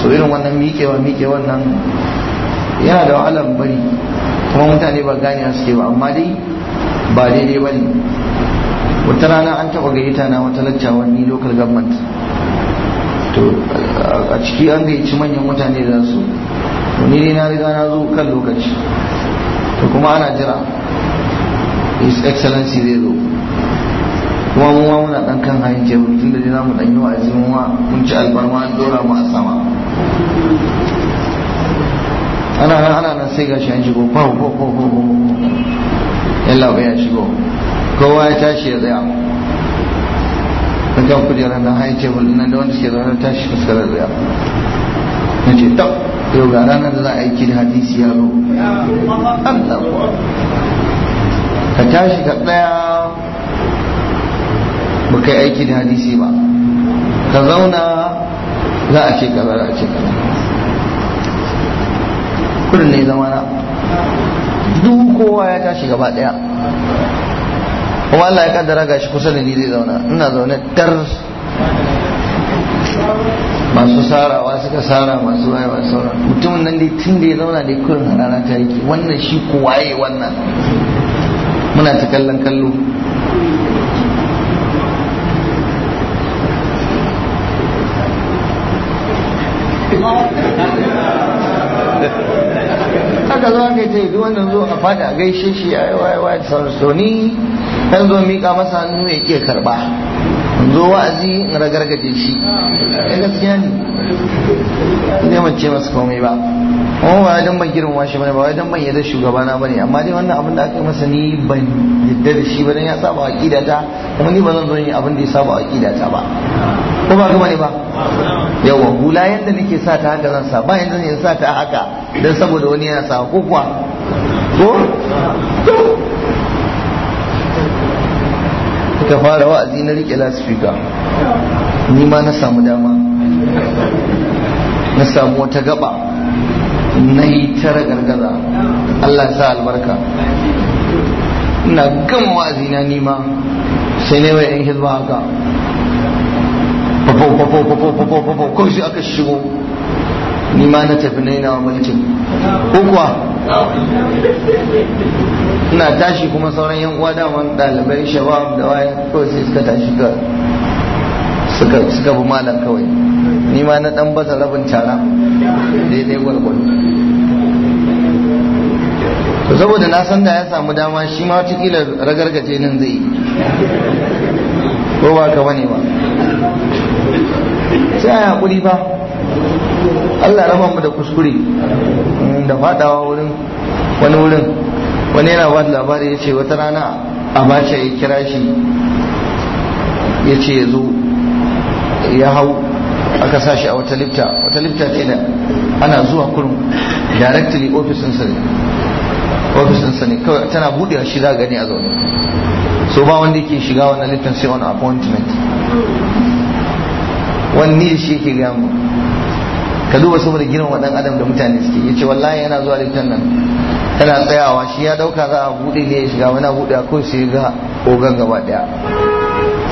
S1: so irin wannan miƙewa miƙewa nan yana da wahalar bari kuma mutane ba gane suke ba amma dai ba daidai ba ne wata rana an taɓa gayyata na wata laccawa ni local government to a ciki an gayyaci manyan mutane da su to ni dai na riga na zo kan lokaci to kuma ana jira his excellency zai zo kuma mu ma muna dan kan hanyar tebur tun da za mu dan yi wa'azi mu ma mun ci albarma an dora mu a sama ana nan ana nan sai gashi an shigo ko ko ko ko ko yalla bai shigo kowa ya tashi ya tsaya kan kujerar nan hanyar tebur nan da wanda suke zaune tashi fuskar tsaya na ce tab yau ga ranar da za a aiki da hadisi ya zo ka tashi ka tsaya ba kai aiki da hadisi ba ka zauna za a ce kaza za a ce kaza kudin ne zama na duk kowa ya tashi gaba daya kuma Allah ya kaddara gashi kusa da ni zai zauna ina zaune dar masu sarawa suka sara masu wayewa sauran mutumin nan dai tun da ya zauna da kurin rana ta yake wannan shi kuwaye wannan muna ta kallon kallo haka zuwa kai ce duk wannan zo a fada gaishe shi a yawa yawa da sarsoni ni ɗan zo miƙa masa hannu ya iya karɓa zo wa'azi in ragargaje shi ya eh, gaskiya ne ne mace masu komai ba kuma ba wajen ban girma shi ne ba wajen ban yadda shugabana ne amma dai wannan abin da aka yi masa ni ban yadda da shi ba don ya saba aqida ta kuma ni ba zan zo yin abin da ya saba aqida ta ba ko ba gama ne ba yawa hula yadda nake sa ta haka zan sa ba yadda ne sa ta haka don saboda wani yana sa ko kuwa ko suka fara wa'azi na rike lasifika ni ma na samu dama na samu wata gaba na yi tara gargaza Allah sa albarka ina gama wa'azi na nima sai ne wai yan hizba haka popo popo popo popo ko shi aka shigo nima na tafi na wa mulkin ko kuwa ina tashi kuma sauran yan uwa da wani dalibai shabab da waye ko sai suka tashi ka suka suka bi malam kawai ni ma na dan baza rabin tara daidai gwargwado to saboda na san da ya samu dama shi ma watakila ragargaje nan zai yi ko ba ka bane ba sai a kuri ba Allah raba mu da kuskure da fadawa wurin wani wurin wani yana ba da labari ya ce wata rana abacha ya kira shi ya ce ya zo ya hau aka sa shi a wata lifta wata lifta ce da ana zuwa kurum directly ofisinsa ne ofisinsa ne kawai tana buɗe shi za gani a zaune so ba wanda yake shiga wannan liftan sai wani appointment wani ne shi yake gaya ka duba saboda girman wadan adam da mutane suke Ya ce wallahi yana zuwa liftan nan tana tsayawa shi ya dauka za a bude ne ya shiga wani buɗe ko shi ga ogan gaba daya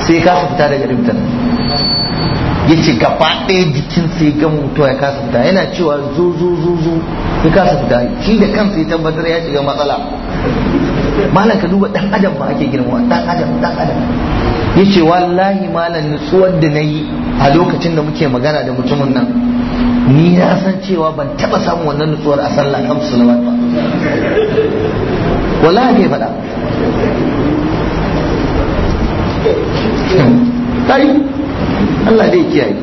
S1: sai kasa fita daga Ya ce gaba daya jikin sai ga mutuwa ya kasa fita yana cewa zo zo zo zo ya kasa fita shi da kansa ya tabbatar ya shiga matsala malam ka duba dan adam ba ake girma dan adam dan adam yace wallahi malam nutsuwar da nayi a lokacin da muke magana da mutumin nan ni na san cewa ban taba samun wannan nutsuwar a sallah kan sunawa ba Wala ke faɗa kai Allah dai kiyaye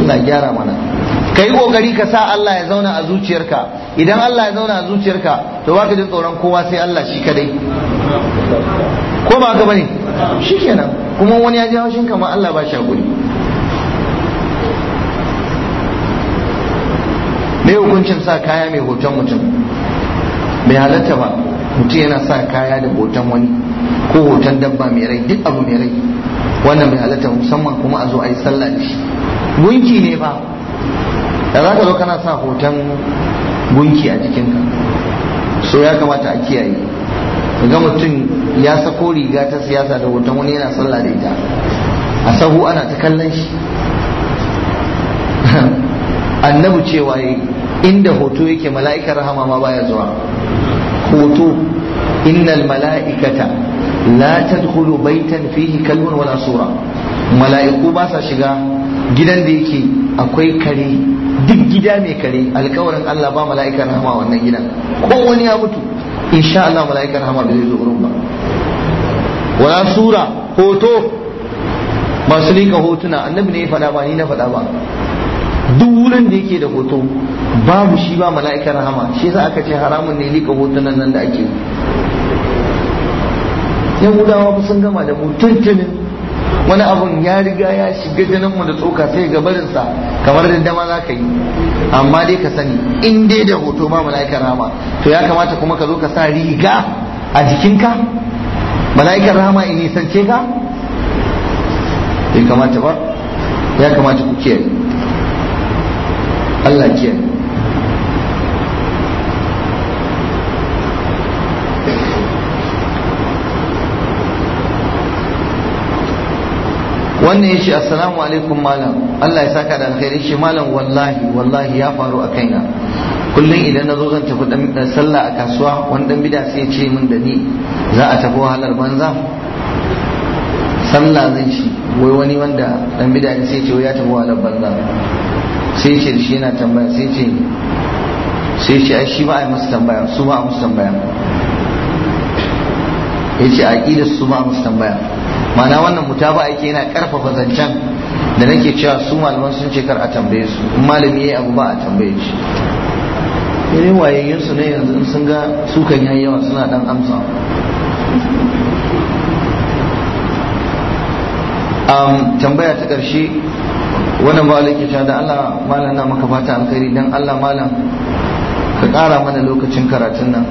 S1: Allah gyara mana kai kokari ka sa Allah ya zauna a zuciyarka idan Allah ya zauna a zuciyarka to baka jin tsoron kowa sai Allah shi kadai ko ba ka bane shikenan kuma wani ya ji haushin ma Allah ba shi hakuri hukuncin sa kaya mai hoton mutum mai halatta ba mutum yana sa kaya da hoton wani ko hoton dabba mai rai duk abu mai rai wannan bai halatta musamman kuma a zo a yi sallah da shi gunki ne ba da za ka zo kana sa hoton gunki a jikinka so ya kamata a kiyaye ga mutum ya sako riga ta siyasa da hoton wani yana sallah da ita a sahu ana ta kallon shi <laughs> annabu cewa yi inda hoto yake mala'ikar rahama ma baya zuwa hoto innal mala'ikata la tadkhulu baitan fihi kalbun wala sura mala'iku ba sa shiga gidan da yake akwai kare duk gida mai kare alkawarin Allah ba mala'ikar rahama wannan gidan ko wani ya mutu insha Allah mala'ikar rahama ba zai zo wurin ba wala sura hoto masu lika hotuna annabi ne ya faɗa ba ni na faɗa ba duk wurin da yake da hoto babu shi ba mala'ikar rahama shi yasa aka ce haramun ne lika hotunan nan da ake yahudawa ba sun gama da mu wani abun ya riga ya shiga jinin da tsoka sai gabarinsa kamar da dama za ka yi amma dai ka sani in dai da hoto ba mala'ikar rahama to ya kamata kuma ka zo ka sa riga a jikinka mala'ikar rahama in nisance ka bai kamata ba ya kamata ku kiyaye Allah ke wannan yace assalamu alaikum malam Allah ya saka da alkhairi shi malam wallahi wallahi ya faru a kaina kullum idan na zo zan tafi dan eh, sallah a kasuwa wani dan bida sai ce min da ni za a tafi wahalar banza sallah zan shi wai wani wanda dan bida sai ce ya tafi wahalar banza sai ce shi yana tambaya sai ce sai ce ai shi ba a yi musu tambaya su ba a musu tambaya ya ce a da su ba a musu tambaya mana wannan ba ake yana ƙarfafa zancen da nake cewa su malaman sun ce kar a tambaye su in malami ya yi abu ba a tambaye shi irin wayayyun su ne yanzu sun ga su kan yi yawa suna dan amsa tambaya ta ƙarshe wannan ba ta da Allah malam na maka fata alkhairi dan Allah malam ka ƙara mana lokacin karatun nan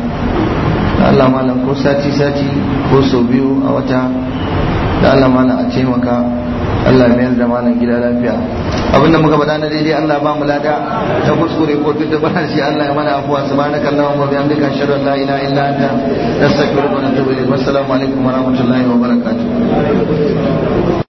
S1: da Allah malam ko sati sati ko sau biyu a wata da Allah malam a taimaka Allah mayar da malam gida lafiya abin da muka faɗa na daidai Allah ba mu lada ta kuskure ko duk da bana shi Allah ya mana afuwa subhanaka allahumma
S2: wa bihamdika ashhadu an la ilaha illa anta astaghfiruka wa atubu ilayk wassalamu alaikum wa rahmatullahi wa barakatuh